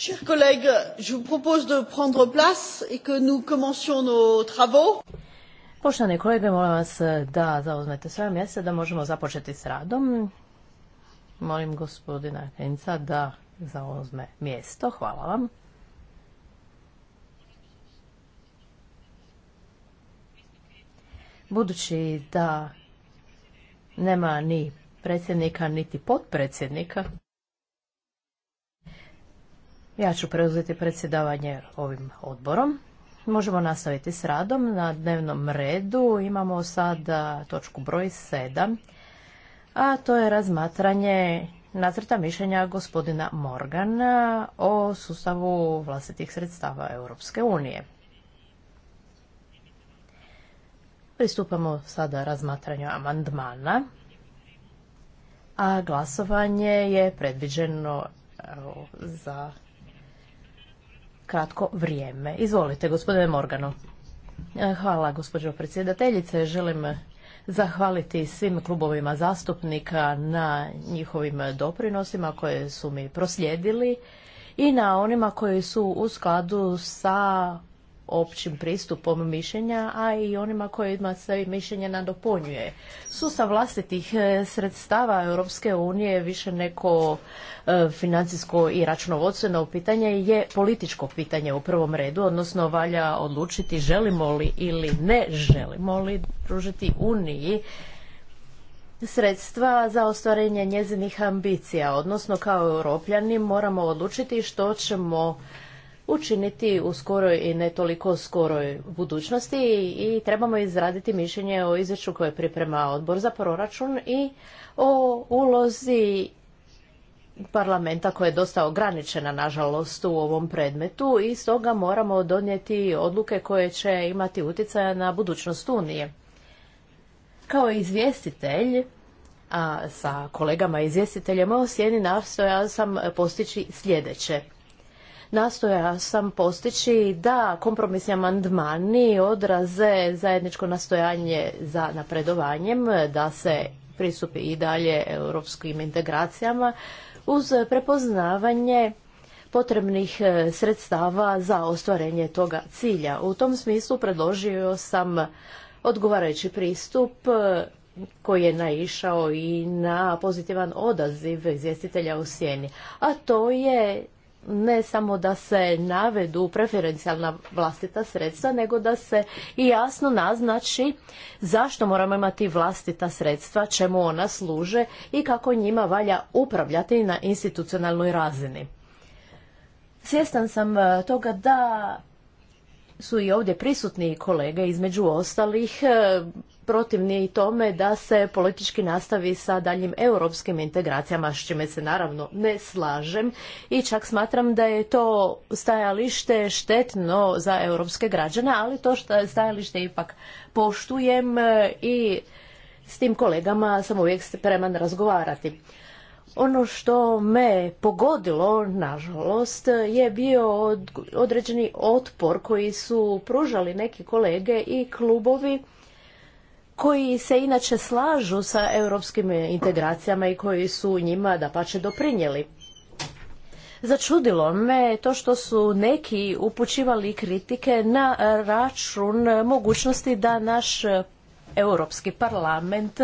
chers collègues je vous propose de prendre place et que nous commencions nos travaux. poštovani kolege molim vas eh, da zauzmete svoja mjesta da možemo započeti s radom. molim gospodina kenca da zauzme mjesto. hvala vam. budući da nema ni predsjednika niti potpredsjednika ja ću preuzeti predsjedavanje ovim odborom. Možemo nastaviti s radom. Na dnevnom redu imamo sada točku broj 7, a to je razmatranje nacrta mišljenja gospodina Morgana o sustavu vlastitih sredstava Europske unije. Pristupamo sada razmatranju amandmana, a glasovanje je predviđeno za kratko vrijeme. Izvolite, gospodine Morgano. E, hvala, gospođo predsjedateljice. Želim zahvaliti svim klubovima zastupnika na njihovim doprinosima koje su mi proslijedili i na onima koji su u skladu sa općim pristupom mišljenja, a i onima kojima se mišljenje nadopunjuje. Sustav vlastitih e, sredstava Europske unije više neko e, financijsko i računovodstveno pitanje je političko pitanje u prvom redu, odnosno valja odlučiti želimo li ili ne želimo li pružiti Uniji sredstva za ostvarenje njezinih ambicija, odnosno kao europljani moramo odlučiti što ćemo učiniti u skoroj i ne toliko skoroj budućnosti i trebamo izraditi mišljenje o izvješću koje priprema odbor za proračun i o ulozi parlamenta koja je dosta ograničena nažalost u ovom predmetu i stoga moramo donijeti odluke koje će imati utjecaja na budućnost Unije. Kao izvjestitelj, a sa kolegama izvjestiteljem o sjeni nastoja sam postići sljedeće. Nastoja sam postići da kompromisni amandmani odraze zajedničko nastojanje za napredovanjem, da se pristupi i dalje europskim integracijama uz prepoznavanje potrebnih e, sredstava za ostvarenje toga cilja. U tom smislu predložio sam odgovarajući pristup e, koji je naišao i na pozitivan odaziv izvjestitelja u sjeni, a to je ne samo da se navedu preferencijalna vlastita sredstva, nego da se i jasno naznači zašto moramo imati vlastita sredstva, čemu ona služe i kako njima valja upravljati na institucionalnoj razini. Svjestan sam e, toga da su i ovdje prisutni kolege, između ostalih, e, protivni i tome da se politički nastavi sa daljim europskim integracijama, s čime se naravno ne slažem i čak smatram da je to stajalište štetno za europske građane, ali to što stajalište ipak poštujem e, i s tim kolegama sam uvijek spreman razgovarati. Ono što me pogodilo, nažalost, je bio određeni otpor koji su pružali neki kolege i klubovi koji se inače slažu sa europskim integracijama i koji su njima da pače doprinijeli. Začudilo me to što su neki upućivali kritike na račun mogućnosti da naš Europski parlament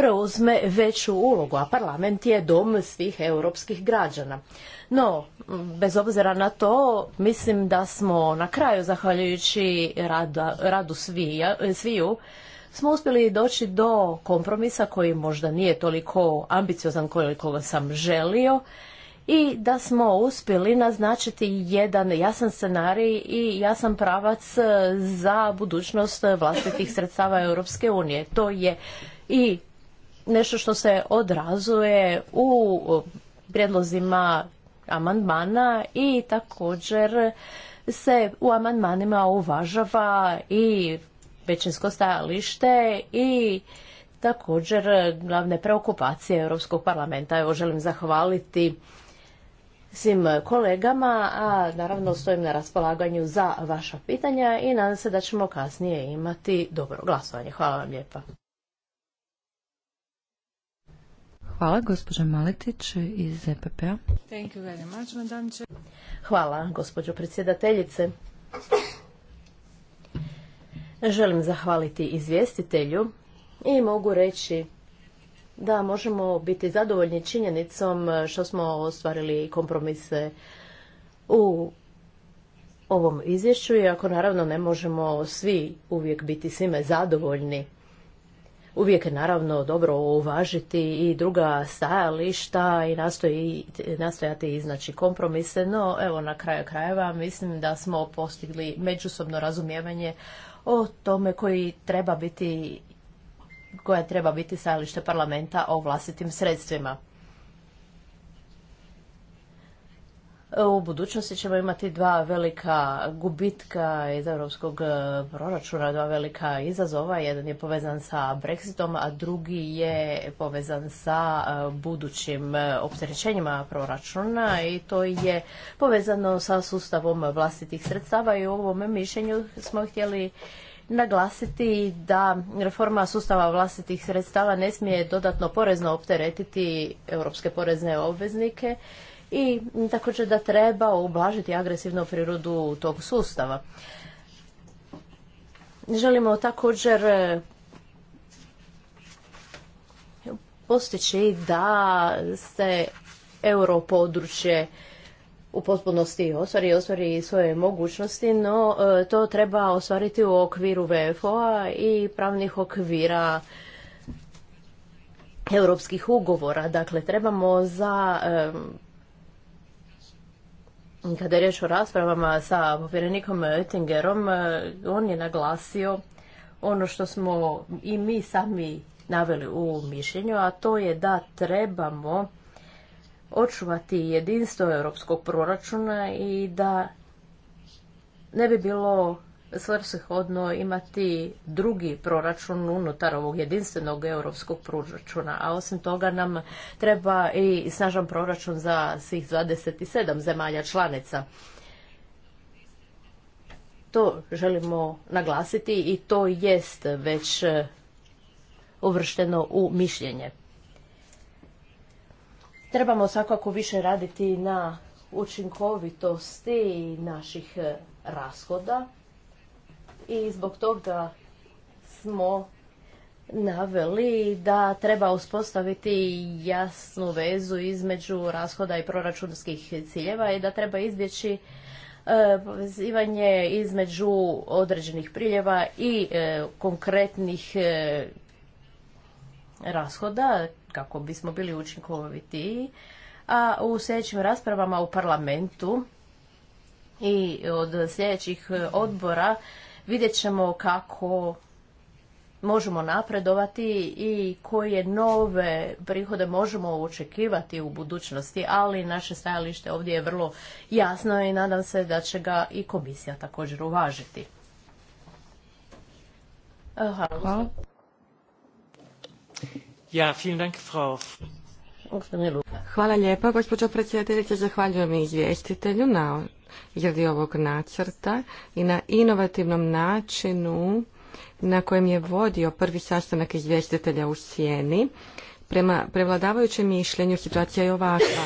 preuzme veću ulogu, a parlament je dom svih europskih građana. No, bez obzira na to, mislim da smo na kraju, zahvaljujući radu sviju, smo uspjeli doći do kompromisa koji možda nije toliko ambiciozan koliko sam želio i da smo uspjeli naznačiti jedan jasan scenarij i jasan pravac za budućnost vlastitih sredstava Europske unije. To je i nešto što se odrazuje u prijedlozima amandmana i također se u amandmanima uvažava i većinsko stajalište i također glavne preokupacije Europskog parlamenta. Evo želim zahvaliti svim kolegama, a naravno stojim na raspolaganju za vaša pitanja i nadam se da ćemo kasnije imati dobro glasovanje. Hvala vam lijepa. Hvala, gospođa Maletić iz e a p-a. Hvala, gospođo predsjedateljice. Želim zahvaliti izvjestitelju i mogu reći da možemo biti zadovoljni činjenicom što smo ostvarili kompromise u ovom izvješću, iako naravno ne možemo svi uvijek biti svime zadovoljni. Uvijek je naravno dobro uvažiti i druga stajališta i nastojati iznaći kompromise, no evo na kraju krajeva mislim da smo postigli međusobno razumijevanje o tome koji treba biti koja treba biti stajalište parlamenta o vlastitim sredstvima. U budućnosti ćemo imati dva velika gubitka iz europskog e, proračuna, dva velika izazova. Jedan je povezan sa Brexitom, a drugi je povezan sa e, budućim e, opterećenjima proračuna i to je povezano sa sustavom vlastitih sredstava i u ovome mišljenju smo htjeli naglasiti da reforma sustava vlastitih sredstava ne smije dodatno porezno opteretiti europske porezne obveznike i također da treba ublažiti agresivnu prirodu tog sustava. Želimo također e, postići da se europodručje u potpunosti ostvari i ostvari svoje mogućnosti, no e, to treba ostvariti u okviru VFO-a i pravnih okvira europskih ugovora. Dakle, trebamo za kada je riječ o raspravama sa povjerenikom Oettingerom, e, on je naglasio ono što smo i mi sami naveli u mišljenju, a to je da trebamo očuvati jedinstvo europskog proračuna i da ne bi bilo svrsishodno imati drugi proračun unutar ovog jedinstvenog europskog proračuna, a osim toga nam treba i snažan proračun za svih 27 zemalja članica. To želimo naglasiti i to jest već uvršteno u mišljenje. Trebamo svakako više raditi na učinkovitosti naših rashoda i zbog toga smo naveli da treba uspostaviti jasnu vezu između rashoda i proračunskih ciljeva i da treba izbjeći e, povezivanje između određenih priljeva i e, konkretnih e, rashoda kako bismo bili učinkoviti. A u sljedećim raspravama u parlamentu i od sljedećih odbora Vidjet ćemo kako možemo napredovati i koje nove prihode možemo očekivati u budućnosti, ali naše stajalište ovdje je vrlo jasno i nadam se da će ga i komisija također uvažiti. E, hvala. Hvala lijepa, gospođo predsjedateljice. Zahvaljujem izvjestitelju na izradi ovog nacrta i na inovativnom načinu na kojem je vodio prvi sastanak izvjestitelja u sjeni. Prema prevladavajućem mišljenju situacija je ovakva.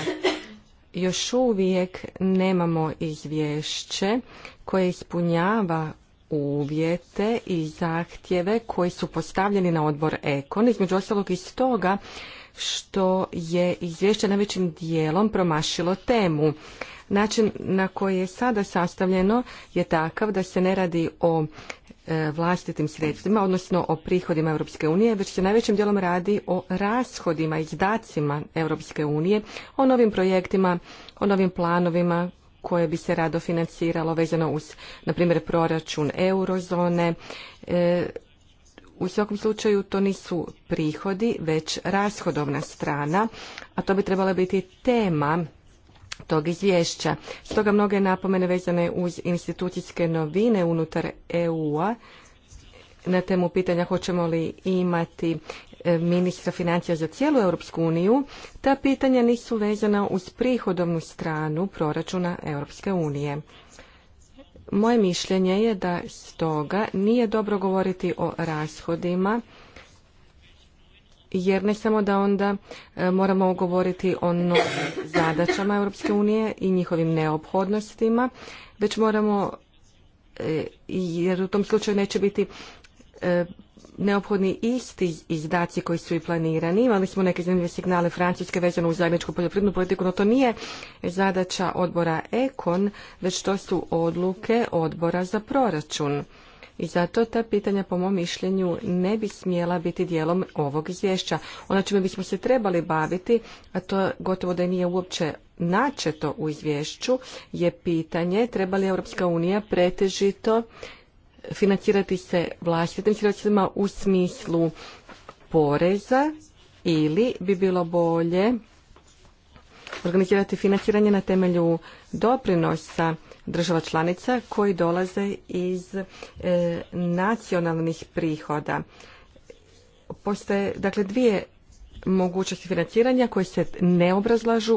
Još uvijek nemamo izvješće koje ispunjava uvjete i zahtjeve koji su postavljeni na odbor Ekon, između ostalog iz toga što je izvješće najvećim dijelom promašilo temu. Način na koji je sada sastavljeno je takav da se ne radi o e, vlastitim sredstvima, odnosno o prihodima Europske unije, već se najvećim dijelom radi o rashodima, izdacima Europske unije, o novim projektima, o novim planovima koje bi se rado financiralo vezano uz, na primjer, proračun eurozone. E, u svakom slučaju to nisu prihodi, već rashodovna strana, a to bi trebala biti tema tog izvješća. Stoga mnoge napomene vezane uz institucijske novine unutar EU-a na temu pitanja hoćemo li imati e, ministra financija za cijelu Europsku uniju, ta pitanja nisu vezana uz prihodovnu stranu proračuna Europske unije. Moje mišljenje je da stoga nije dobro govoriti o rashodima jer ne samo da onda e, moramo govoriti o novim zadaćama Europske unije i njihovim neophodnostima, već moramo, e, jer u tom slučaju neće biti e, neophodni isti izdaci koji su i planirani. Imali smo neke zanimljive signale Francuske vezano uz zajedničku poljoprivrednu politiku, no to nije zadaća odbora Ekon, već to su odluke odbora za proračun. I zato ta pitanja, po mom mišljenju, ne bi smjela biti dijelom ovog izvješća. Ono čime bismo se trebali baviti, a to gotovo da nije uopće načeto u izvješću, je pitanje treba li Europska unija pretežito financirati se vlastitim sredstvima u smislu poreza ili bi bilo bolje organizirati financiranje na temelju doprinosa država članica koji dolaze iz e, nacionalnih prihoda. Postoje dakle dvije mogućnosti financiranja koje se ne obrazlažu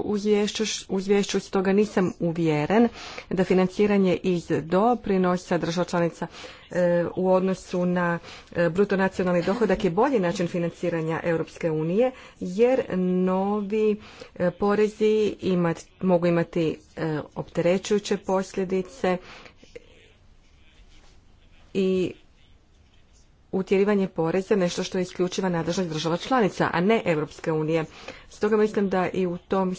u izvješću, stoga nisam uvjeren da financiranje iz doprinosa država članica e, u odnosu na e, bruto nacionalni dohodak je bolji način financiranja Europske unije jer novi e, porezi mogu imati opterećujuće posljedice i utjerivanje poreza nešto što je isključiva nadležnost država članica, a ne Europske unije. Stoga mislim da i u tom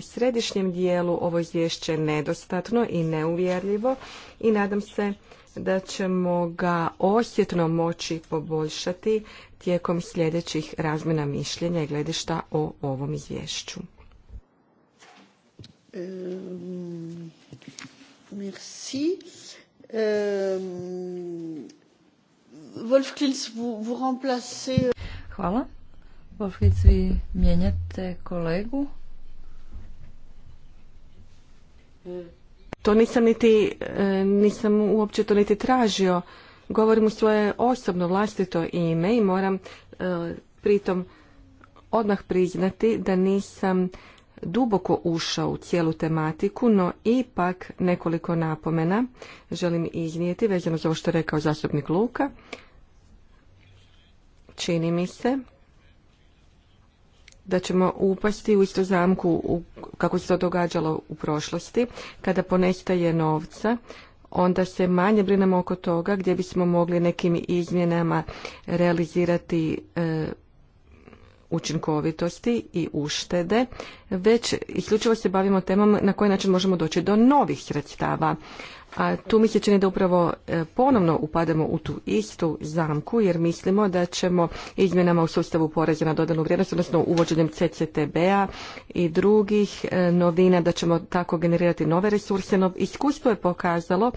središnjem dijelu ovo izvješće je nedostatno i neuvjerljivo i nadam se da ćemo ga osjetno moći poboljšati tijekom sljedećih razmjena mišljenja i gledišta o ovom izvješću. Wolf euh, Hvala. mijenjate kolegu. To nisam niti, e, nisam uopće to niti tražio. Govorim u svoje osobno vlastito ime i moram e, pritom odmah priznati da nisam duboko ušao u cijelu tematiku, no ipak nekoliko napomena želim iznijeti vezano za ovo što je rekao zastupnik Luka čini mi se da ćemo upasti u isto zamku kako se to događalo u prošlosti, kada ponestaje novca, onda se manje brinemo oko toga gdje bismo mogli nekim izmjenama realizirati e, učinkovitosti i uštede, već isključivo se bavimo temom na koji način možemo doći do novih sredstava. A tu mi se čini da upravo e, ponovno Upademo u tu istu zamku jer mislimo da ćemo izmjenama u sustavu poreza na dodanu vrijednost, odnosno uvođenjem CCTB-a i drugih e, novina da ćemo tako generirati nove resurse. No, iskustvo je pokazalo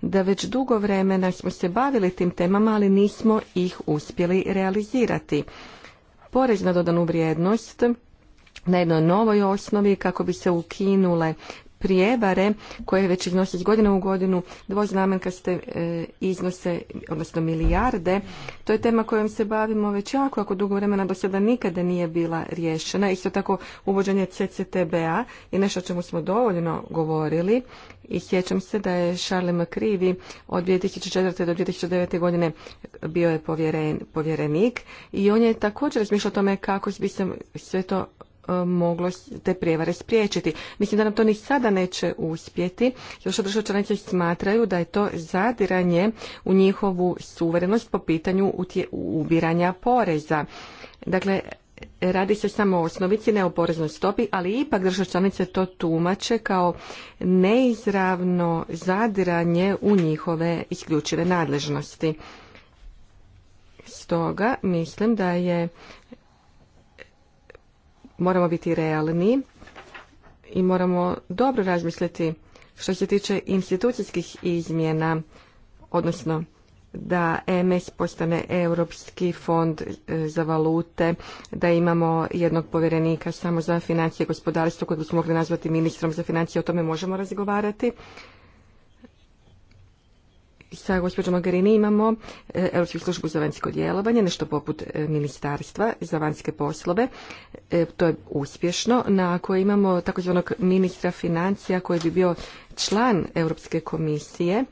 da već dugo vremena smo se bavili tim temama, ali nismo ih uspjeli realizirati porez na dodanu vrijednost na jednoj novoj osnovi kako bi se ukinule prijevare koje već iznose iz godine u godinu dvoznamenkaste e, iznose, odnosno milijarde. To je tema kojom se bavimo već jako, ako dugo vremena do sada nikada nije bila riješena. Isto tako uvođenje CCTBA je nešto o čemu smo dovoljno govorili i sjećam se da je Charles McCreevy od 2004. do 2009. godine bio je povjerenik i on je također razmišljao o tome kako bi se sve to E, moglo te prijevare spriječiti. Mislim da nam to ni sada neće uspjeti. što države članice smatraju da je to zadiranje u njihovu suverenost po pitanju ubiranja poreza. Dakle, Radi se samo o osnovici, ne o poreznoj stopi, ali ipak države članice to tumače kao neizravno zadiranje u njihove isključive nadležnosti. Stoga mislim da je moramo biti realni i moramo dobro razmisliti što se tiče institucijskih izmjena, odnosno da e MS postane Europski fond e, za valute, da imamo jednog povjerenika samo za financije i gospodarstvo kojeg smo mogli nazvati ministrom za financije, o tome možemo razgovarati sa gospođom Mogherini imamo e, Europsku službu za vanjsko djelovanje, nešto poput e, ministarstva za vanjske poslove. E, to je uspješno. Na koje imamo takozvanog ministra financija koji bi bio član Europske komisije.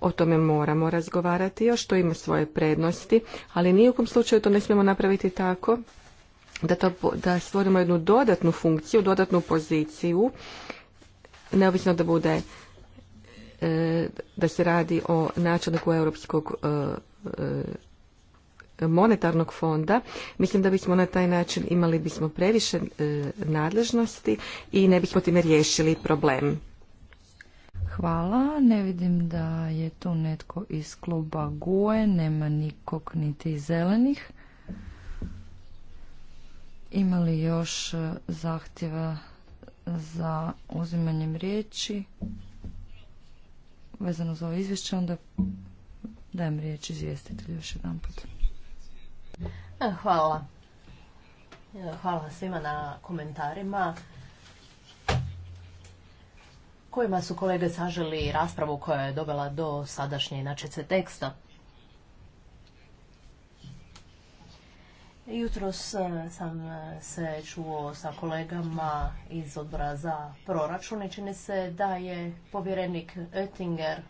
O tome moramo razgovarati još, to ima svoje prednosti, ali kom slučaju to ne smijemo napraviti tako da, da stvorimo jednu dodatnu funkciju, dodatnu poziciju, neovisno da bude da se radi o načelniku Europskog e, e, monetarnog fonda. Mislim da bismo na taj način imali bismo previše e, nadležnosti i ne bismo time riješili problem. Hvala. Ne vidim da je tu netko iz kluba GUE, nema nikog niti zelenih. Ima li još zahtjeva za uzimanjem riječi? vezano za ovo izvješće, onda dajem riječ izvjestitelju još jedan put. E, hvala. E, hvala svima na komentarima kojima su kolege saželi raspravu koja je dovela do sadašnje inačice teksta. Jutros e, sam e, se čuo sa kolegama iz odbora za proračun i čini se da je povjerenik Oettinger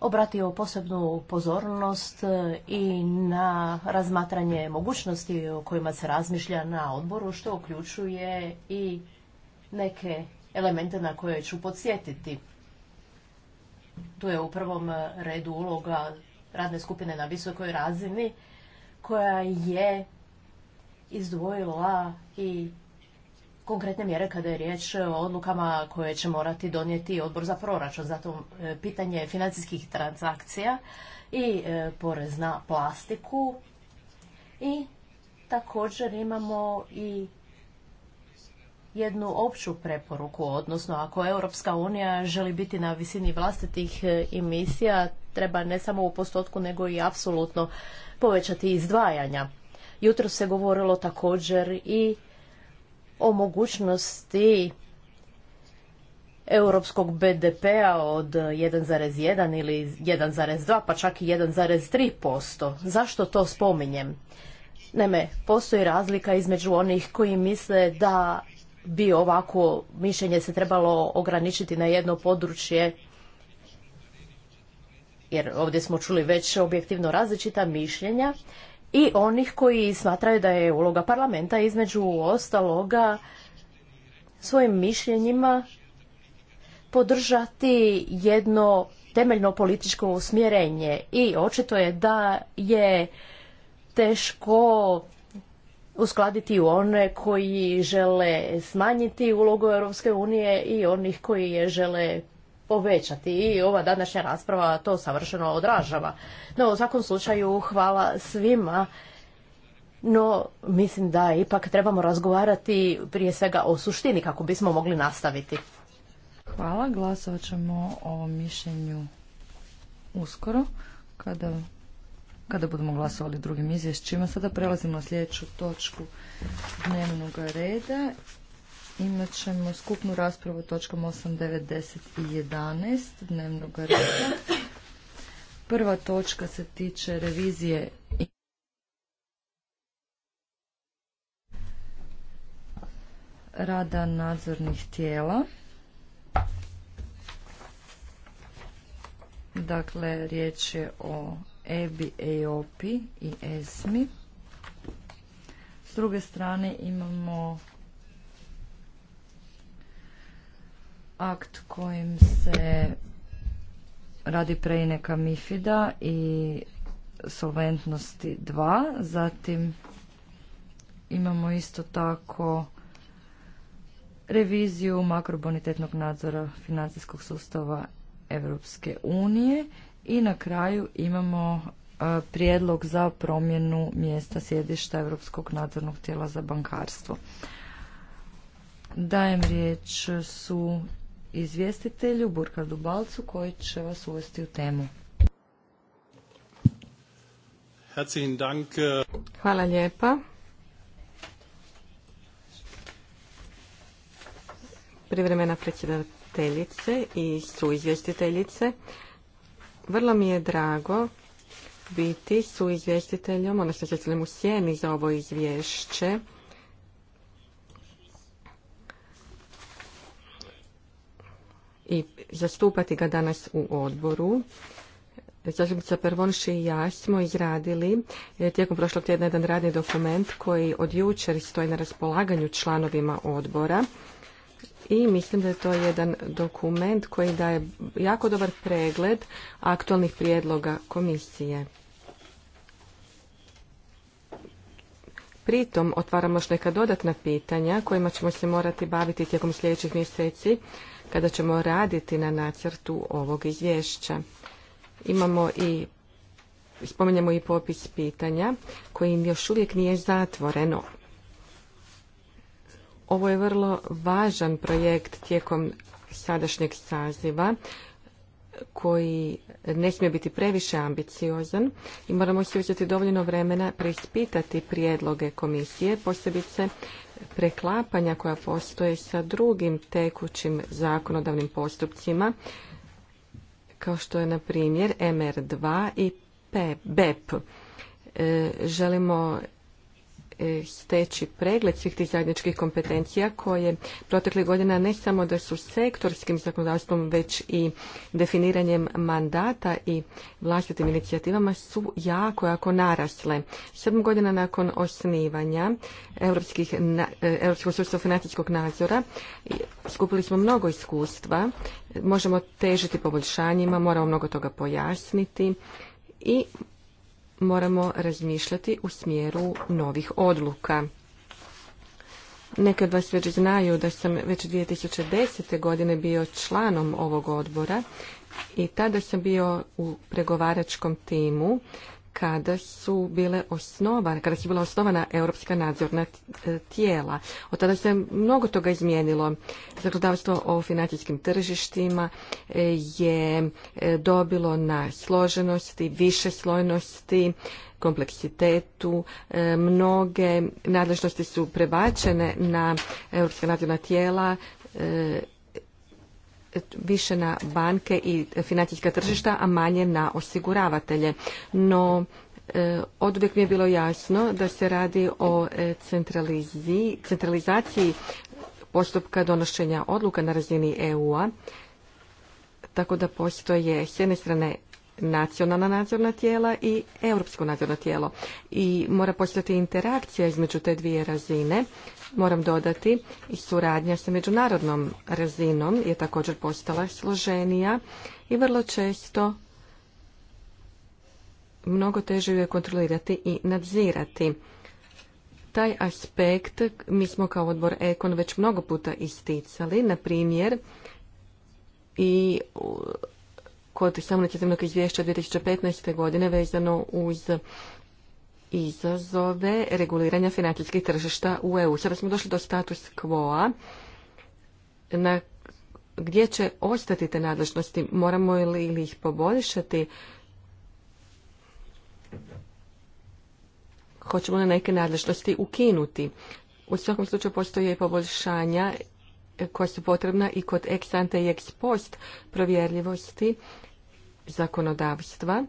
obratio posebnu pozornost e, i na razmatranje mogućnosti o kojima se razmišlja na odboru, što uključuje i neke elemente na koje ću podsjetiti. Tu je u prvom redu uloga radne skupine na visokoj razini koja je izdvojila i konkretne mjere kada je riječ o odlukama koje će morati donijeti odbor za proračun. Zato e, pitanje financijskih transakcija i e, porez na plastiku i također imamo i jednu opću preporuku, odnosno ako Europska unija želi biti na visini vlastitih e, emisija, treba ne samo u postotku nego i apsolutno povećati izdvajanja. Jutro se govorilo također i o mogućnosti europskog BDP-a od 1,1 ili 1,2 pa čak i 1,3%. Zašto to spominjem? Naime, postoji razlika između onih koji misle da bi ovako mišljenje se trebalo ograničiti na jedno područje jer ovdje smo čuli već objektivno različita mišljenja i onih koji smatraju da je uloga parlamenta između ostaloga svojim mišljenjima podržati jedno temeljno političko usmjerenje i očito je da je teško uskladiti one koji žele smanjiti ulogu Europske unije i onih koji je žele povećati i ova današnja rasprava to savršeno odražava. No, u svakom slučaju hvala svima, no mislim da ipak trebamo razgovarati prije svega o suštini kako bismo mogli nastaviti. Hvala, glasovat ćemo o mišljenju uskoro kada, kada budemo glasovali drugim izvješćima. Sada prelazimo na sljedeću točku dnevnog reda imat ćemo skupnu raspravu točkom 8, 9, 10 i 11 dnevnog reda. Prva točka se tiče revizije rada nadzornih tijela. Dakle, riječ je o EBI, EOPI i ESMI. S druge strane imamo akt kojim se radi preineka mifida i solventnosti 2. Zatim imamo isto tako reviziju makrobonitetnog nadzora financijskog sustava Europske unije i na kraju imamo e, prijedlog za promjenu mjesta sjedišta Europskog nadzornog tijela za bankarstvo. Dajem riječ su izvjestitelju Burkardu Balcu koji će vas uvesti u temu. Eh. Hvala lijepa. Privremena predsjedateljice i suizvjestiteljice. Vrlo mi je drago biti suizvjestiteljom, odnosno se u sjeni za ovo izvješće i zastupati ga danas u odboru. Zastupnica Pervonši i ja smo izradili e, tijekom prošlog tjedna jedan radni dokument koji od jučer stoji na raspolaganju članovima odbora i mislim da je to jedan dokument koji daje jako dobar pregled aktualnih prijedloga komisije. Pritom otvaramo još neka dodatna pitanja kojima ćemo se morati baviti tijekom sljedećih mjeseci kada ćemo raditi na nacrtu ovog izvješća. Imamo i spominjemo i popis pitanja koji još uvijek nije zatvoreno. Ovo je vrlo važan projekt tijekom sadašnjeg saziva koji ne smije biti previše ambiciozan i moramo se uzeti dovoljno vremena preispitati prijedloge komisije, posebice preklapanja koja postoje sa drugim tekućim zakonodavnim postupcima, kao što je na primjer MR2 i BEP. E, želimo Eh, steći pregled svih tih zajedničkih kompetencija koje protekle godina ne samo da su sektorskim zakonodavstvom već i definiranjem mandata i vlastitim inicijativama su jako, jako narasle. Sedam godina nakon osnivanja Europskih, Europskog eh, sustava financijskog nadzora skupili smo mnogo iskustva, možemo težiti poboljšanjima, moramo mnogo toga pojasniti i moramo razmišljati u smjeru novih odluka. Nekad vas već znaju da sam već 2010. godine bio članom ovog odbora i tada sam bio u pregovaračkom timu kada su bile osnovane, kada su bila osnovana europska nadzorna e, tijela. Od tada se mnogo toga izmijenilo. Zakonodavstvo o financijskim tržištima e, je e, dobilo na složenosti, više slojnosti, kompleksitetu. Mnoge nadležnosti su prebačene na europska nadzorna tijela više na banke i financijska tržišta, a manje na osiguravatelje. No, e, od uvijek mi je bilo jasno da se radi o e, centralizaciji postupka donošenja odluka na razini EU-a, tako da postoje s jedne strane nacionalna nadzorna tijela i europsko nadzorno tijelo. I mora postati interakcija između te dvije razine Moram dodati, i suradnja sa međunarodnom razinom je također postala složenija i vrlo često mnogo teže ju je kontrolirati i nadzirati. Taj aspekt mi smo kao odbor Ekon već mnogo puta isticali, na primjer i kod samonicizmnog izvješća 2015. godine vezano uz izazove reguliranja financijskih tržišta u EU. Sada smo došli do status quo na gdje će ostati te nadležnosti? Moramo li ih poboljšati? Hoćemo li neke nadležnosti ukinuti? U svakom slučaju postoje i poboljšanja koja su potrebna i kod ex ante i ex post provjerljivosti zakonodavstva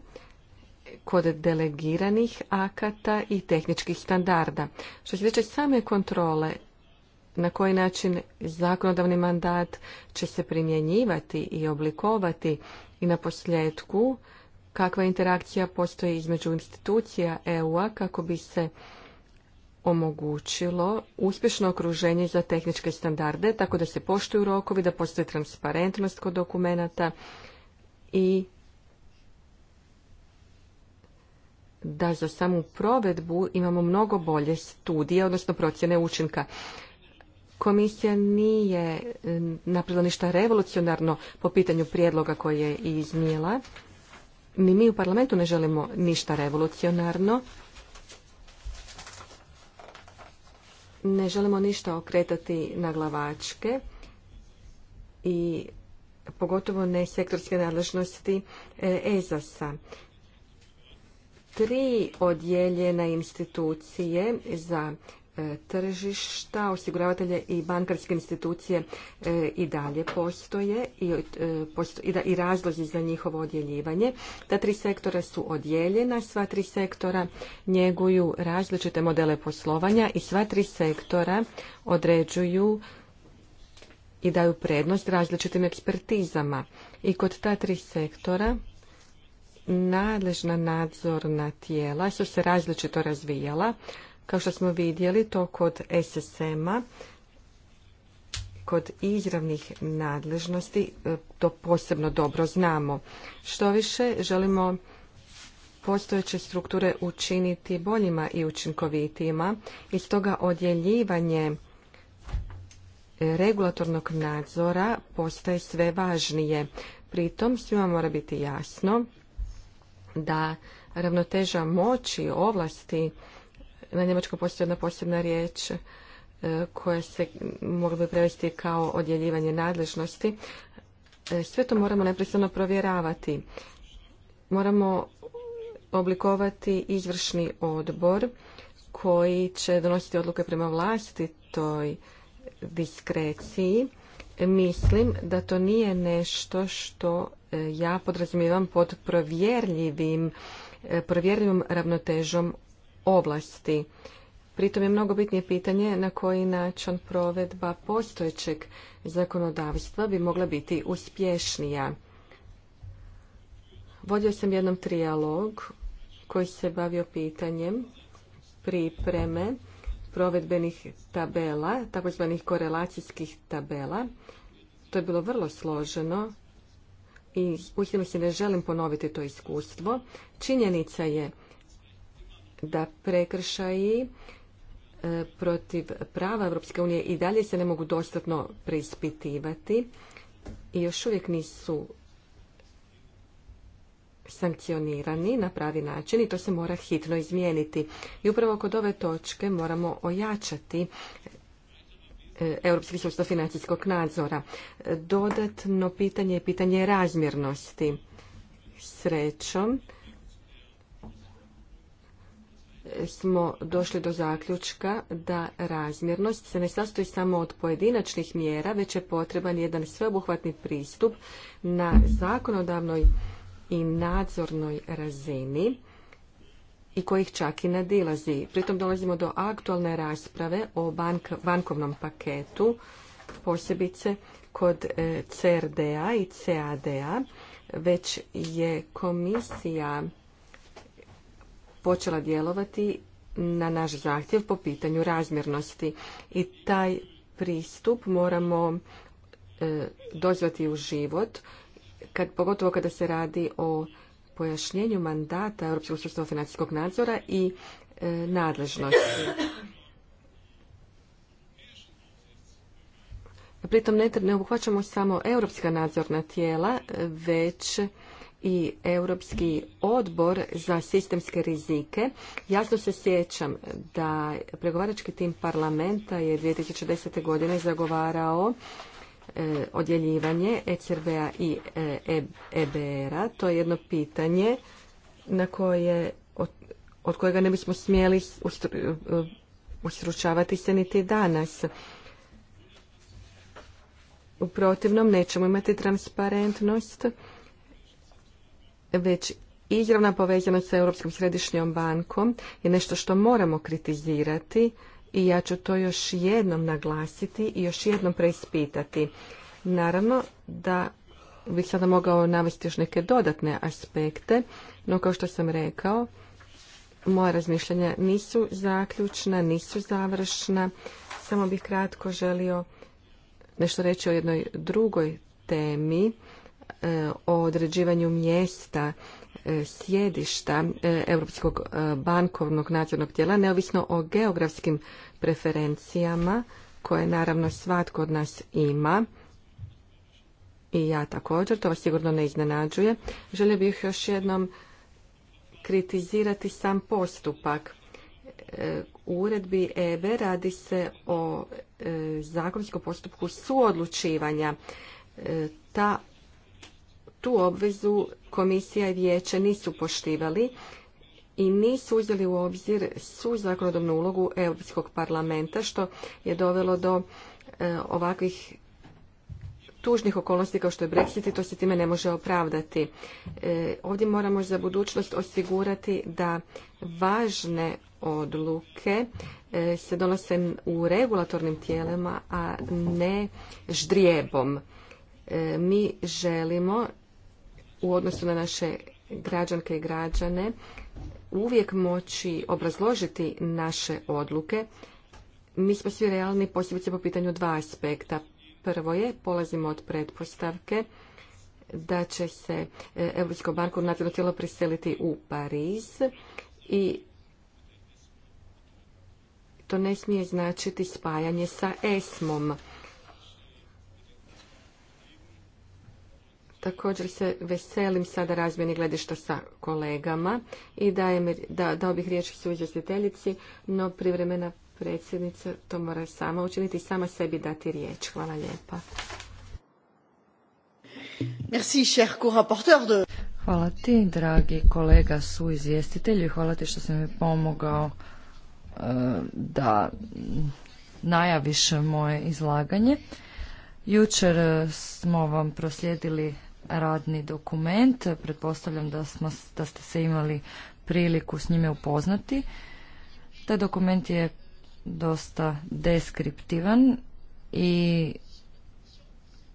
kod delegiranih akata i tehničkih standarda. Što se tiče same kontrole, na koji način zakonodavni mandat će se primjenjivati i oblikovati i na posljedku kakva interakcija postoji između institucija EU-a kako bi se omogućilo uspješno okruženje za tehničke standarde tako da se poštuju rokovi, da postoji transparentnost kod dokumenata i da za samu provedbu imamo mnogo bolje studije, odnosno procjene učinka. Komisija nije napravila ništa revolucionarno po pitanju prijedloga koje je iznijela. Ni mi u parlamentu ne želimo ništa revolucionarno. Ne želimo ništa okretati na glavačke i pogotovo ne sektorske nadležnosti EZAS-a tri odjeljene institucije za e, tržišta, osiguravatelje i bankarske institucije e, i dalje postoje i, e, i razlozi za njihovo odjeljivanje. Ta tri sektora su odjeljena, sva tri sektora njeguju različite modele poslovanja i sva tri sektora određuju i daju prednost različitim ekspertizama. I kod ta tri sektora nadležna nadzorna tijela su se različito razvijala. Kao što smo vidjeli to kod SSM-a, kod izravnih nadležnosti e, to posebno dobro znamo. Što više želimo postojeće strukture učiniti boljima i učinkovitijima i stoga odjeljivanje regulatornog nadzora postaje sve važnije. Pritom svima mora biti jasno da ravnoteža moći, ovlasti, na njemačkom postoji jedna posebna riječ e, koja se mogla bi prevesti kao odjeljivanje nadležnosti. E, sve to moramo neprestano provjeravati. Moramo oblikovati izvršni odbor koji će donositi odluke prema vlastitoj diskreciji mislim da to nije nešto što e, ja podrazumijevam pod provjerljivim, e, provjerljivom ravnotežom oblasti. Pritom je mnogo bitnije pitanje na koji način provedba postojećeg zakonodavstva bi mogla biti uspješnija. Vodio sam jednom trijalog koji se bavio pitanjem pripreme provedbenih tabela, takozvanih korelacijskih tabela. To je bilo vrlo složeno i uistinu se ne želim ponoviti to iskustvo. Činjenica je da prekršaji e, protiv prava Europske unije i dalje se ne mogu dostatno preispitivati i još uvijek nisu sankcionirani na pravi način i to se mora hitno izmijeniti. I upravo kod ove točke moramo ojačati e, europski sustav financijskog nadzora. Dodatno pitanje je pitanje razmjernosti. Srećom smo došli do zaključka da razmjernost se ne sastoji samo od pojedinačnih mjera, već je potreban jedan sveobuhvatni pristup na zakonodavnoj i nadzornoj razini i kojih čak i nadilazi. Pritom dolazimo do aktualne rasprave o bankovnom paketu, posebice kod e, CRDA i CADA, već je komisija počela djelovati na naš zahtjev po pitanju razmjernosti i taj pristup moramo e, dozvati u život kad, pogotovo kada se radi o pojašnjenju mandata Europskog sustava financijskog nadzora i e, nadležnosti. Pritom ne, ne obuhvaćamo samo europska nadzorna tijela, već i Europski odbor za sistemske rizike. Jasno se sjećam da pregovarački tim parlamenta je 2010. godine zagovarao E, odjeljivanje ECRB-a i EBR-a. E, e to je jedno pitanje na koje, od, kojega ne bismo smjeli ustručavati se niti danas. U protivnom nećemo imati transparentnost, već izravna povezanost sa Europskom središnjom bankom je nešto što moramo kritizirati i ja ću to još jednom naglasiti i još jednom preispitati. Naravno da bih sada mogao navesti još neke dodatne aspekte, no kao što sam rekao, moja razmišljanja nisu zaključna, nisu završna. Samo bih kratko želio nešto reći o jednoj drugoj temi, e, o određivanju mjesta E, sjedišta e, Europskog e, bankovnog nadzornog tijela, neovisno o geografskim preferencijama koje naravno svatko od nas ima i ja također, to vas sigurno ne iznenađuje. Želio bih još jednom kritizirati sam postupak. U uredbi EBE radi se o zakonskom postupku suodlučivanja. Ta tu obvezu komisija i vijeće nisu poštivali i nisu uzeli u obzir su zakonodavnu ulogu Europskog parlamenta što je dovelo do e, ovakvih tužnih okolnosti kao što je Brexit i to se time ne može opravdati. E, ovdje moramo za budućnost osigurati da važne odluke e, se donose u regulatornim tijelima, a ne ždrijebom. mi želimo u odnosu na naše građanke i građane uvijek moći obrazložiti naše odluke. Mi smo svi realni posebice po pitanju dva aspekta. Prvo je, polazimo od pretpostavke da će se e, Europsko banko nacionalno tijelo preseliti u Pariz i to ne smije značiti spajanje sa ESMom. Također se veselim sada razmjeni gledišta sa kolegama i dajem, da, dao bih riječ su izvjestiteljici, no privremena predsjednica to mora sama učiniti i sama sebi dati riječ. Hvala lijepa. Merci, cher de... Hvala ti, dragi kolega su izvjestitelju. Hvala ti što si mi pomogao e, da najaviš moje izlaganje. Jučer e, smo vam proslijedili radni dokument. Pretpostavljam da, smo, da ste se imali priliku s njime upoznati. Taj dokument je dosta deskriptivan i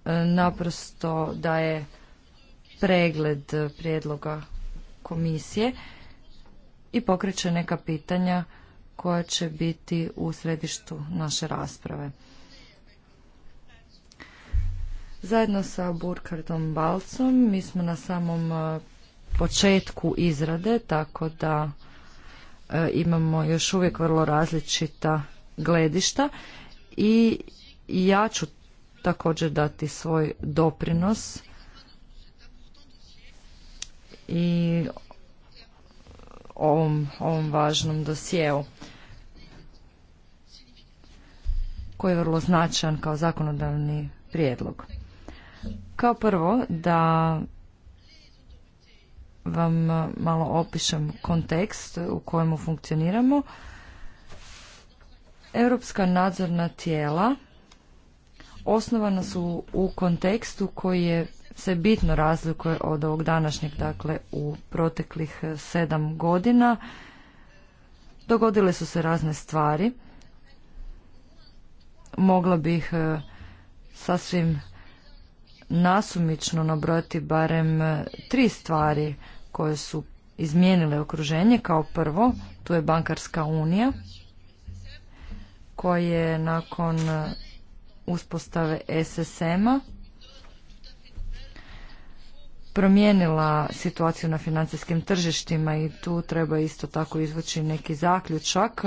e, naprosto daje pregled prijedloga komisije i pokreće neka pitanja koja će biti u središtu naše rasprave. Zajedno sa Burkardom Balcom mi smo na samom e, početku izrade, tako da e, imamo još uvijek vrlo različita gledišta i ja ću također dati svoj doprinos i ovom, ovom važnom dosjeu koji je vrlo značajan kao zakonodavni prijedlog. Kao prvo da vam malo opišem kontekst u kojemu funkcioniramo. Europska nadzorna tijela osnovana su u kontekstu koji je se bitno razlikuje od ovog današnjeg, dakle u proteklih sedam godina. Dogodile su se razne stvari. Mogla bih eh, sasvim nasumično nabrojati barem e, tri stvari koje su izmijenile okruženje. Kao prvo, tu je bankarska unija koja je nakon e, uspostave SSM-a promijenila situaciju na financijskim tržištima i tu treba isto tako izvući neki zaključak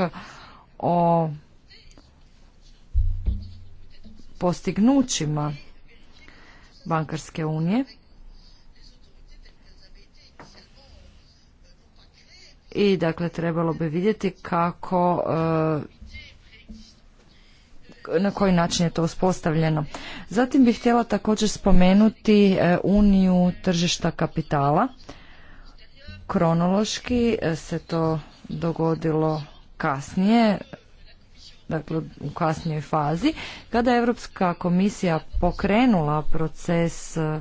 o postignućima bankarske unije. I dakle trebalo bi vidjeti kako e, na koji način je to uspostavljeno. Zatim bih htjela također spomenuti e, uniju tržišta kapitala. Kronološki e, se to dogodilo kasnije dakle u kasnijoj fazi, kada je Europska komisija pokrenula proces e,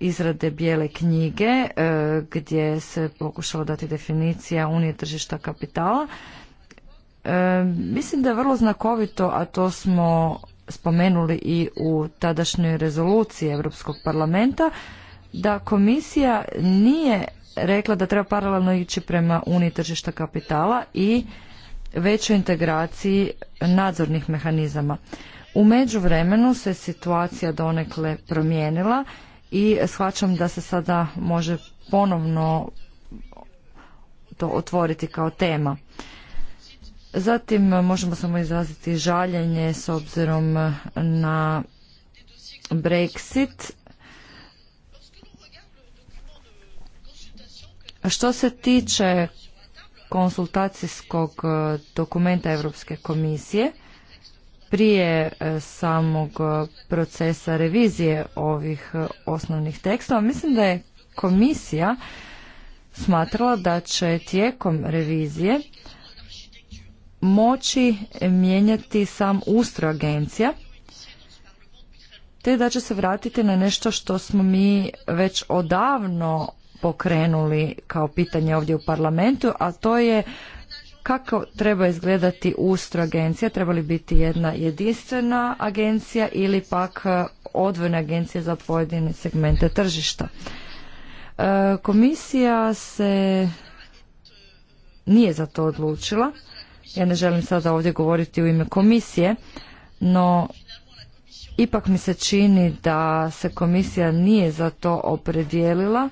izrade bijele knjige e, gdje se pokušalo dati definicija unije tržišta kapitala. E, mislim da je vrlo znakovito, a to smo spomenuli i u tadašnjoj rezoluciji Europskog parlamenta, da komisija nije rekla da treba paralelno ići prema uniji tržišta kapitala i većoj integraciji nadzornih mehanizama. U međuvremenu se situacija donekle promijenila i shvaćam da se sada može ponovno to otvoriti kao tema. Zatim e, možemo samo izraziti žaljenje s obzirom e, na Brexit. Što se tiče konsultacijskog e, dokumenta Europske komisije prije e, samog e, procesa revizije ovih osnovnih tekstova. Mislim da je komisija smatrala da će tijekom revizije moći mijenjati sam ustroj agencija te da će se vratiti na nešto što smo mi već odavno pokrenuli kao pitanje ovdje u parlamentu, a to je kako treba izgledati ustro agencija, treba li biti jedna jedinstvena agencija ili pak odvojna agencija za pojedine segmente tržišta. E, komisija se nije za to odlučila. Ja ne želim sada ovdje govoriti u ime komisije, no ipak mi se čini da se komisija nije za to opredijelila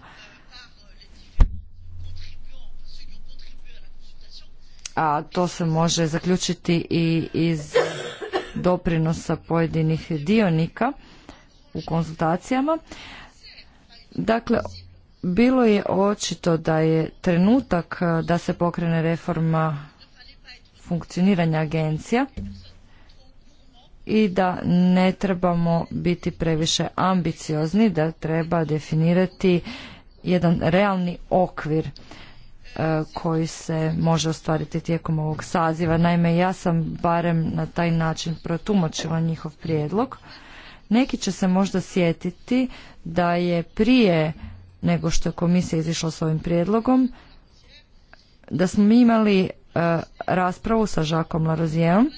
a to se može zaključiti i iz doprinosa pojedinih dionika u konzultacijama. Dakle, bilo je očito da je trenutak da se pokrene reforma funkcioniranja agencija i da ne trebamo biti previše ambiciozni, da treba definirati jedan realni okvir E, koji se može ostvariti tijekom ovog saziva. Naime, ja sam barem na taj način protumačila njihov prijedlog. Neki će se možda sjetiti da je prije nego što je komisija izišla s ovim prijedlogom, da smo imali e, raspravu sa Žakom Larozijevom,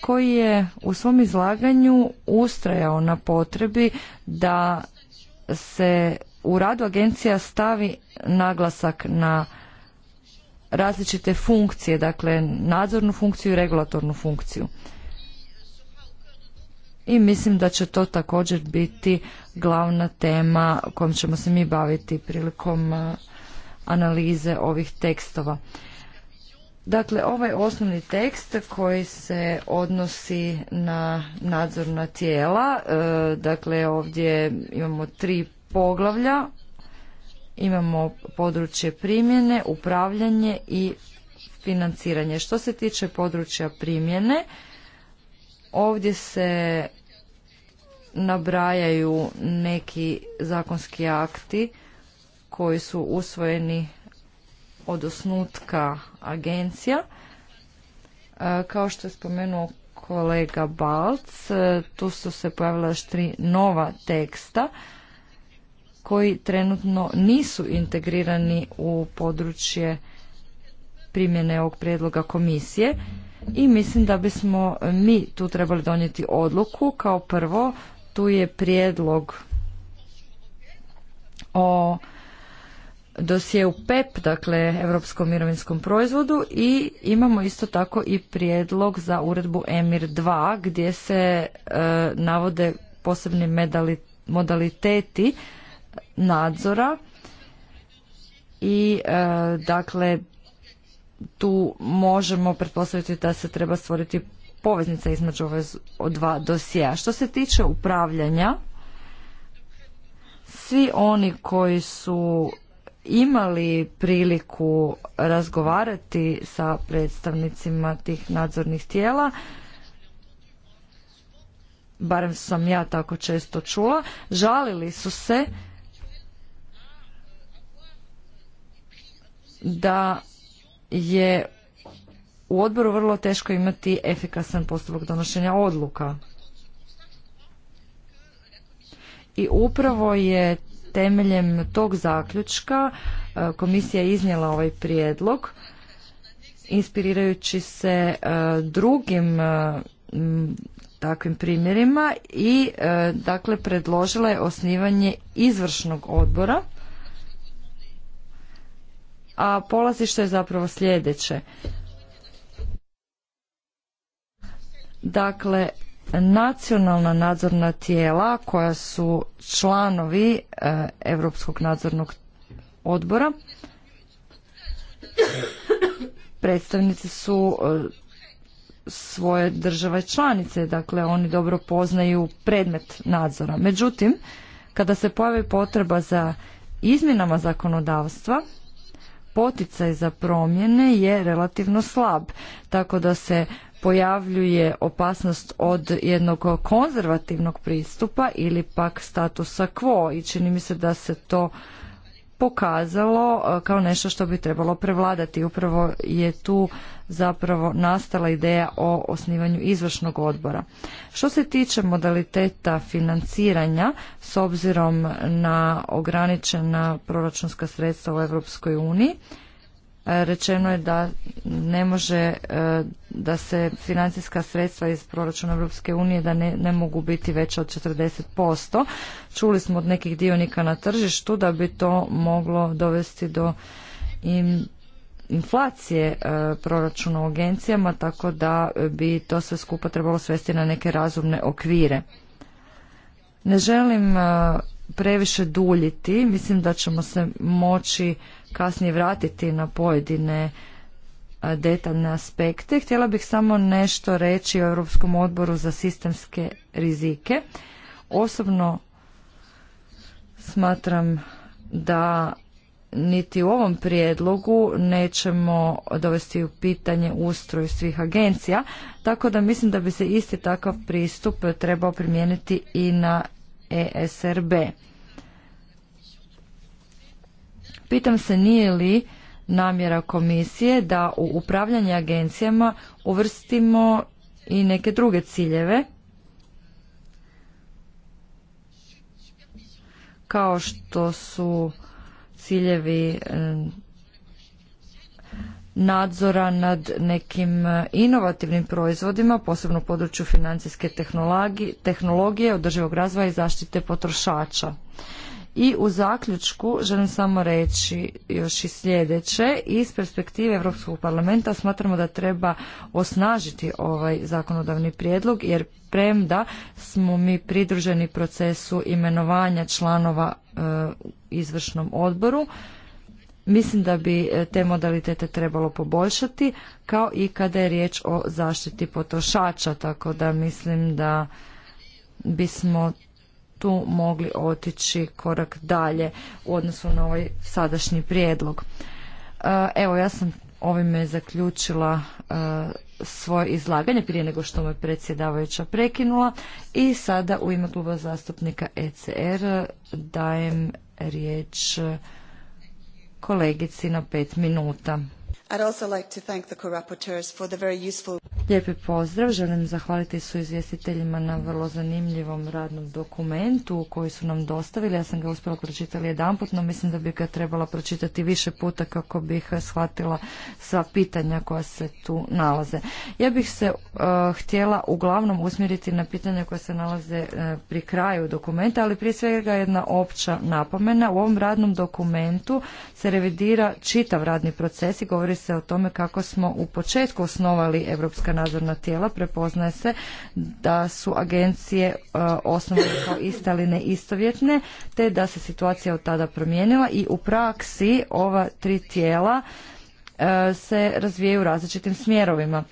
koji je u svom izlaganju ustrajao na potrebi da se u radu agencija stavi naglasak na različite funkcije, dakle nadzornu funkciju i regulatornu funkciju. I mislim da će to također biti glavna tema kojom ćemo se mi baviti prilikom e, analize ovih tekstova. Dakle, ovaj osnovni tekst koji se odnosi na nadzorna tijela, e, dakle ovdje imamo tri poglavlja Imamo područje primjene, upravljanje i financiranje. Što se tiče područja primjene, ovdje se nabrajaju neki zakonski akti koji su usvojeni od osnutka agencija. E, kao što je spomenuo kolega Balc, e, tu su se pojavila još tri nova teksta koji trenutno nisu integrirani u područje primjene ovog prijedloga komisije i mislim da bismo mi tu trebali donijeti odluku. Kao prvo, tu je prijedlog o dosjeu PEP, e dakle Europskom mirovinskom proizvodu i imamo isto tako i prijedlog za uredbu EMIR 2 gdje se e, navode posebni modaliteti nadzora i e, dakle tu možemo pretpostaviti da se treba stvoriti poveznica između ove dva dosjea. Što se tiče upravljanja, svi oni koji su imali priliku razgovarati sa predstavnicima tih nadzornih tijela, barem sam ja tako često čula, žalili su se da je u odboru vrlo teško imati efikasan postupak donošenja odluka. I upravo je temeljem tog zaključka e, komisija iznijela ovaj prijedlog inspirirajući se e, drugim e, takvim primjerima i dakle predložila je osnivanje izvršnog odbora a polazište je zapravo sljedeće. Dakle, nacionalna nadzorna tijela koja su članovi e, Europskog nadzornog odbora predstavnici su e, svoje države članice, dakle oni dobro poznaju predmet nadzora. Međutim, kada se pojavi potreba za izmjenama zakonodavstva, poticaj za promjene je relativno slab, tako da se pojavljuje opasnost od jednog konzervativnog pristupa ili pak statusa quo i čini mi se da se to pokazalo e, kao nešto što bi trebalo prevladati. Upravo je tu zapravo nastala ideja o osnivanju izvršnog odbora. Što se tiče modaliteta financiranja, s obzirom na ograničena proračunska sredstva u Europskoj uniji, rečeno je da ne može e, da se financijska sredstva iz proračuna Europske unije da ne, mogu biti veća od 40%. Čuli smo od nekih dionika na tržištu da bi to moglo dovesti do inflacije e, proračuna u agencijama, tako da bi to sve skupa trebalo svesti na neke razumne okvire. Ne želim e, previše duljiti, mislim da ćemo se moći kasnije vratiti na pojedine e, detaljne aspekte. Htjela bih samo nešto reći o Europskom odboru za sistemske rizike. Osobno smatram da niti u ovom prijedlogu nećemo dovesti u pitanje ustroj svih agencija, tako da mislim da bi se isti takav pristup trebao primijeniti i na ESRB. Pitam se nije li namjera komisije da u upravljanje agencijama uvrstimo i neke druge ciljeve kao što su ciljevi nadzora nad nekim inovativnim proizvodima, posebno u području financijske tehnologije, održivog razvoja i zaštite potrošača. I u zaključku želim samo reći još i sljedeće. Iz perspektive Europskog parlamenta smatramo da treba osnažiti ovaj zakonodavni prijedlog jer premda smo mi pridruženi procesu imenovanja članova e, u izvršnom odboru, Mislim da bi e, te modalitete trebalo poboljšati, kao i kada je riječ o zaštiti potrošača, tako da mislim da bismo tu mogli otići korak dalje u odnosu na ovaj sadašnji prijedlog. E, evo, ja sam ovime zaključila e, svoje izlaganje prije nego što me predsjedavajuća prekinula i sada u ime kluba zastupnika ECR dajem riječ kolegici na pet minuta. Lijepi pozdrav, želim zahvaliti su izvjestiteljima na vrlo zanimljivom radnom dokumentu koji su nam dostavili. Ja sam ga uspjela pročitali jedan put, no mislim da bi ga trebala pročitati više puta kako bih shvatila sva pitanja koja se tu nalaze. Ja bih se uh, htjela uglavnom usmjeriti na pitanja koja se nalaze uh, pri kraju dokumenta, ali prije svega jedna opća napomena. U ovom radnom dokumentu se revidira čitav radni proces i govori se o tome kako smo u početku osnovali europska nadzorna tijela. Prepoznaje se da su agencije e, osnovane kao iste istovjetne, te da se situacija od tada promijenila i u praksi ova tri tijela e, se razvijaju u različitim smjerovima.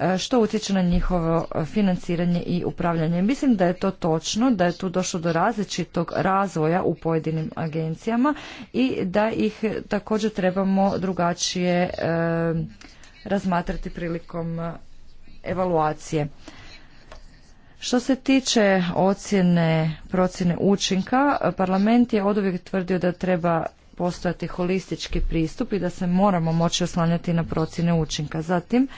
E, što utječe na njihovo financiranje i upravljanje. Mislim da je to točno, da je tu došlo do različitog razvoja u pojedinim agencijama i da ih također trebamo drugačije e, razmatrati prilikom evaluacije. Što se tiče ocjene procjene učinka, parlament je oduvijek tvrdio da treba postojati holistički pristup i da se moramo moći oslanjati na procjene učinka. Zatim,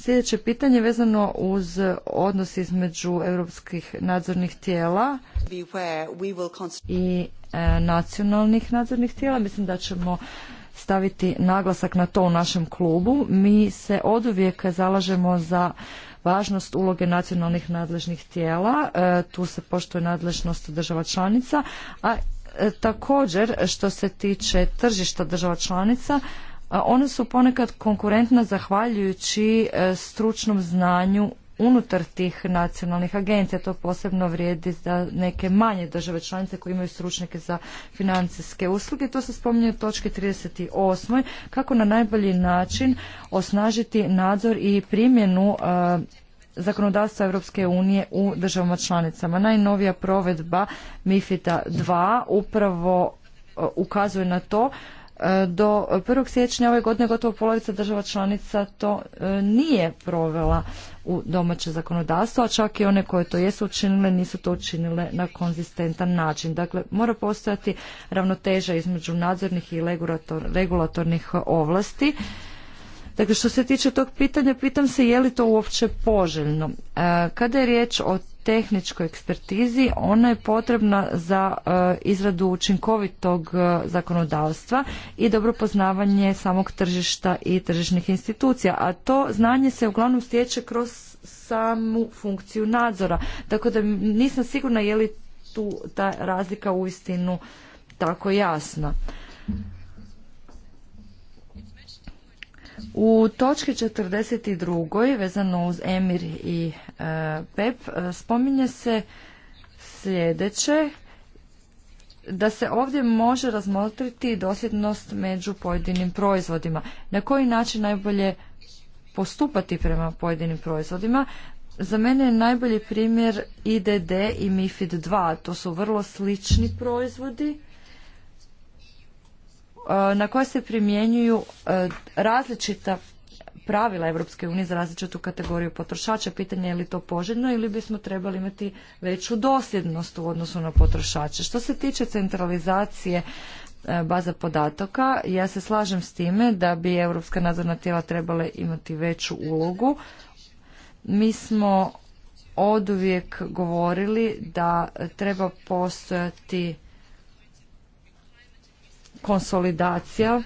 Sljedeće pitanje vezano uz odnos između europskih nadzornih tijela i e, nacionalnih nadzornih tijela. Mislim da ćemo staviti naglasak na to u našem klubu. Mi se oduvijek zalažemo za važnost uloge nacionalnih nadležnih tijela. E, tu se poštuje nadležnost država članica, a e, također što se tiče tržišta država članica ona su ponekad konkurentna zahvaljujući e, stručnom znanju unutar tih nacionalnih agencija. To posebno vrijedi za neke manje države članice koje imaju stručnike za financijske usluge. To se spominje u točki 38. Kako na najbolji način osnažiti nadzor i primjenu e, zakonodavstva Europske unije u državama članicama. Najnovija provedba MIFID-a 2 upravo e, ukazuje na to do 1. siječnja ove godine gotovo polovica država članica to e, nije provela u domaće zakonodavstvo, a čak i one koje to jesu učinile nisu to učinile na konzistentan način. Dakle, mora postojati ravnoteža između nadzornih i regulatornih ovlasti. Dakle, što se tiče tog pitanja, pitam se je li to uopće poželjno. E, kada je riječ o tehničkoj ekspertizi, ona je potrebna za e, izradu učinkovitog e, zakonodavstva i dobro poznavanje samog tržišta i tržišnih institucija, a to znanje se uglavnom stječe kroz samu funkciju nadzora. Tako da nisam sigurna je li tu ta razlika uistinu tako jasna. U točki 42. vezano uz Emir i PEP e, spominje se sljedeće da se ovdje može razmotriti dosljednost među pojedinim proizvodima. Na koji način najbolje postupati prema pojedinim proizvodima? Za mene je najbolji primjer IDD i MIFID 2. To su vrlo slični proizvodi e, na koje se primjenjuju e, različita pravila Europske unije za različitu kategoriju potrošača. Pitanje je li to poželjno ili bismo trebali imati veću dosljednost u odnosu na potrošače. Što se tiče centralizacije e, baza podataka, ja se slažem s time da bi Europska nadzorna tijela trebala imati veću ulogu. Mi smo oduvijek govorili da treba postojati konsolidacija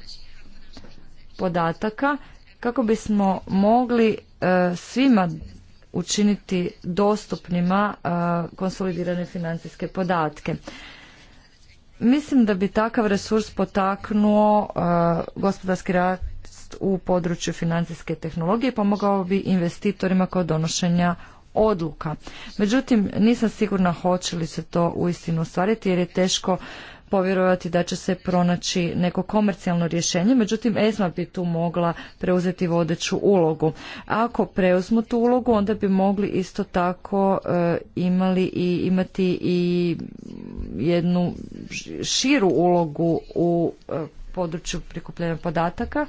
podataka kako bismo mogli e, svima učiniti dostupnima e, konsolidirane financijske podatke. Mislim da bi takav resurs potaknuo e, gospodarski rast u području financijske tehnologije i pomogao bi investitorima kod donošenja odluka. Međutim, nisam sigurna hoće li se to uistinu ostvariti jer je teško povjerovati da će se pronaći neko komercijalno rješenje, međutim ESMA bi tu mogla preuzeti vodeću ulogu. Ako preuzmu tu ulogu, onda bi mogli isto tako e, imali i imati i jednu širu ulogu u e, području prikupljanja podataka.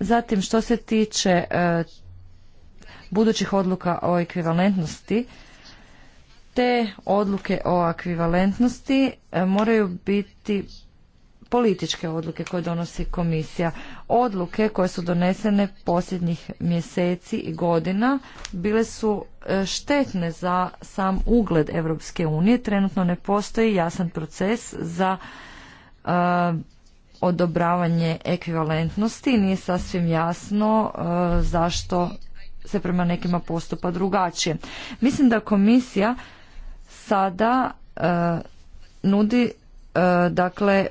Zatim što se tiče e, budućih odluka o ekvivalentnosti, te odluke o akvivalentnosti e, moraju biti političke odluke koje donosi komisija. Odluke koje su donesene posljednjih mjeseci i godina bile su e, štetne za sam ugled Europske unije. Trenutno ne postoji jasan proces za e, odobravanje ekvivalentnosti. Nije sasvim jasno zašto se prema nekima postupa drugačije. Mislim da komisija sada e, nudi e, dakle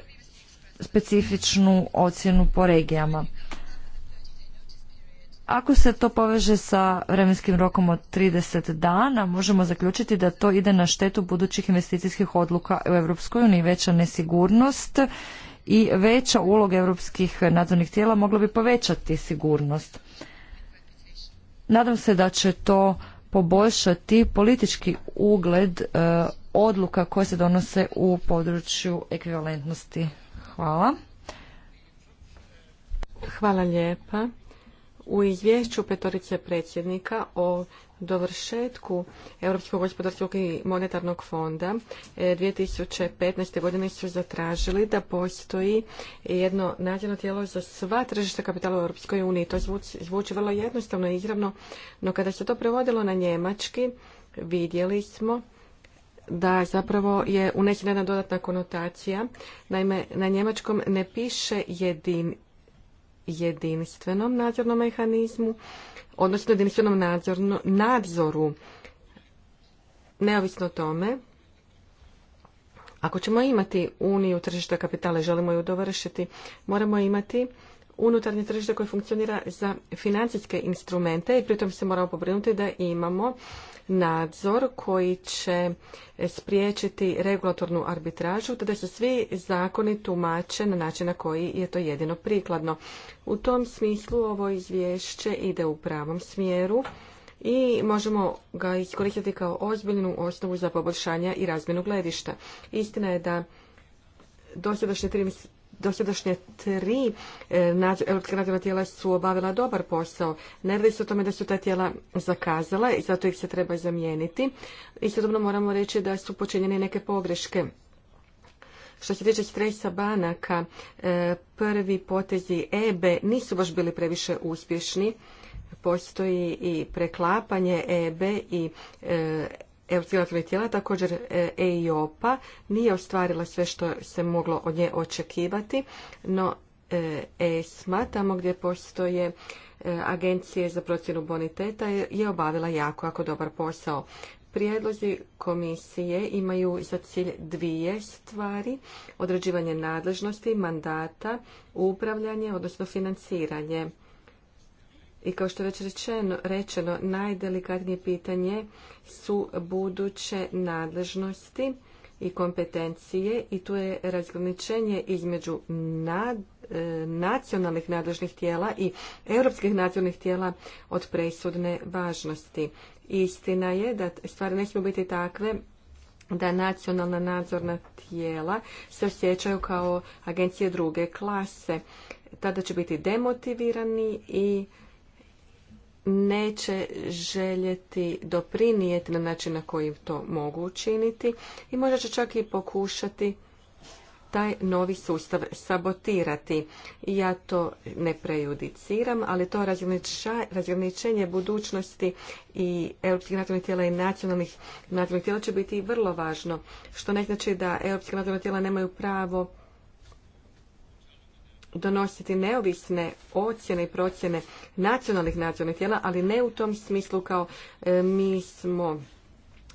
specifičnu ocjenu po regijama. Ako se to poveže sa vremenskim rokom od 30 dana, možemo zaključiti da to ide na štetu budućih investicijskih odluka u EU. uniji, veća nesigurnost i veća uloga europskih nadzornih tijela mogla bi povećati sigurnost. Nadam se da će to poboljšati politički ugled e, odluka koje se donose u području ekvivalentnosti. Hvala. Hvala lijepa. U izvješću petorice predsjednika o dovršetku Europskog gospodarskog i monetarnog fonda 2015. E, godine su zatražili da postoji jedno nadzorno tijelo za sva tržišta kapitala u Europskoj uniji. To zvuči, vrlo jednostavno i izravno, no kada se to prevodilo na njemački vidjeli smo da zapravo je unesena jedna dodatna konotacija. Naime, na njemačkom ne piše jedin, jedinstvenom nadzornom mehanizmu, odnosno jedinstvenom nadzoru. Neovisno o tome, ako ćemo imati uniju tržišta kapitala, želimo ju dovršiti, moramo imati unutarnje tržište koje funkcionira za financijske instrumente i pritom se moramo pobrinuti da imamo nadzor koji će spriječiti regulatornu arbitražu, te da se svi zakoni tumače na način na koji je to jedino prikladno. U tom smislu ovo izvješće ide u pravom smjeru i možemo ga iskoristiti kao ozbiljnu osnovu za poboljšanja i razmjenu gledišta. Istina je da dosadašnje tri dosadašnje tri e, europska nadzorna tijela su obavila dobar posao. Ne radi se o tome da su ta tijela zakazala i zato ih se treba zamijeniti. Istodobno moramo reći da su počinjene neke pogreške. Što se tiče stresa banaka, e, prvi potezi EBE nisu baš bili previše uspješni. Postoji i preklapanje EBE i e, europskih tijela, također e, EIOPA, nije ostvarila sve što se moglo od nje očekivati, no e, ESMA, tamo gdje postoje e, agencije za procjenu boniteta, je obavila jako, jako dobar posao. Prijedlozi komisije imaju za cilj dvije stvari, određivanje nadležnosti, mandata, upravljanje, odnosno financiranje i kao što je već rečeno, rečeno najdelikatnije pitanje su buduće nadležnosti i kompetencije i tu je razgraničenje između e, nacionalnih nadležnih tijela i europskih nacionalnih tijela od presudne važnosti. Istina je da stvari ne smiju biti takve da nacionalna nadzorna tijela se osjećaju kao agencije druge klase. Tada će biti demotivirani i neće željeti doprinijeti na način na koji to mogu učiniti i možda će čak i pokušati taj novi sustav sabotirati. Ja to ne prejudiciram, ali to razgraničenje budućnosti i europskih nacionalnih tijela i nacionalnih nacionalnih tijela će biti vrlo važno, što ne znači da europskih nacionalna tijela nemaju pravo donositi neovisne ocjene i procjene nacionalnih nadzornih tijela, ali ne u tom smislu kao e, mi smo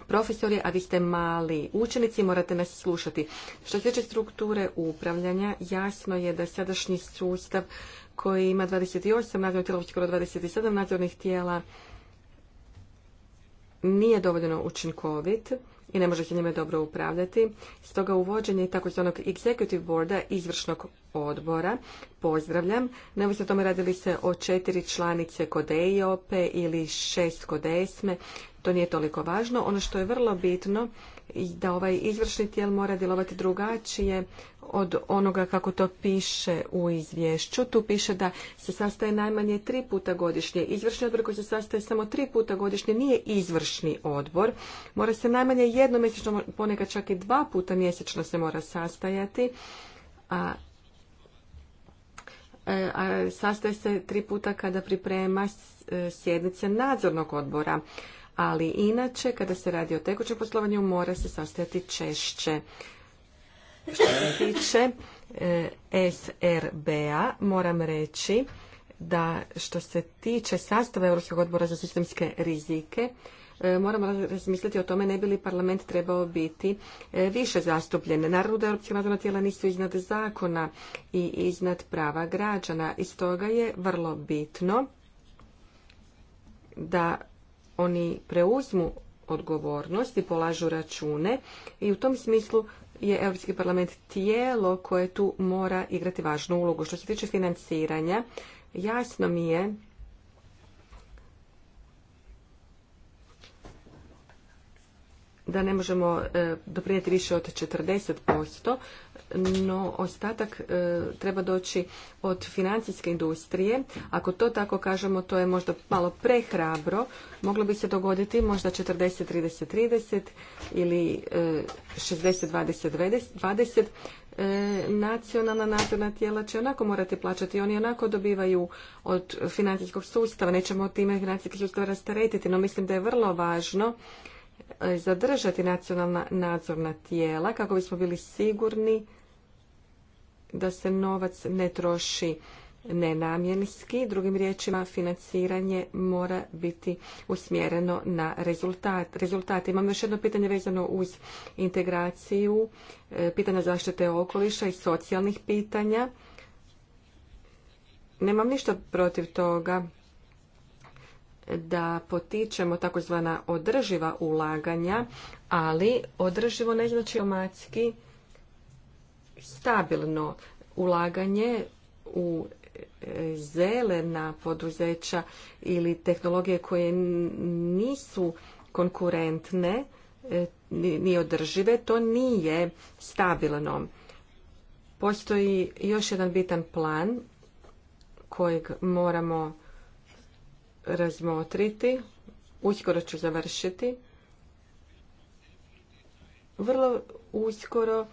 profesori, a vi ste mali učenici, morate nas slušati. Što se tiče strukture upravljanja, jasno je da sadašnji sustav koji ima 28 nadzornih tijela, skoro 27 nadzornih tijela, nije dovoljno učinkovit i ne može se njime dobro upravljati. Stoga uvođenje onog executive boarda izvršnog odbora pozdravljam. Neovisno o tome radili se o četiri članice kod EIOPE ili šest kod ESME. E. To nije toliko važno. Ono što je vrlo bitno da ovaj izvršni tijel mora djelovati drugačije od onoga kako to piše u izvješću. Tu piše da se sastaje najmanje tri puta godišnje. Izvršni odbor koji se sastaje samo tri puta godišnje nije izvršni odbor. Mora se najmanje jednom mjesečno, ponekad čak i dva puta mjesečno se mora sastajati. A e, a sastaje se tri puta kada priprema e, sjednice nadzornog odbora ali inače kada se radi o tekućem poslovanju mora se sastojati češće. Što se tiče SRB-a, e, moram reći da što se tiče sastava Europskog odbora za sistemske rizike, e, moramo razmisliti o tome ne bi li parlament trebao biti e, više zastupljen. Naravno da europske nadzorna tijela nisu iznad zakona i iznad prava građana i stoga je vrlo bitno da oni preuzmu odgovornost i polažu račune i u tom smislu je Europski parlament tijelo koje tu mora igrati važnu ulogu. Što se tiče financiranja, jasno mi je da ne možemo e, doprinijeti više od 40%, no ostatak e, treba doći od financijske industrije. Ako to tako kažemo, to je možda malo prehrabro. Moglo bi se dogoditi možda 40-30-30 ili 60-20-20. E, e, nacionalna nadzorna tijela će onako morati plaćati. Oni onako dobivaju od financijskog sustava. Nećemo time financijski sustav rasteretiti, no mislim da je vrlo važno zadržati nacionalna nadzorna tijela kako bismo bili sigurni da se novac ne troši nenamjenski. Drugim riječima, financiranje mora biti usmjereno na rezultat. rezultat. Imam još jedno pitanje vezano uz integraciju, e, pitanja zaštite okoliša i socijalnih pitanja. Nemam ništa protiv toga da potičemo takozvana održiva ulaganja, ali održivo ne znači automatski stabilno ulaganje u e, zelena poduzeća ili tehnologije koje nisu konkurentne e, ni održive, to nije stabilno. Postoji još jedan bitan plan kojeg moramo razmotriti. Uskoro ću završiti. Vrlo uskoro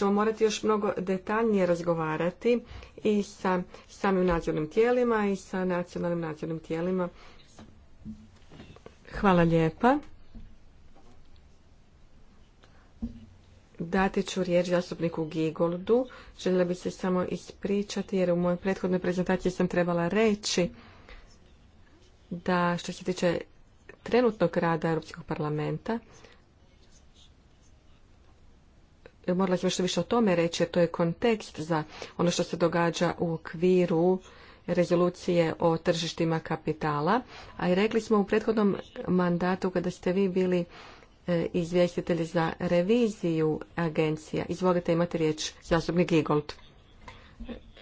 ćemo morati još mnogo detaljnije razgovarati i sa samim nadzornim tijelima i sa nacionalnim nadzornim tijelima. Hvala lijepa. Dati ću riječ zastupniku Gigoldu. Željela bi se samo ispričati jer u mojoj prethodnoj prezentaciji sam trebala reći da što se tiče trenutnog rada Europskog parlamenta, morala još više o tome reći, to je kontekst za ono što se događa u okviru rezolucije o tržištima kapitala. A i rekli smo u prethodnom mandatu kada ste vi bili e, izvjestitelji za reviziju agencija. Izvolite, imate riječ, zastupnik Gigold.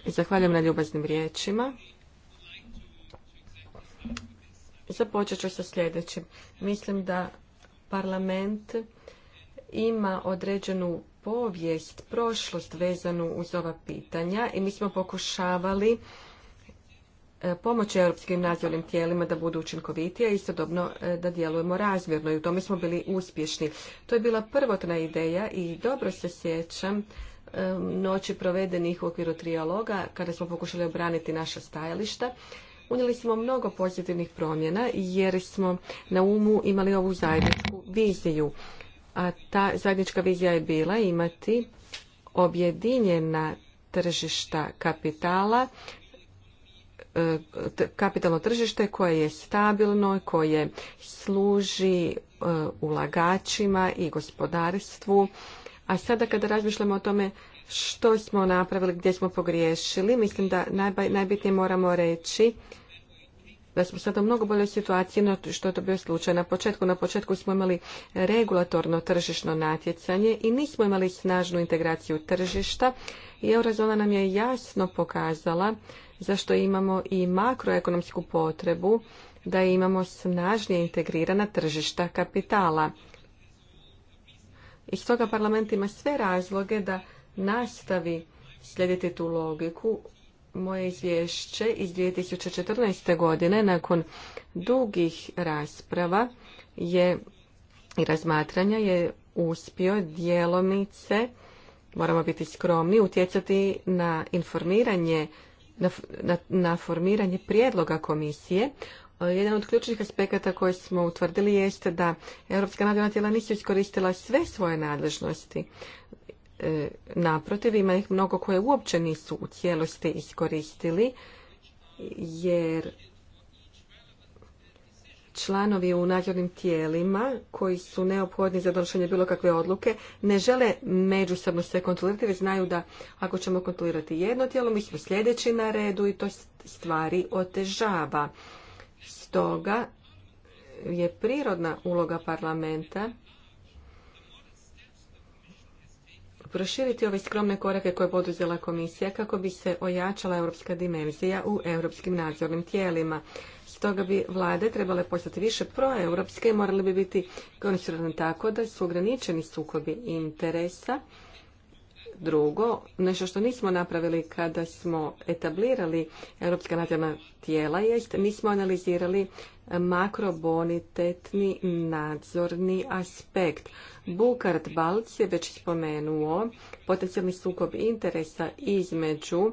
Zahvaljujem na ljubaznim riječima. Započet ću sa sljedećim. Mislim da parlament ima određenu povijest, prošlost vezanu uz ova pitanja i mi smo pokušavali e, pomoći europskim nadzornim tijelima da budu učinkovitije i istodobno e, da djelujemo razmjerno i u tome smo bili uspješni. To je bila prvotna ideja i dobro se sjećam e, noći provedenih u okviru trijaloga kada smo pokušali obraniti naša stajališta. Unijeli smo mnogo pozitivnih promjena jer smo na umu imali ovu zajedničku viziju a ta zajednička vizija je bila imati objedinjena tržišta kapitala, e, kapitalno tržište koje je stabilno, koje služi e, ulagačima i gospodarstvu. A sada kada razmišljamo o tome što smo napravili, gdje smo pogriješili, mislim da najbitnije moramo reći da smo sada u mnogo boljoj situaciji što je to bio slučaj na početku. Na početku smo imali regulatorno tržišno natjecanje i nismo imali snažnu integraciju tržišta i eurozona nam je jasno pokazala zašto imamo i makroekonomsku potrebu da imamo snažnije integrirana tržišta kapitala. I stoga parlament ima sve razloge da nastavi slijediti tu logiku moje izvješće iz 2014. godine nakon dugih rasprava je i razmatranja je uspio djelomice, moramo biti skromni, utjecati na informiranje na, formiranje prijedloga komisije. Jedan od ključnih aspekata koje smo utvrdili jeste da Europska nadzorna tijela nisu iskoristila sve svoje nadležnosti. E, naprotiv, ima ih mnogo koje uopće nisu u cijelosti iskoristili, jer članovi u nadzornim tijelima koji su neophodni za donošenje bilo kakve odluke ne žele međusobno sve kontrolirati već znaju da ako ćemo kontrolirati jedno tijelo mi smo sljedeći na redu i to stvari otežava. Stoga je prirodna uloga parlamenta proširiti ove skromne korake koje je poduzela komisija kako bi se ojačala europska dimenzija u europskim nadzornim tijelima. Stoga bi vlade trebale postati više proeuropske i morale bi biti konstruirane tako da su ograničeni sukobi interesa. Drugo, nešto što nismo napravili kada smo etablirali europska nadzorna tijela jest nismo analizirali makrobonitetni nadzorni aspekt. Bukart Balc je već spomenuo potencijalni sukob interesa između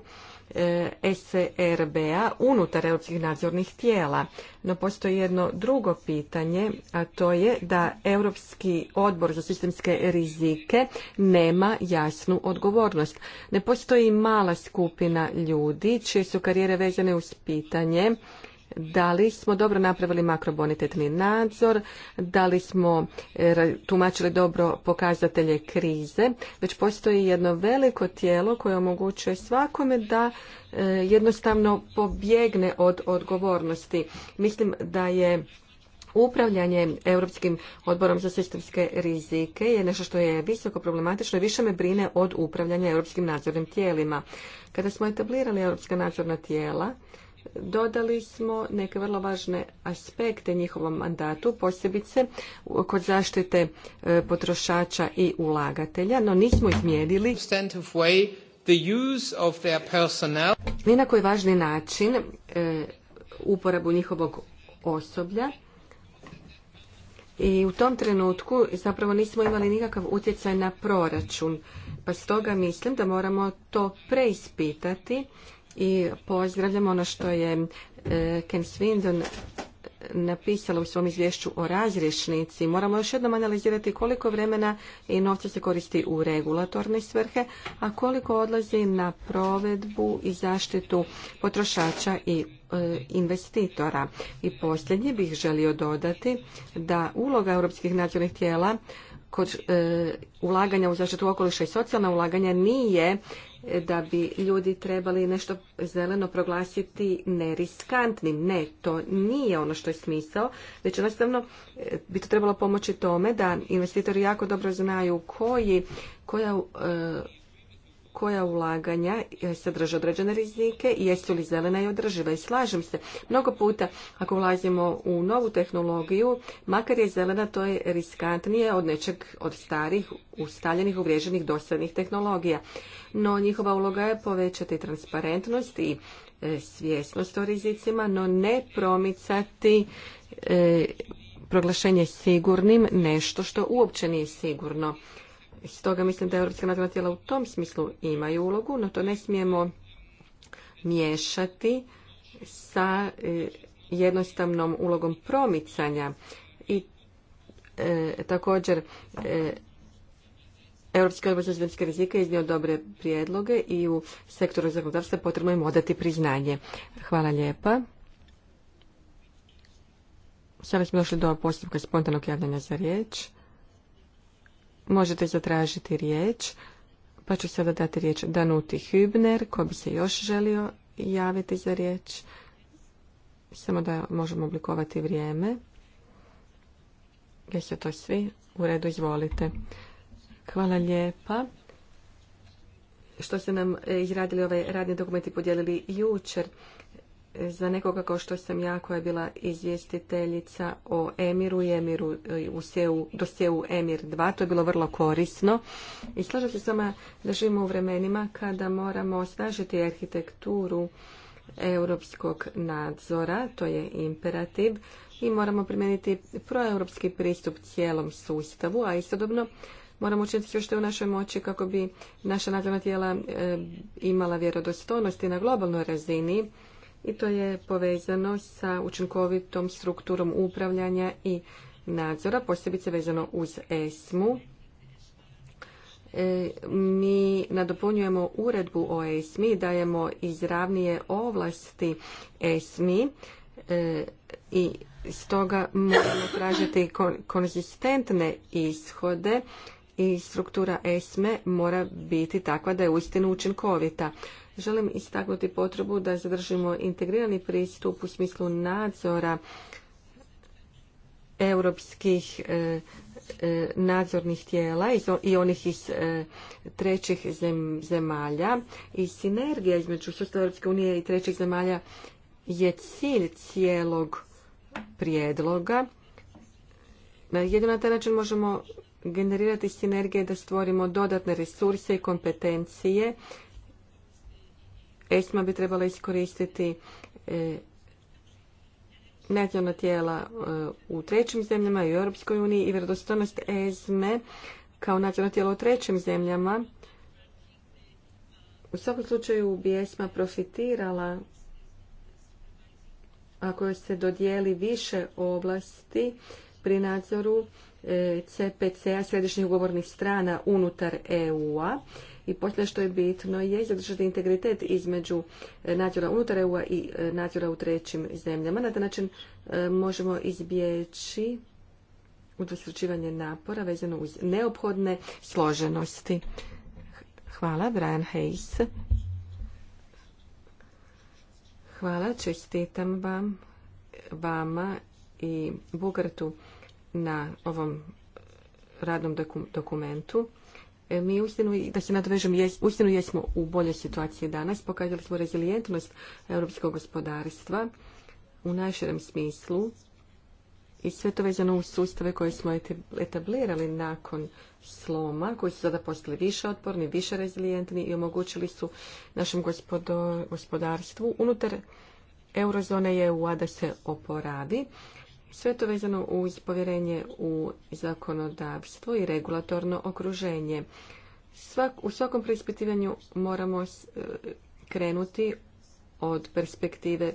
e, SRB-a unutar europskih nadzornih tijela. No postoji jedno drugo pitanje, a to je da Europski odbor za sistemske rizike nema jasnu odgovornost. Ne postoji mala skupina ljudi čije su karijere vezane uz pitanje da li smo dobro napravili makrobonitetni nadzor, da li smo e, tumačili dobro pokazatelje krize, već postoji jedno veliko tijelo koje omogućuje svakome da e, jednostavno pobjegne od odgovornosti. Mislim da je upravljanje Europskim odborom za sistemske rizike je nešto što je visoko problematično i više me brine od upravljanja europskim nadzornim tijelima. Kada smo etablirali europska nadzorna tijela, dodali smo neke vrlo važne aspekte njihovom mandatu, posebice kod zaštite e, potrošača i ulagatelja, no nismo izmijenili ni na koji važni način e, uporabu njihovog osoblja i u tom trenutku zapravo nismo imali nikakav utjecaj na proračun. Pa stoga mislim da moramo to preispitati i pozdravljam ono što je e, Ken Swindon napisala u svom izvješću o razrješnici. Moramo još jednom analizirati koliko vremena i novca se koristi u regulatorne svrhe, a koliko odlazi na provedbu i zaštitu potrošača i e, investitora. I posljednje bih želio dodati da uloga europskih nacionalnih tijela kod e, ulaganja u zaštitu okoliša i socijalna ulaganja nije da bi ljudi trebali nešto zeleno proglasiti neriskantnim. Ne, to nije ono što je smisao, već jednostavno e, bi to trebalo pomoći tome da investitori jako dobro znaju koji, koja e, koja ulaganja e, sadrže određene rizike i jesu li zelena i održiva. I slažem se, mnogo puta ako ulazimo u novu tehnologiju, makar je zelena, to je riskantnije od nečeg od starih, ustaljenih, uvriježenih, dosadnih tehnologija. No njihova uloga je povećati transparentnost i e, svjesnost o rizicima, no ne promicati e, proglašenje sigurnim nešto što uopće nije sigurno. Stoga mislim da europska nadzorna tijela u tom smislu imaju ulogu, no to ne smijemo miješati sa e, jednostavnom ulogom promicanja i e, također e, Europski odbor za zemljske rizike iznio dobre prijedloge i u sektoru zakonodavstva potrebno im odati priznanje. Hvala lijepa. Sada smo došli do postupka spontanog javljanja za riječ možete zatražiti riječ, pa ću sada dati riječ Danuti Hübner, ko bi se još želio javiti za riječ. Samo da možemo oblikovati vrijeme. Jesu to svi? U redu, izvolite. Hvala lijepa. Što ste nam eh, izradili ovaj radni dokumenti podijelili jučer za nekoga kao što sam ja koja je bila izvjestiteljica o Emiru i Emiru e, u Seu, dosjeu Emir 2, to je bilo vrlo korisno. I slažem se s vama da živimo u vremenima kada moramo osnažiti arhitekturu europskog nadzora, to je imperativ, i moramo primijeniti proeuropski pristup cijelom sustavu, a istodobno moramo učiniti sve što je u našoj moći kako bi naša nadzorna tijela e, imala vjerodostojnosti i na globalnoj razini i to je povezano sa učinkovitom strukturom upravljanja i nadzora, posebice vezano uz ESMU. u e, mi nadopunjujemo uredbu o ESMI, dajemo izravnije ovlasti ESMI e, i stoga moramo tražiti konzistentne ishode i struktura ESME mora biti takva da je uistinu učinkovita. Želim istaknuti potrebu da zadržimo integrirani pristup u smislu nadzora europskih e, e, nadzornih tijela i onih iz e, trećih zemalja i sinergija između sustava Europske unije i trećih zemalja je cilj cijelog prijedloga. Jedino na taj način možemo generirati sinergije da stvorimo dodatne resurse i kompetencije ESMA bi trebala iskoristiti e, nacionalna tijela e, u trećim zemljama i u Europskoj uniji i vjerodostojnost ESME kao nadzorno tijelo u trećim zemljama. U svakom slučaju bi ESMA profitirala ako se dodijeli više oblasti pri nadzoru e, CPC-a središnjih ugovornih strana unutar EU-a i poslije što je bitno je zadržati integritet između e, nadzora unutar EU-a i e, nadzora u trećim zemljama. Na taj način e, možemo izbjeći udvostručivanje napora vezano uz neophodne složenosti. Hvala, Brian Hayes. Hvala, čestitam vam, vama i Bugartu na ovom radnom dokumentu. E, mi uistinu, da se nadvežem, uistinu jesmo u boljoj situaciji danas. Pokazali smo rezilijentnost europskog gospodarstva u najširem smislu i sve to vezano u sustave koje smo etablirali nakon sloma, koji su sada postali više otporni, više rezilijentni i omogućili su našem gospodarstvu unutar eurozone je a da se oporavi sve to vezano uz povjerenje u zakonodavstvo i regulatorno okruženje. Svak, u svakom preispitivanju moramo e, krenuti od perspektive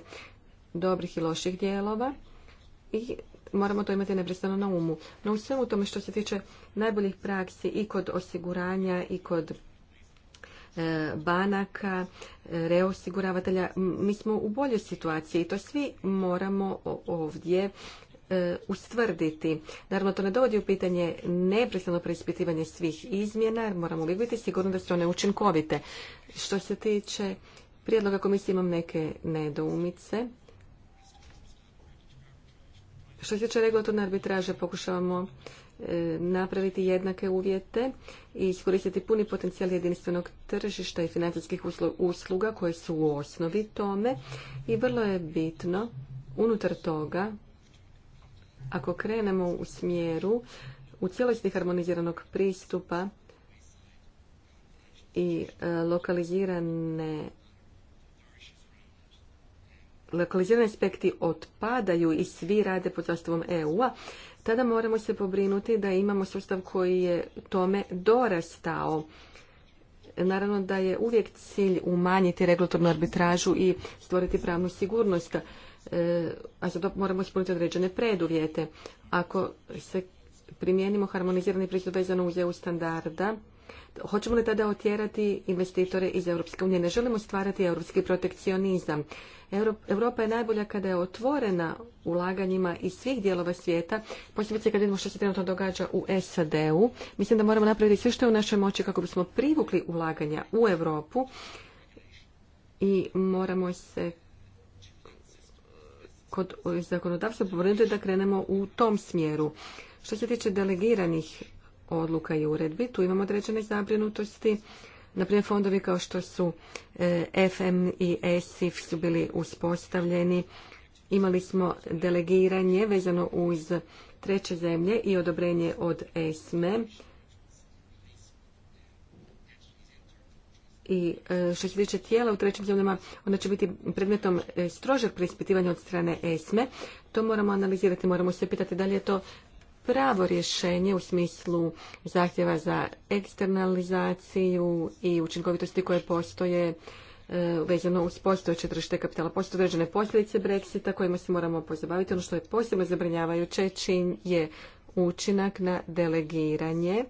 dobrih i loših dijelova i moramo to imati neprestano na umu. No u svemu tome što se tiče najboljih praksi i kod osiguranja i kod e, banaka, e, reosiguravatelja. Mi smo u boljoj situaciji i to svi moramo ovdje E, ustvrditi. Naravno, to ne dovodi u pitanje neprestano preispitivanje svih izmjena, jer moramo uvijek biti sigurni da su one učinkovite. Što se tiče prijedloga komisije, imam neke nedoumice. Što se tiče regulatorne arbitraže, pokušavamo e, napraviti jednake uvjete i iskoristiti puni potencijal jedinstvenog tržišta i financijskih usluga koje su u osnovi tome i vrlo je bitno unutar toga ako krenemo u smjeru u cijelosti harmoniziranog pristupa i e, lokalizirane lokalizirani aspekti otpadaju i svi rade pod zastavom EU-a, tada moramo se pobrinuti da imamo sustav koji je tome dorastao. Naravno da je uvijek cilj umanjiti regulatornu arbitražu i stvoriti pravnu sigurnost. E, a za to moramo ispuniti određene preduvjete. Ako se primijenimo harmonizirani pristup vezano uz EU standarda, hoćemo li tada otjerati investitore iz Europske unije? Ne želimo stvarati europski protekcionizam. Europa je najbolja kada je otvorena ulaganjima iz svih dijelova svijeta, posebice kad vidimo što se trenutno događa u SAD-u. Mislim da moramo napraviti sve što je u našoj moći kako bismo privukli ulaganja u Europu i moramo se kod zakonodavstva povrnuti da krenemo u tom smjeru. Što se tiče delegiranih odluka i uredbi, tu imamo određene zabrinutosti. Naprimjer, fondovi kao što su e, FM i ESIF su bili uspostavljeni. Imali smo delegiranje vezano uz treće zemlje i odobrenje od ESME. i e, što se tiče tijela u trećim zemljama, ona će biti predmetom e, strožeg preispitivanja od strane ESME. To moramo analizirati, moramo se pitati da li je to pravo rješenje u smislu zahtjeva za eksternalizaciju i učinkovitosti koje postoje e, vezano uz postojeće tržište kapitala. Postoje određene posljedice Brexita kojima se moramo pozabaviti. Ono što je posebno zabrinjavajuće čin je učinak na delegiranje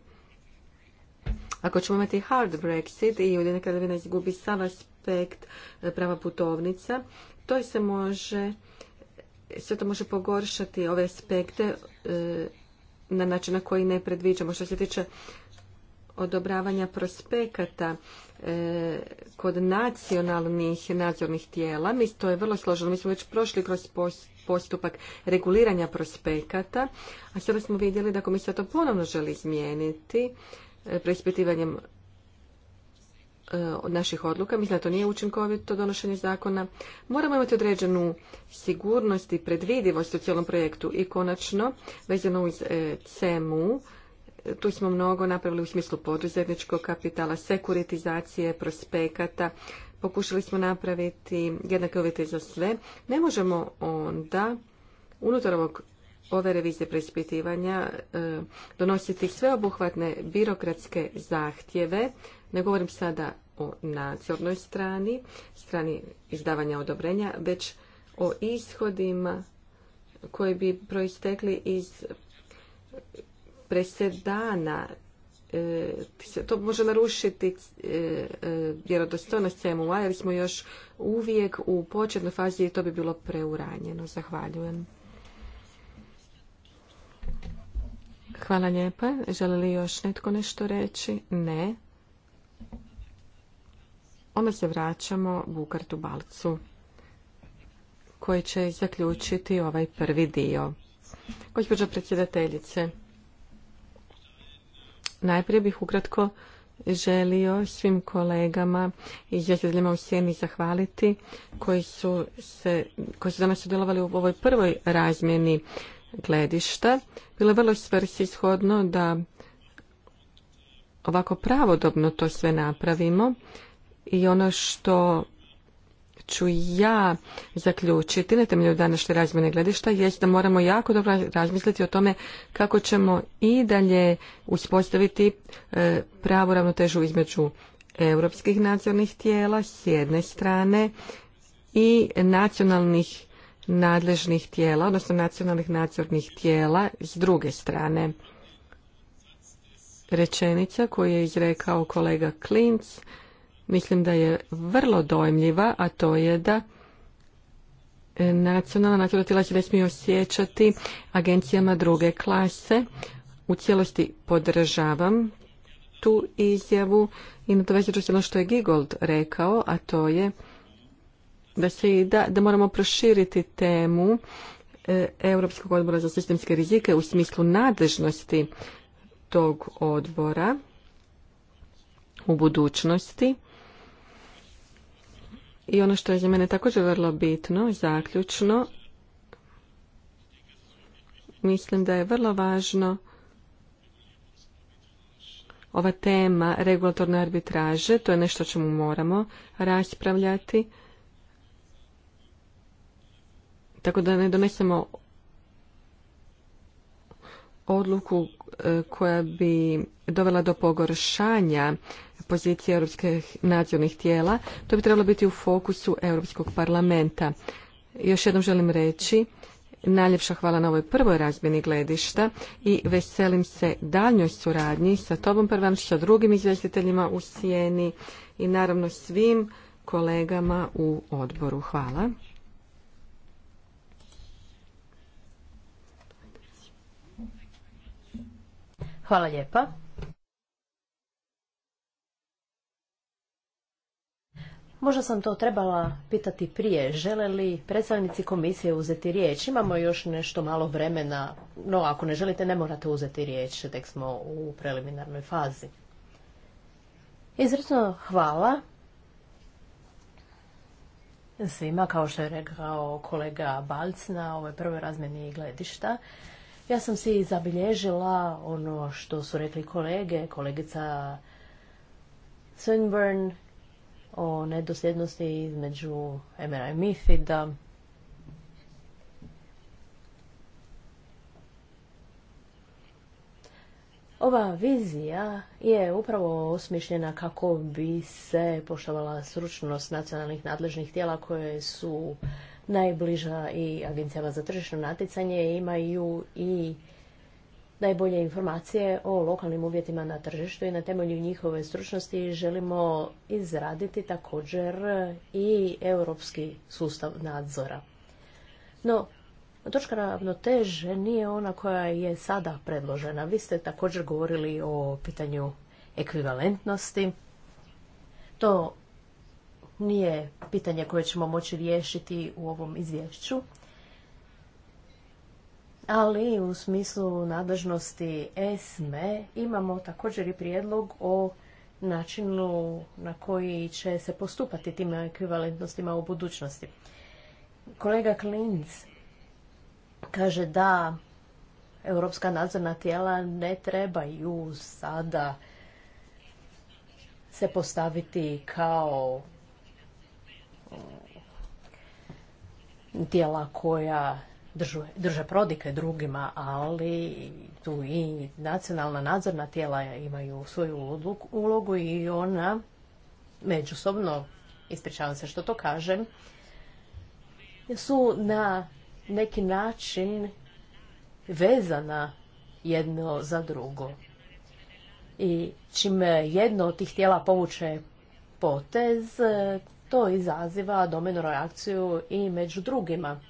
ako ćemo imati hard Brexit i Ujedinjena kraljevina izgubi sav aspekt e, prava putovnica, to se može sve to može pogoršati ove aspekte e, na način na koji ne predviđamo. Što se tiče odobravanja prospekata e, kod nacionalnih nadzornih tijela, mi to je vrlo složeno, mi smo već prošli kroz postupak reguliranja prospekata, a sada smo vidjeli da komisija to ponovno želi izmijeniti E, preispitivanjem od e, naših odluka. Mislim da to nije učinkovito donošenje zakona. Moramo imati određenu sigurnost i predvidivost u cijelom projektu. I konačno, vezano uz e, CMU, tu smo mnogo napravili u smislu poduzetničkog kapitala, sekuritizacije, prospekata. Pokušali smo napraviti jednake uvjete za sve. Ne možemo onda unutar ovog ove revizije preispitivanja e, donositi sveobuhvatne birokratske zahtjeve. Ne govorim sada o nadzornoj strani, strani izdavanja odobrenja, već o ishodima koji bi proistekli iz presedana e, to može narušiti e, vjerodostojnost CMU-a jer smo još uvijek u početnoj fazi i to bi bilo preuranjeno. Zahvaljujem. Hvala lijepa. Želi li još netko nešto reći? Ne. Onda se vraćamo Bukartu Balcu koji će zaključiti ovaj prvi dio. Gospođo predsjedateljice, najprije bih ukratko želio svim kolegama i izvjestiteljima u sjeni zahvaliti koji su, se, koji su danas sudjelovali u ovoj prvoj razmjeni gledišta, bilo je vrlo svrsishodno da ovako pravodobno to sve napravimo i ono što ću ja zaključiti na temelju današnje razmjene gledišta jest da moramo jako dobro razmisliti o tome kako ćemo i dalje uspostaviti e, pravu ravnotežu između europskih nadzornih tijela s jedne strane i nacionalnih nadležnih tijela, odnosno nacionalnih nadzornih tijela s druge strane. Rečenica koju je izrekao kolega Klinc mislim da je vrlo dojmljiva, a to je da nacionalna nadzorna tijela se ne smije osjećati agencijama druge klase. U cijelosti podržavam tu izjavu i nadovezat ću se ono što je Gigold rekao, a to je da se i da, da moramo proširiti temu e, Europskog odbora za sistemske rizike u smislu nadležnosti tog odbora u budućnosti. I ono što je za mene također vrlo bitno, zaključno, mislim da je vrlo važno ova tema regulatorne arbitraže, to je nešto o čemu moramo raspravljati. Tako da ne donesemo odluku e, koja bi dovela do pogoršanja pozicije europskih nadzornih tijela, to bi trebalo biti u fokusu Europskog parlamenta. Još jednom želim reći, najljepša hvala na ovoj prvoj razmjeni gledišta i veselim se daljnjoj suradnji sa tobom prvan, sa drugim izvjestiteljima u Sijeni i naravno svim kolegama u odboru. Hvala. Hvala lijepa. Možda sam to trebala pitati prije. Žele li predstavnici komisije uzeti riječ? Imamo još nešto malo vremena, no ako ne želite ne morate uzeti riječ, tek smo u preliminarnoj fazi. Izredno hvala svima, kao što je rekao kolega Balc na ovoj prvoj razmjeni gledišta. Ja sam si zabilježila ono što su rekli kolege, kolegica Swinburne o nedosljednosti između MRI i Ova vizija je upravo osmišljena kako bi se poštovala sručnost nacionalnih nadležnih tijela koje su najbliža i agencijama za tržišno natjecanje imaju i najbolje informacije o lokalnim uvjetima na tržištu i na temelju njihove stručnosti želimo izraditi također i europski sustav nadzora. No, točka ravnoteže nije ona koja je sada predložena. Vi ste također govorili o pitanju ekvivalentnosti. To nije pitanje koje ćemo moći riješiti u ovom izvješću, ali u smislu nadležnosti ESME imamo također i prijedlog o načinu na koji će se postupati tim ekvivalentnostima u budućnosti. Kolega Klinc kaže da europska nadzorna tijela ne trebaju sada se postaviti kao tijela koja drže prodike drugima, ali tu i nacionalna nadzorna tijela imaju svoju ulogu i ona međusobno, ispričavam se što to kažem, su na neki način vezana jedno za drugo. I čim jedno od tih tijela povuče potez, to izaziva domenu reakciju i među drugima.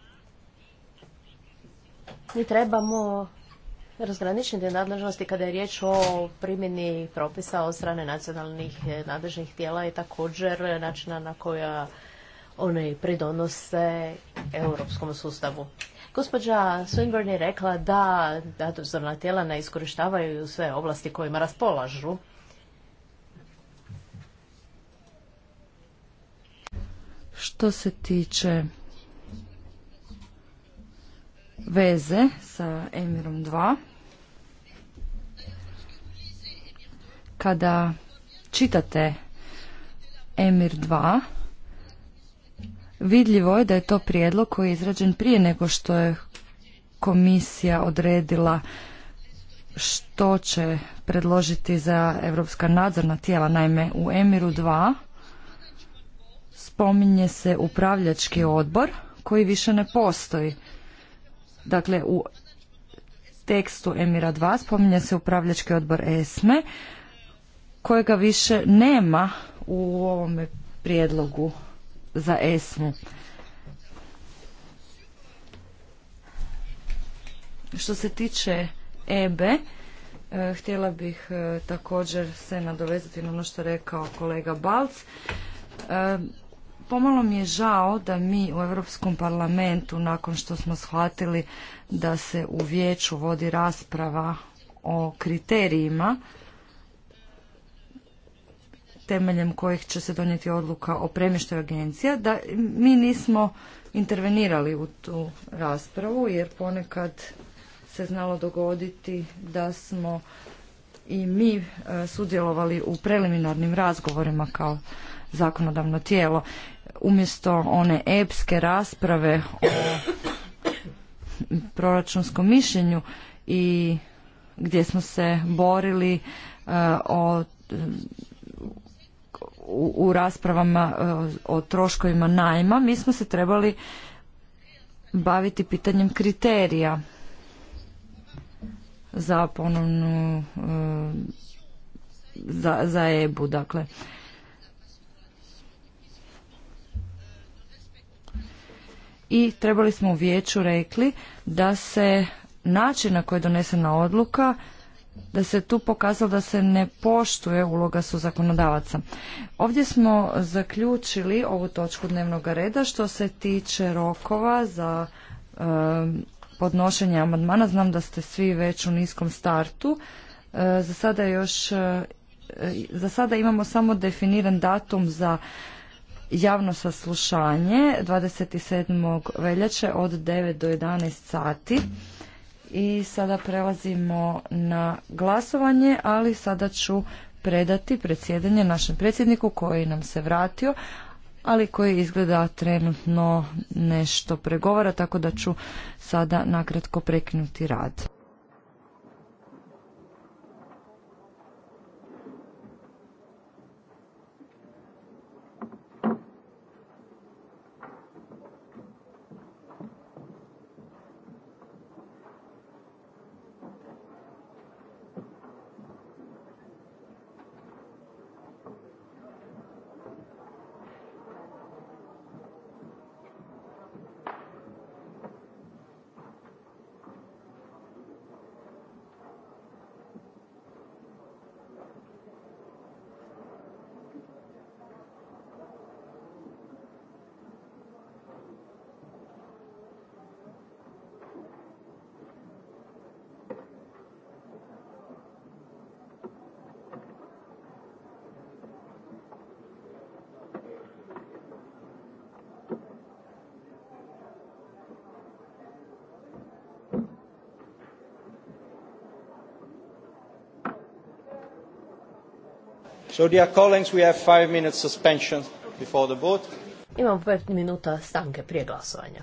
Mi trebamo razgraničiti nadležnosti kada je riječ o primjeni propisa od strane nacionalnih nadležnih tijela i također načina na koja one pridonose europskom sustavu. Gospođa Swinburne je rekla da nadzorna tijela ne iskorištavaju sve oblasti kojima raspolažu Što se tiče veze sa Emirom 2, kada čitate Emir 2, vidljivo je da je to prijedlog koji je izrađen prije nego što je komisija odredila što će predložiti za europska nadzorna tijela. Naime, u Emiru 2 spominje se upravljački odbor koji više ne postoji. Dakle, u tekstu Emira 2 spominje se upravljački odbor ESME kojega više nema u ovome prijedlogu za ESMU. Što se tiče EBE, e, htjela bih e, također se nadovezati na ono što rekao kolega Balc. E, pomalo mi je žao da mi u Europskom parlamentu, nakon što smo shvatili da se u vijeću vodi rasprava o kriterijima, temeljem kojih će se donijeti odluka o premještaju agencija, da mi nismo intervenirali u tu raspravu, jer ponekad se znalo dogoditi da smo i mi e, sudjelovali u preliminarnim razgovorima kao zakonodavno tijelo umjesto one epske rasprave o proračunskom mišljenju i gdje smo se borili e, o u, raspravama e, o troškovima najma, mi smo se trebali baviti pitanjem kriterija za ponovnu e, za, za EBU. Dakle, i trebali smo u vijeću rekli da se način na koji je donesena odluka da se tu pokazalo da se ne poštuje uloga su zakonodavaca. Ovdje smo zaključili ovu točku dnevnog reda što se tiče rokova za um, podnošenje amandmana. Znam da ste svi već u niskom startu. Uh, za sada još uh, za sada imamo samo definiran datum za javno saslušanje 27. veljače od 9 do 11 sati. I sada prelazimo na glasovanje, ali sada ću predati predsjedanje našem predsjedniku koji nam se vratio, ali koji izgleda trenutno nešto pregovara, tako da ću sada nakratko prekinuti rad. So, dear colleagues, we have five minutes suspension before the vote. Imamo pet minuta stanke prije glasovanja.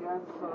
against uh,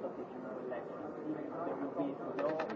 Thank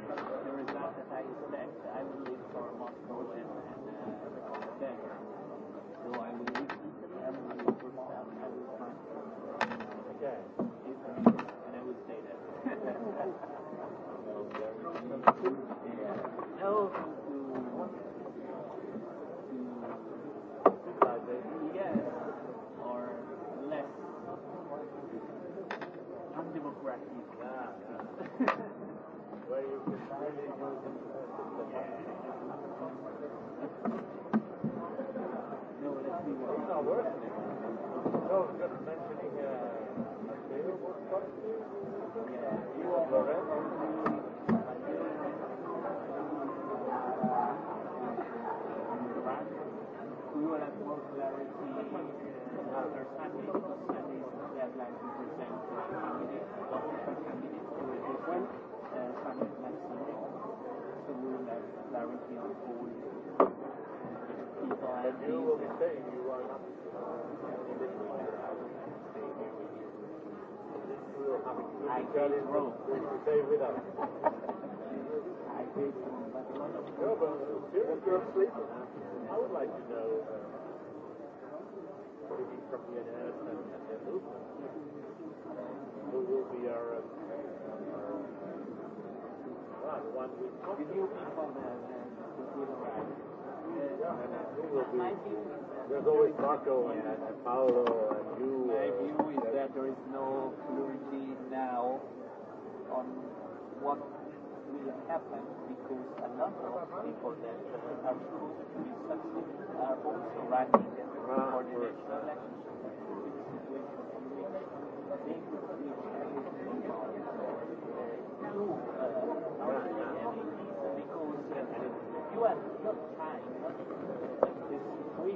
Charlie with I would like to know uh, who will be our, our one, one you on There's always Paco and, and Paolo and you. My view is that there is no clarity now on what will happen because a number of people that uh, are supposed to be successful are also running ah, for the national election. They could be two uh, because uh, you have not time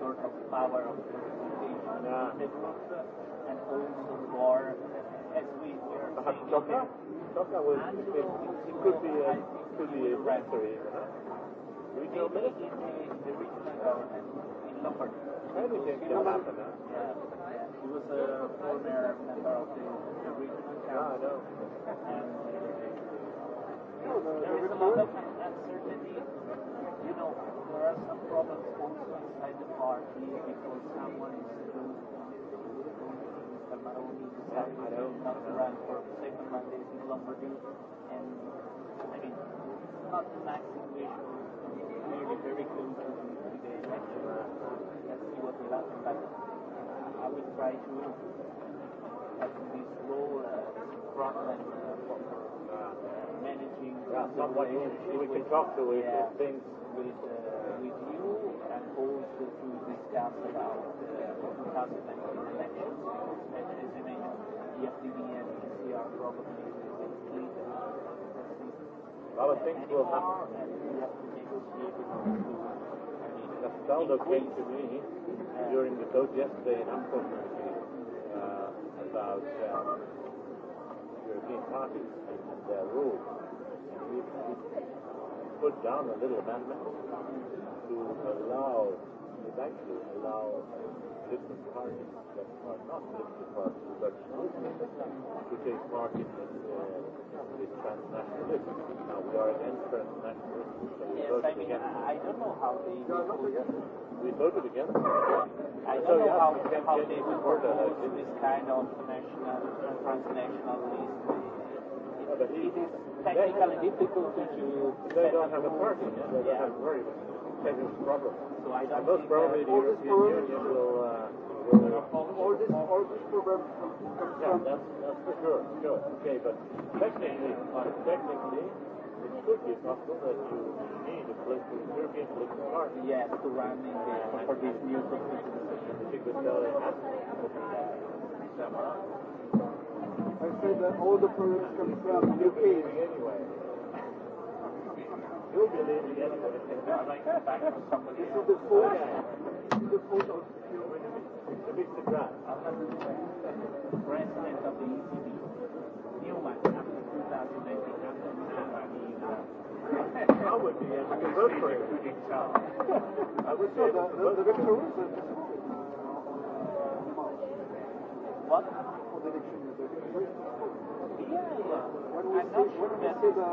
sort of power of representation yeah. networks and also for, as we were Perhaps DOCA? DOCA was, it, it, it could be a, could be a branchery, know? Regional in The regional government in Lombard. Anything can happen, huh? Yeah. He was a former member of the, the regional council. Yeah, I know. And, uh, there is a lot of uncertainty. You know, there are some problems also inside the party because someone is doing Mr. Maroni decided to not run for second mandate in Lombardy. And I mean, it's not the acting vision, clearly very close to the election. Let's see what will happen. But I will try to have this role as uh, frontline uh, for uh, managing. Yeah, somebody we can talk to if things with Uh, polls uh, that you discussed about uh, 2019 elections, and as you mentioned, the FDB and the PCR probably lead the Well, I think we'll have to, have to negotiate in order to. Castaldo came to me uh, during the vote yesterday in Amsterdam uh, about um, European parties and, their rules. We've we put down a little amendment to allow, eventually allow different parties that are not political parties, but to take part in this, uh, this transnationalism. Now we are against transnationalism, yes, voted I mean, against I don't know how they... No, not against We voted against it. I don't so, know yeah, how, we can how they support uh, that, this kind of national, transnational list. It, it, is technically difficult to... do They don't have a party, yeah? they don't yeah. have a party can you struggle. So I don't most probably the European Union will... Uh, will all this, all this problem yeah, That's, that's for sure, sure. Okay, but technically, uh, technically, it could be possible that you need a political, European political party. Yes, to run in the, for this new constitution. I said that all the problems come from UK. Anyway. You'll be like to back somebody the the the President of the 2019, I would be able to for I would What? the, uh,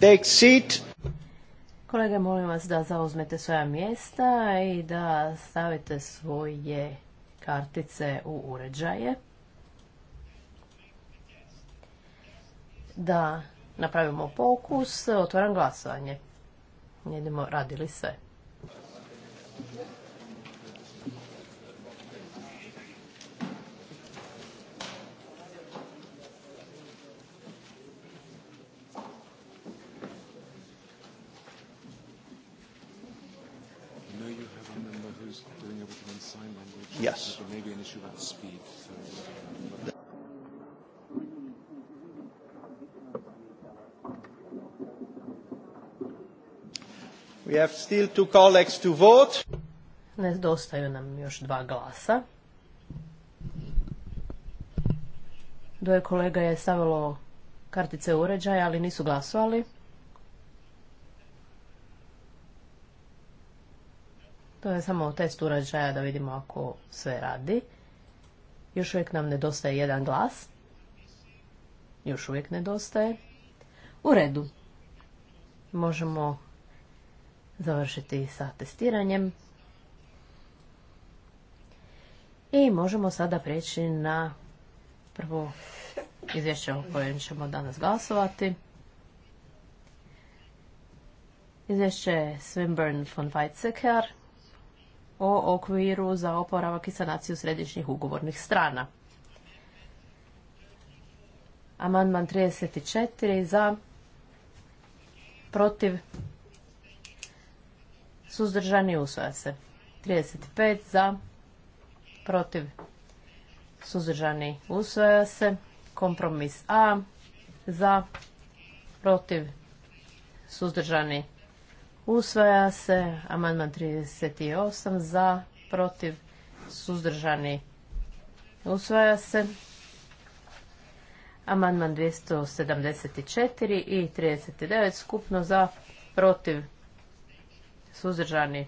take Kolege, molim vas da zauzmete svoja mjesta i da stavite svoje kartice u uređaje. Da napravimo pokus, otvaram glasovanje. Jedemo radili se. Ne Nedostaju nam još dva glasa. Dvoje kolega je stavilo kartice uređaja, ali nisu glasovali. To je samo test uređaja da vidimo ako sve radi. Još uvijek nam nedostaje jedan glas. Još uvijek nedostaje. U redu. Možemo završiti sa testiranjem. I možemo sada preći na prvo izvješće o kojem ćemo danas glasovati. Izvješće Swinburne von Weizsäcker o okviru za oporavak i sanaciju središnjih ugovornih strana. Amandman 34 za protiv suzdržani usvaja se. 35 za protiv suzdržani usvaja se. Kompromis A za protiv suzdržani Usvaja se amandman 38 za, protiv, suzdržani. Usvaja se amandman 274 i 39 skupno za, protiv, suzdržani.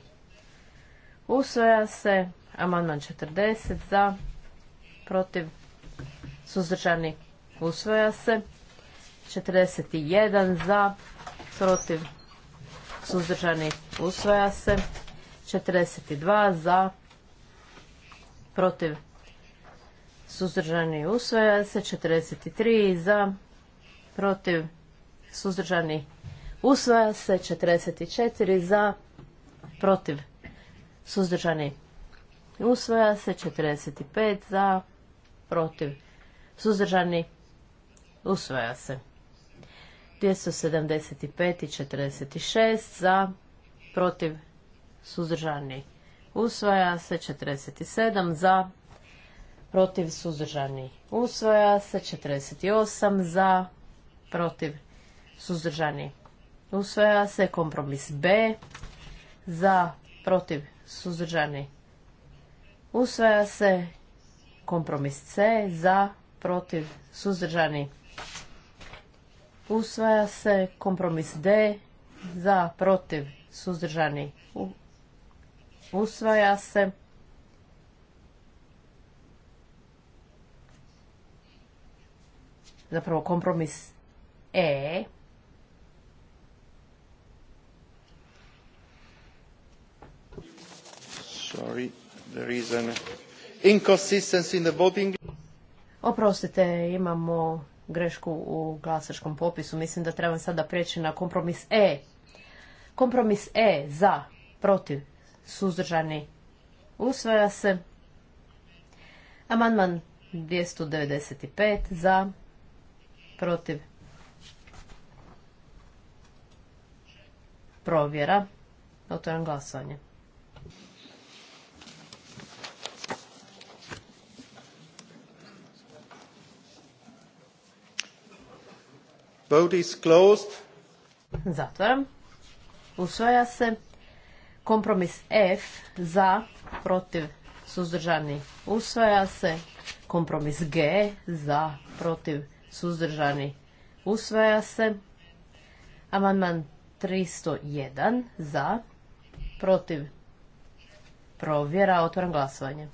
Usvaja se amandman 40 za, protiv, suzdržani. Usvaja se 41 za, protiv, suzdržani usvaja se. 42 za, protiv suzdržani usvaja se. 43 za, protiv suzdržani usvaja se. 44 za, protiv suzdržani usvaja se. 45 za, protiv suzdržani usvaja se. 275 i 46 za, protiv, suzdržani. Usvaja se 47 za, protiv, suzdržani. Usvaja se 48 za, protiv, suzdržani. Usvaja se kompromis B za, protiv, suzdržani. Usvaja se kompromis C za, protiv, suzdržani. Usvaja se kompromis D za protiv suzdržani. Usvaja se zapravo kompromis E Sorry, there inconsistency in the voting. Oprostite, imamo grešku u glasačkom popisu. Mislim da trebam sada preći na kompromis E. Kompromis E za, protiv, suzdržani, usvaja se. Amandman 295 za, protiv, provjera. Otvoram glasovanje. Vote Zatvaram. Usvaja se. Kompromis F za, protiv, suzdržani. Usvaja se. Kompromis G za, protiv, suzdržani. Usvaja se. Amandman 301 za, protiv, provjera, otvoram glasovanje.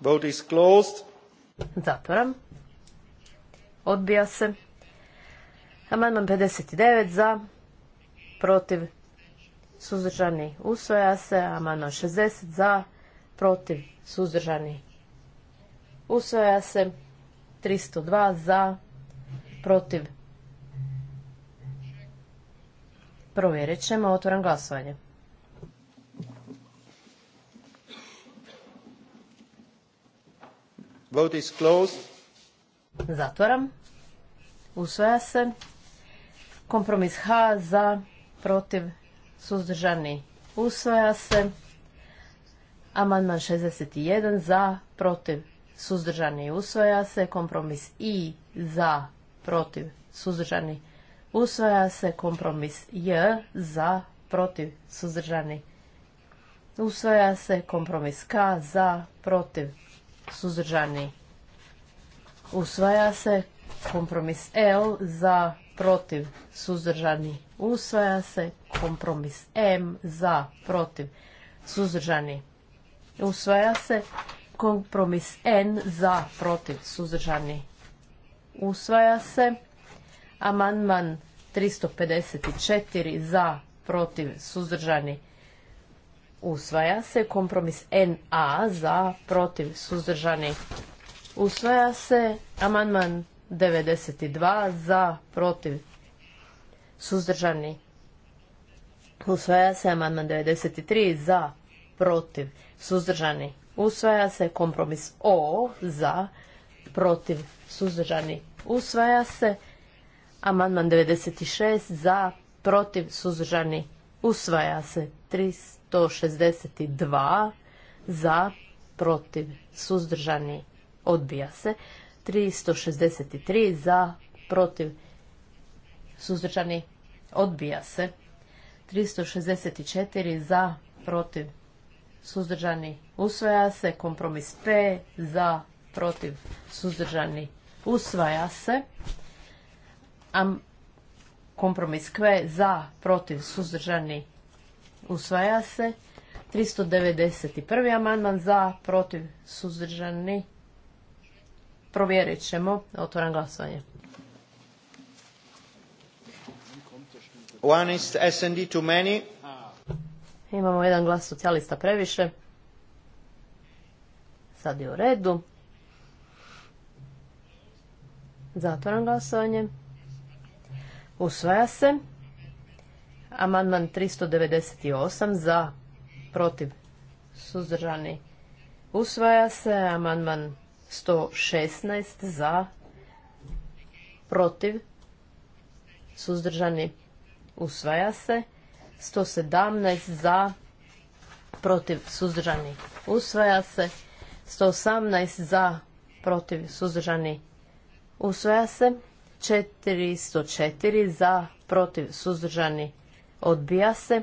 Vote is closed. Zatvoram. Odbija se. Amandman 59 za, protiv, suzdržani usvoja se. Amandman 60 za, protiv, suzdržani usvoja se. 302 za, protiv. Provjerit ćemo, otvoram glasovanje. Vote is closed. Zatvaram. Usvaja se. Kompromis H za, protiv, suzdržani. Usvaja se. Amandman 61 za, protiv, suzdržani. Usvaja se. Kompromis I za, protiv, suzdržani. Usvaja se. Kompromis J za, protiv, suzdržani. Usvaja se. Kompromis K za, protiv, suzdržani. Usvaja se kompromis L za protiv suzdržani. Usvaja se kompromis M za protiv suzdržani. Usvaja se kompromis N za protiv suzdržani. Usvaja se amandman 354 za protiv suzdržani usvaja se. Kompromis NA za, protiv, suzdržani, usvaja se. Amandman 92 za, protiv, suzdržani, usvaja se. Amandman 93 za, protiv, suzdržani, usvaja se. Kompromis O za, protiv, suzdržani, usvaja se. Amandman 96 za, protiv, suzdržani, usvaja se. 300 162 za, protiv, suzdržani, odbija se. 363 za, protiv, suzdržani, odbija se. 364 za, protiv, suzdržani, usvaja se. Kompromis P za, protiv, suzdržani, usvaja se. Am, kompromis Q za, protiv, suzdržani, Usvaja se. 391. amandman za, protiv, suzdržani. Provjerit ćemo. Otvoram glasovanje. One is Imamo jedan glas socijalista previše. Sad je u redu. Zatvoram glasovanje. Usvaja se. Amandman 398 za, protiv, suzdržani. Usvaja se amandman 116 za, protiv, suzdržani. Usvaja se 117 za, protiv, suzdržani. Usvaja se 118 za, protiv, suzdržani. Usvaja se 404 za, protiv, suzdržani odbija se.